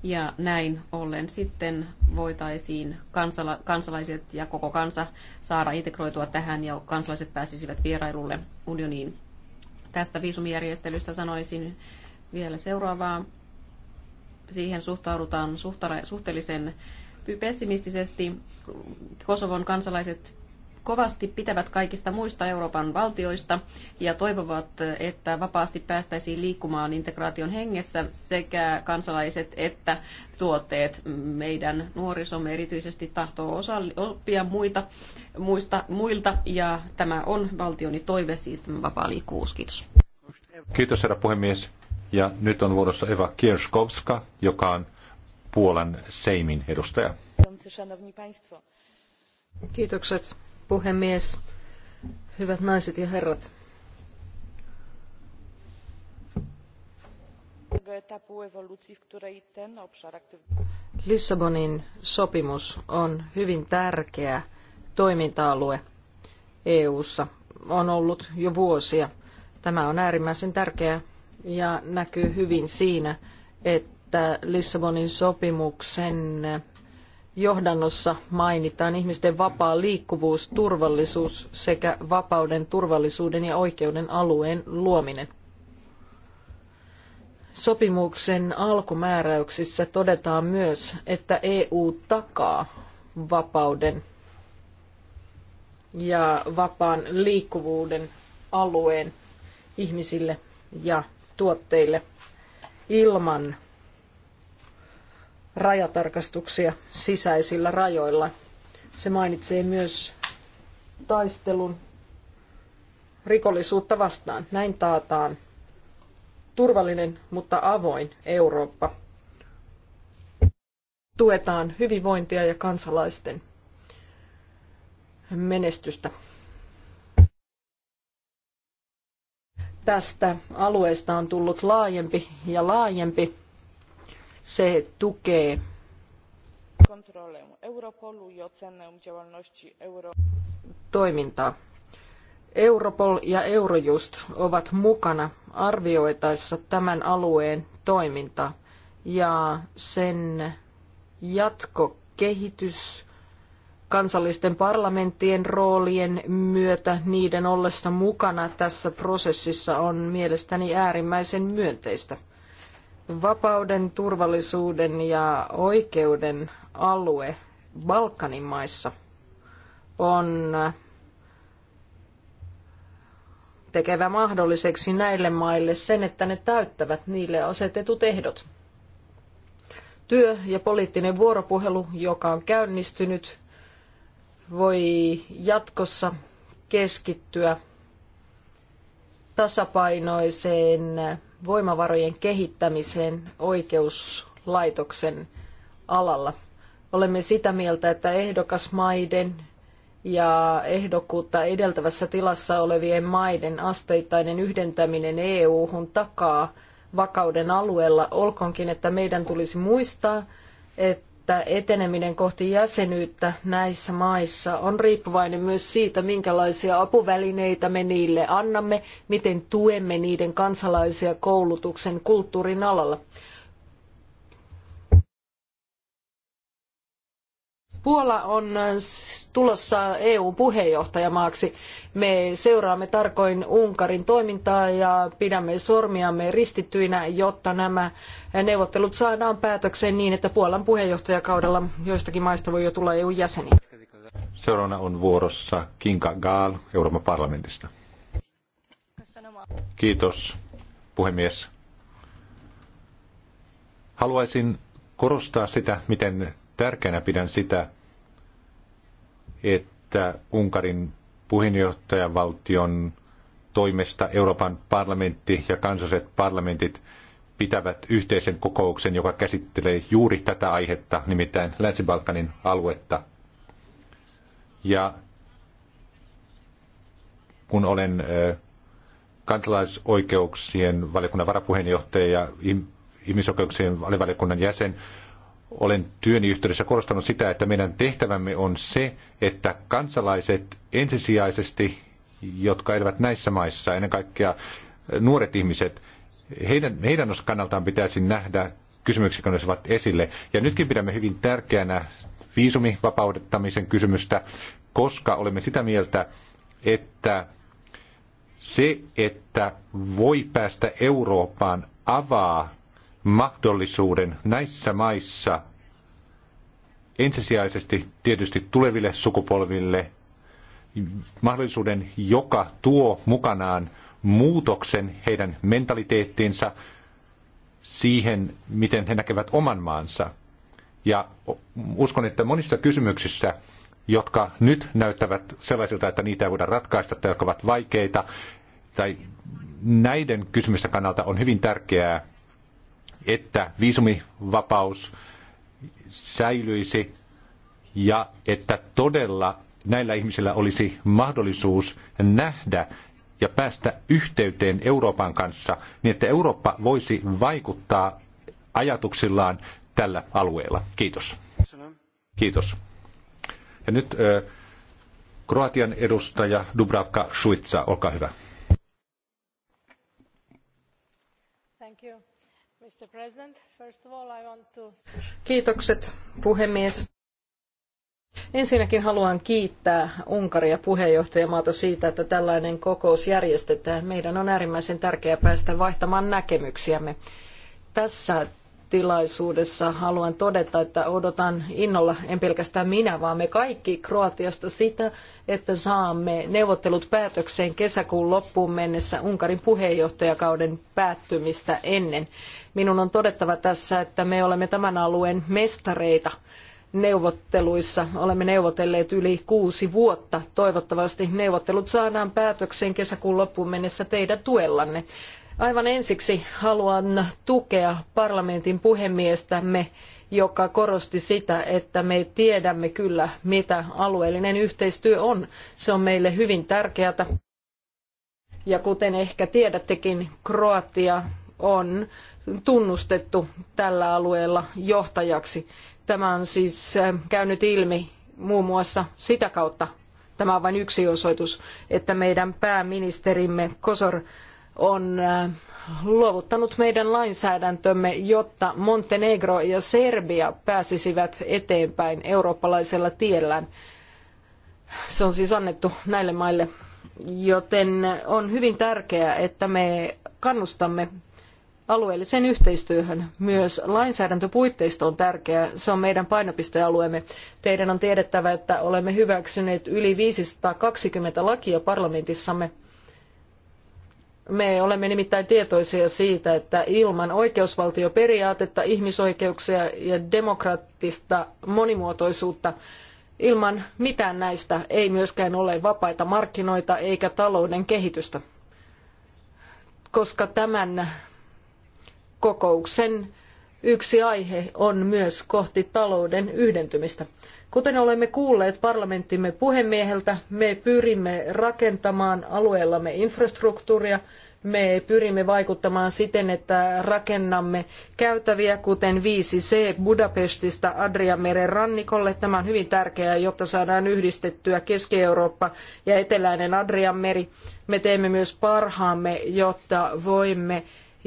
S3: Ja näin ollen sitten voitaisiin kansala, kansalaiset ja koko kansa saada integroitua tähän ja kansalaiset pääsisivät vierailulle unioniin. Tästä viisumijärjestelystä sanoisin vielä seuraavaa. Siihen suhtaudutaan suhteellisen pessimistisesti. Kosovon kansalaiset kovasti pitävät kaikista muista Euroopan valtioista ja toivovat, että vapaasti päästäisiin liikkumaan integraation hengessä sekä kansalaiset että tuotteet. Meidän nuorisomme erityisesti tahtoo oppia muita, muista, muilta ja tämä on valtioni toive, siis tämä vapaa liikkuvuus. Kiitos.
S2: Kiitos herra puhemies. Ja nyt on vuorossa Eva Kierskowska, joka on Puolan Seimin edustaja.
S1: Kiitokset puhemies, hyvät naiset ja herrat. Lissabonin sopimus on hyvin tärkeä toiminta-alue EU:ssa. On ollut jo vuosia. Tämä on äärimmäisen tärkeä ja näkyy hyvin siinä, että Lissabonin sopimuksen johdannossa mainitaan ihmisten vapaa liikkuvuus, turvallisuus sekä vapauden, turvallisuuden ja oikeuden alueen luominen. Sopimuksen alkumääräyksissä todetaan myös, että EU takaa vapauden ja vapaan liikkuvuuden alueen ihmisille ja tuotteille ilman rajatarkastuksia sisäisillä rajoilla. Se mainitsee myös taistelun rikollisuutta vastaan. Näin taataan turvallinen, mutta avoin Eurooppa. Tuetaan hyvinvointia ja kansalaisten menestystä. Tästä alueesta on tullut laajempi ja laajempi se tukee toimintaa. Europol ja Eurojust ovat mukana arvioitaessa tämän alueen toimintaa ja sen jatkokehitys kansallisten parlamenttien roolien myötä niiden ollessa mukana tässä prosessissa on mielestäni äärimmäisen myönteistä vapauden, turvallisuuden ja oikeuden alue Balkanin maissa on tekevä mahdolliseksi näille maille sen, että ne täyttävät niille asetetut ehdot. Työ ja poliittinen vuoropuhelu, joka on käynnistynyt, voi jatkossa keskittyä tasapainoiseen voimavarojen kehittämiseen oikeuslaitoksen alalla. Olemme sitä mieltä, että ehdokasmaiden ja ehdokkuutta edeltävässä tilassa olevien maiden asteittainen yhdentäminen EU-hun takaa vakauden alueella, olkoonkin, että meidän tulisi muistaa, että että eteneminen kohti jäsenyyttä näissä maissa on riippuvainen myös siitä, minkälaisia apuvälineitä me niille annamme, miten tuemme niiden kansalaisia koulutuksen kulttuurin alalla. Puola on tulossa EU-puheenjohtajamaaksi. Me seuraamme tarkoin Unkarin toimintaa ja pidämme sormiamme ristittyinä, jotta nämä neuvottelut saadaan päätökseen niin, että Puolan puheenjohtajakaudella joistakin maista voi jo tulla EU-jäseni.
S2: Seuraavana on vuorossa Kinka Gaal Euroopan parlamentista. Kiitos, puhemies. Haluaisin korostaa sitä, miten tärkeänä pidän sitä, että Unkarin puheenjohtajavaltion toimesta Euroopan parlamentti ja kansalliset parlamentit pitävät yhteisen kokouksen, joka käsittelee juuri tätä aihetta, nimittäin Länsi-Balkanin aluetta. Ja kun olen kansalaisoikeuksien valiokunnan varapuheenjohtaja ja ihmisoikeuksien alivaliokunnan jäsen, olen työni yhteydessä korostanut sitä, että meidän tehtävämme on se, että kansalaiset ensisijaisesti, jotka elävät näissä maissa, ennen kaikkea nuoret ihmiset, heidän, heidän kannaltaan pitäisi nähdä kysymyksiä, kun ovat esille. Ja nytkin pidämme hyvin tärkeänä viisumivapaudettamisen kysymystä, koska olemme sitä mieltä, että se, että voi päästä Eurooppaan, avaa mahdollisuuden näissä maissa ensisijaisesti tietysti tuleville sukupolville mahdollisuuden, joka tuo mukanaan muutoksen heidän mentaliteettiinsa siihen, miten he näkevät oman maansa. Ja uskon, että monissa kysymyksissä, jotka nyt näyttävät sellaisilta, että niitä ei voida ratkaista tai jotka ovat vaikeita, tai näiden kysymysten kannalta on hyvin tärkeää, että viisumivapaus säilyisi ja että todella näillä ihmisillä olisi mahdollisuus nähdä ja päästä yhteyteen Euroopan kanssa, niin että Eurooppa voisi vaikuttaa ajatuksillaan tällä alueella. Kiitos. Kiitos. Ja nyt Kroatian edustaja Dubravka Suitsa, olkaa hyvä.
S1: Kiitokset puhemies. Ensinnäkin haluan kiittää Unkaria puheenjohtajamaata siitä, että tällainen kokous järjestetään. Meidän on äärimmäisen tärkeää päästä vaihtamaan näkemyksiämme. Tässä tilaisuudessa haluan todeta, että odotan innolla, en pelkästään minä, vaan me kaikki Kroatiasta sitä, että saamme neuvottelut päätökseen kesäkuun loppuun mennessä Unkarin puheenjohtajakauden päättymistä ennen. Minun on todettava tässä, että me olemme tämän alueen mestareita neuvotteluissa. Olemme neuvotelleet yli kuusi vuotta. Toivottavasti neuvottelut saadaan päätökseen kesäkuun loppuun mennessä teidän tuellanne. Aivan ensiksi haluan tukea parlamentin puhemiestämme, joka korosti sitä, että me tiedämme kyllä, mitä alueellinen yhteistyö on. Se on meille hyvin tärkeää. Ja kuten ehkä tiedättekin, Kroatia on tunnustettu tällä alueella johtajaksi. Tämä on siis äh, käynyt ilmi muun muassa sitä kautta, tämä on vain yksi osoitus, että meidän pääministerimme Kosor on äh, luovuttanut meidän lainsäädäntömme, jotta Montenegro ja Serbia pääsisivät eteenpäin eurooppalaisella tiellään. Se on siis annettu näille maille, joten on hyvin tärkeää, että me kannustamme alueelliseen yhteistyöhön. Myös lainsäädäntöpuitteisto on tärkeää. Se on meidän painopistealueemme. Teidän on tiedettävä, että olemme hyväksyneet yli 520 lakia parlamentissamme – me olemme nimittäin tietoisia siitä, että ilman oikeusvaltioperiaatetta, ihmisoikeuksia ja demokraattista monimuotoisuutta ilman mitään näistä ei myöskään ole vapaita markkinoita eikä talouden kehitystä. Koska tämän kokouksen yksi aihe on myös kohti talouden yhdentymistä. Kuten olemme kuulleet parlamenttimme puhemieheltä, me pyrimme rakentamaan alueellamme infrastruktuuria, me pyrimme vaikuttamaan siten, että rakennamme käytäviä, kuten 5C Budapestista Adriameren rannikolle. Tämä on hyvin tärkeää, jotta saadaan yhdistettyä Keski-Eurooppa ja eteläinen Adrianmeri. Me teemme myös parhaamme, jotta voimme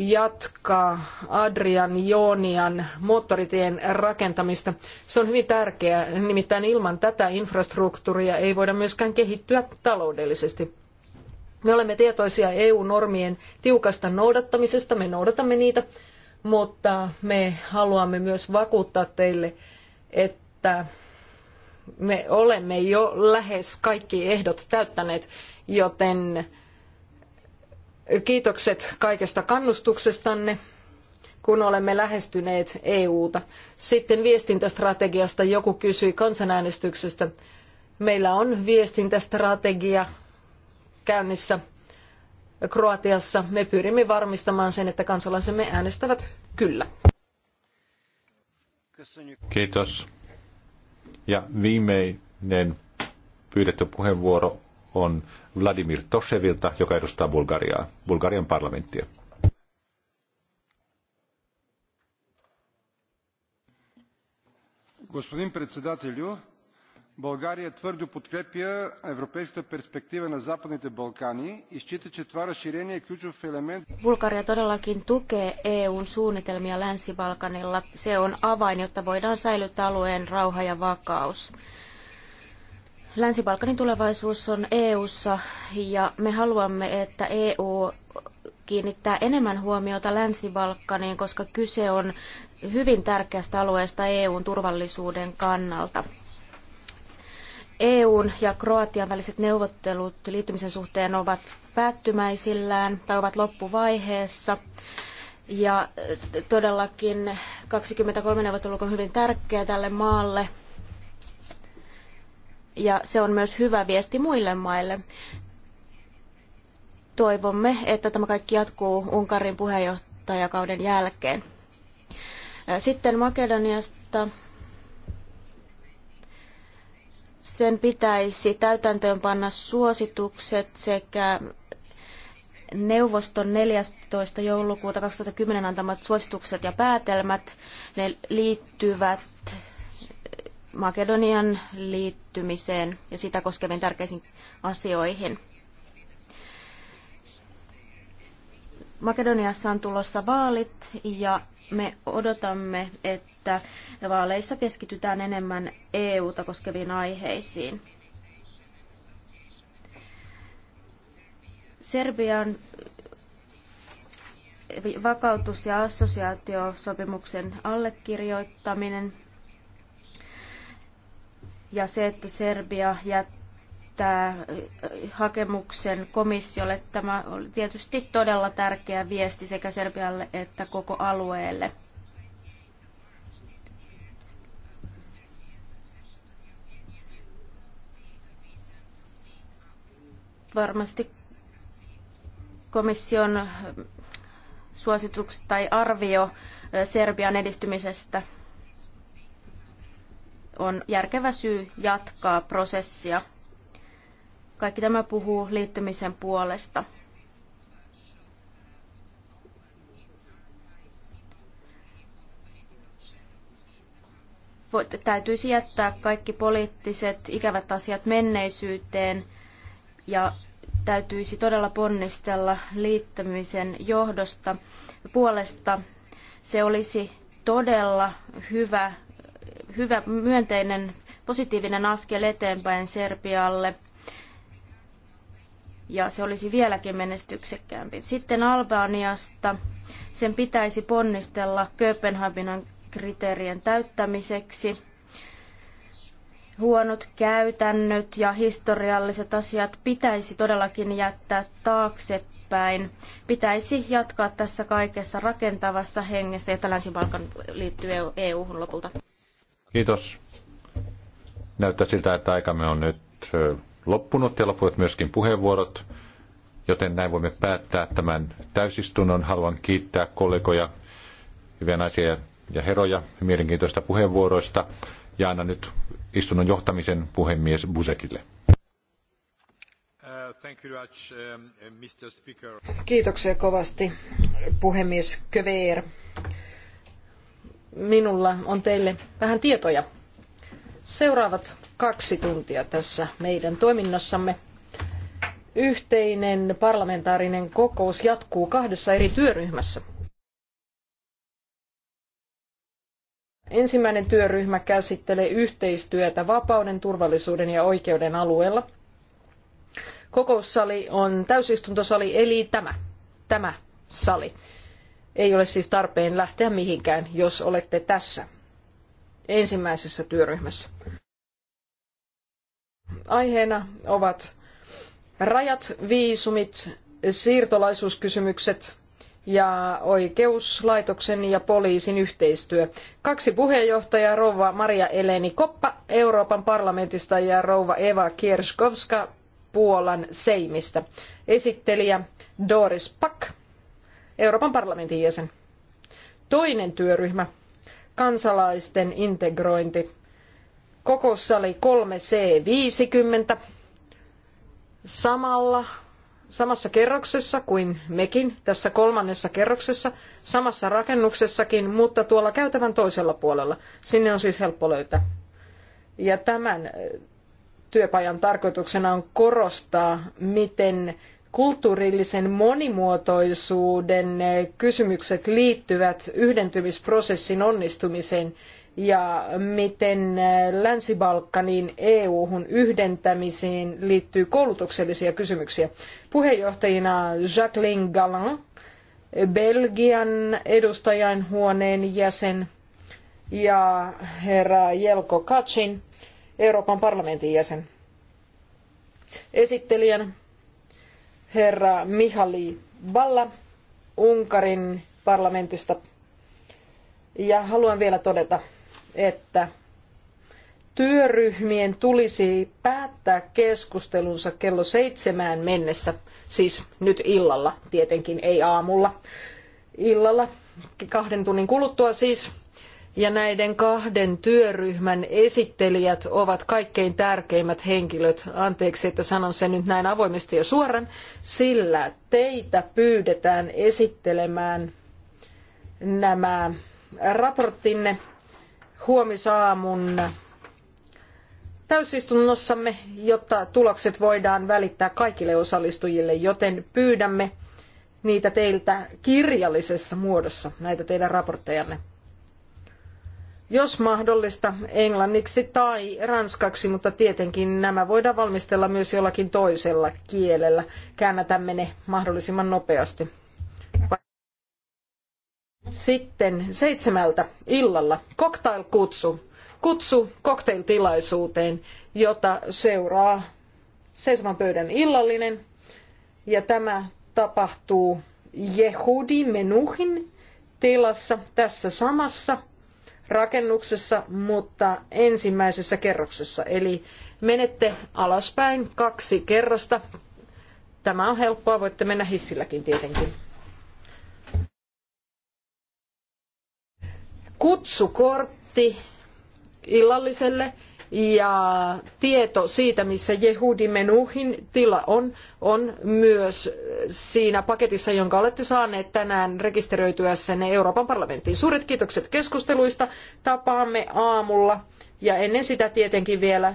S1: jatkaa Adrian Joonian moottoritien rakentamista. Se on hyvin tärkeää, nimittäin ilman tätä infrastruktuuria ei voida myöskään kehittyä taloudellisesti. Me olemme tietoisia EU-normien tiukasta noudattamisesta, me noudatamme niitä, mutta me haluamme myös vakuuttaa teille, että me olemme jo lähes kaikki ehdot täyttäneet, joten Kiitokset kaikesta kannustuksestanne, kun olemme lähestyneet EUta. Sitten viestintästrategiasta joku kysyi kansanäänestyksestä. Meillä on viestintästrategia käynnissä Kroatiassa. Me pyrimme varmistamaan sen, että kansalaisemme äänestävät
S3: kyllä.
S2: Kiitos. Ja viimeinen pyydetty puheenvuoro on Vladimir Tosevilta, joka edustaa Bulgariaa, Bulgarian parlamenttia. Господин председателю, България твърдо подкрепя европейската перспектива на Западните Балкани и счита, че това разширение е ключов елемент.
S4: Bulgaria todellakin tukee EUn suunnitelmia Länsi-Balkanilla. Se on avain, jotta voidaan säilyttää alueen rauha ja vakaus. Länsi-Balkanin tulevaisuus on EU:ssa ja me haluamme, että EU kiinnittää enemmän huomiota Länsi-Balkaniin, koska kyse on hyvin tärkeästä alueesta EUn turvallisuuden kannalta. EUn ja Kroatian väliset neuvottelut liittymisen suhteen ovat päättymäisillään tai ovat loppuvaiheessa. Ja eh, todellakin 23 neuvottelut on hyvin tärkeä tälle maalle – ja se on myös hyvä viesti muille maille. Toivomme, että tämä kaikki jatkuu Unkarin puheenjohtajakauden jälkeen. Sitten Makedoniasta sen pitäisi täytäntöönpanna suositukset sekä neuvoston 14. joulukuuta 2010 antamat suositukset ja päätelmät. Ne liittyvät Makedonian liittymiseen ja sitä koskeviin tärkeisiin asioihin. Makedoniassa on tulossa vaalit ja me odotamme, että vaaleissa keskitytään enemmän EU-ta koskeviin aiheisiin. Serbian vakautus- ja assosiaatiosopimuksen allekirjoittaminen ja se, että Serbia jättää äh, hakemuksen komissiolle, tämä oli tietysti todella tärkeä viesti sekä Serbialle että koko alueelle. Varmasti komission äh, suositukset tai arvio äh, Serbian edistymisestä on järkevä syy jatkaa prosessia. Kaikki tämä puhuu liittymisen puolesta. täytyisi jättää kaikki poliittiset ikävät asiat menneisyyteen ja täytyisi todella ponnistella liittämisen johdosta puolesta. Se olisi todella hyvä hyvä myönteinen positiivinen askel eteenpäin Serbialle ja se olisi vieläkin menestyksekkäämpi. Sitten Albaniasta sen pitäisi ponnistella Kööpenhaminan kriteerien täyttämiseksi. Huonot käytännöt ja historialliset asiat pitäisi todellakin jättää taaksepäin. Pitäisi jatkaa tässä kaikessa rakentavassa hengessä, jota Länsi-Balkan liittyy EU-hun e lopulta.
S2: Kiitos. Näyttää siltä, että aikamme on nyt loppunut ja loppuvat myöskin puheenvuorot, joten näin voimme päättää tämän täysistunnon. Haluan kiittää kollegoja, hyviä naisia ja heroja mielenkiintoista puheenvuoroista ja annan nyt istunnon johtamisen puhemies Busekille.
S1: Kiitoksia kovasti puhemies Köver minulla on teille vähän tietoja. Seuraavat kaksi tuntia tässä meidän toiminnassamme. Yhteinen parlamentaarinen kokous jatkuu kahdessa eri työryhmässä. Ensimmäinen työryhmä käsittelee yhteistyötä vapauden, turvallisuuden ja oikeuden alueella. Kokoussali on täysistuntosali eli tämä, tämä sali. Ei ole siis tarpeen lähteä mihinkään, jos olette tässä ensimmäisessä työryhmässä. Aiheena ovat rajat, viisumit, siirtolaisuuskysymykset ja oikeuslaitoksen ja poliisin yhteistyö. Kaksi puheenjohtajaa, rouva Maria Eleni Koppa Euroopan parlamentista ja rouva Eva Kierskowska Puolan Seimistä. Esittelijä Doris Pack Euroopan parlamentin jäsen. Toinen työryhmä, kansalaisten integrointi, kokoussali 3C50, samalla, samassa kerroksessa kuin mekin, tässä kolmannessa kerroksessa, samassa rakennuksessakin, mutta tuolla käytävän toisella puolella. Sinne on siis helppo löytää. Ja tämän työpajan tarkoituksena on korostaa, miten kulttuurillisen monimuotoisuuden kysymykset liittyvät yhdentymisprosessin onnistumiseen ja miten Länsi-Balkanin EU-hun yhdentämiseen liittyy koulutuksellisia kysymyksiä. Puheenjohtajina Jacqueline Galan, Belgian edustajainhuoneen jäsen ja herra Jelko Kacin, Euroopan parlamentin jäsen. Esittelijän herra Mihali Balla Unkarin parlamentista. Ja haluan vielä todeta, että työryhmien tulisi päättää keskustelunsa kello seitsemään mennessä, siis nyt illalla, tietenkin ei aamulla, illalla, kahden tunnin kuluttua siis, ja näiden kahden työryhmän esittelijät ovat kaikkein tärkeimmät henkilöt. Anteeksi, että sanon sen nyt näin avoimesti ja suoran, sillä teitä pyydetään esittelemään nämä raporttinne huomisaamun täysistunnossamme, jotta tulokset voidaan välittää kaikille osallistujille, joten pyydämme niitä teiltä kirjallisessa muodossa, näitä teidän raporttejanne jos mahdollista, englanniksi tai ranskaksi, mutta tietenkin nämä voidaan valmistella myös jollakin toisella kielellä. Käännätämme ne mahdollisimman nopeasti. Sitten seitsemältä illalla cocktail-kutsu. Kutsu cocktailtilaisuuteen, jota seuraa seisovan pöydän illallinen. Ja tämä tapahtuu Jehudi Menuhin tilassa tässä samassa – rakennuksessa, mutta ensimmäisessä kerroksessa. Eli menette alaspäin kaksi kerrosta. Tämä on helppoa, voitte mennä hissilläkin tietenkin. Kutsukortti illalliselle ja tieto siitä, missä Jehudi Menuhin tila on, on myös siinä paketissa, jonka olette saaneet tänään rekisteröityessänne Euroopan parlamenttiin. Suuret kiitokset keskusteluista. Tapaamme aamulla ja ennen sitä tietenkin vielä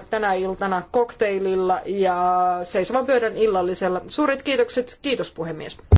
S1: 7.15 tänä iltana kokteililla ja seisovan pöydän illallisella. Suuret kiitokset. Kiitos puhemies.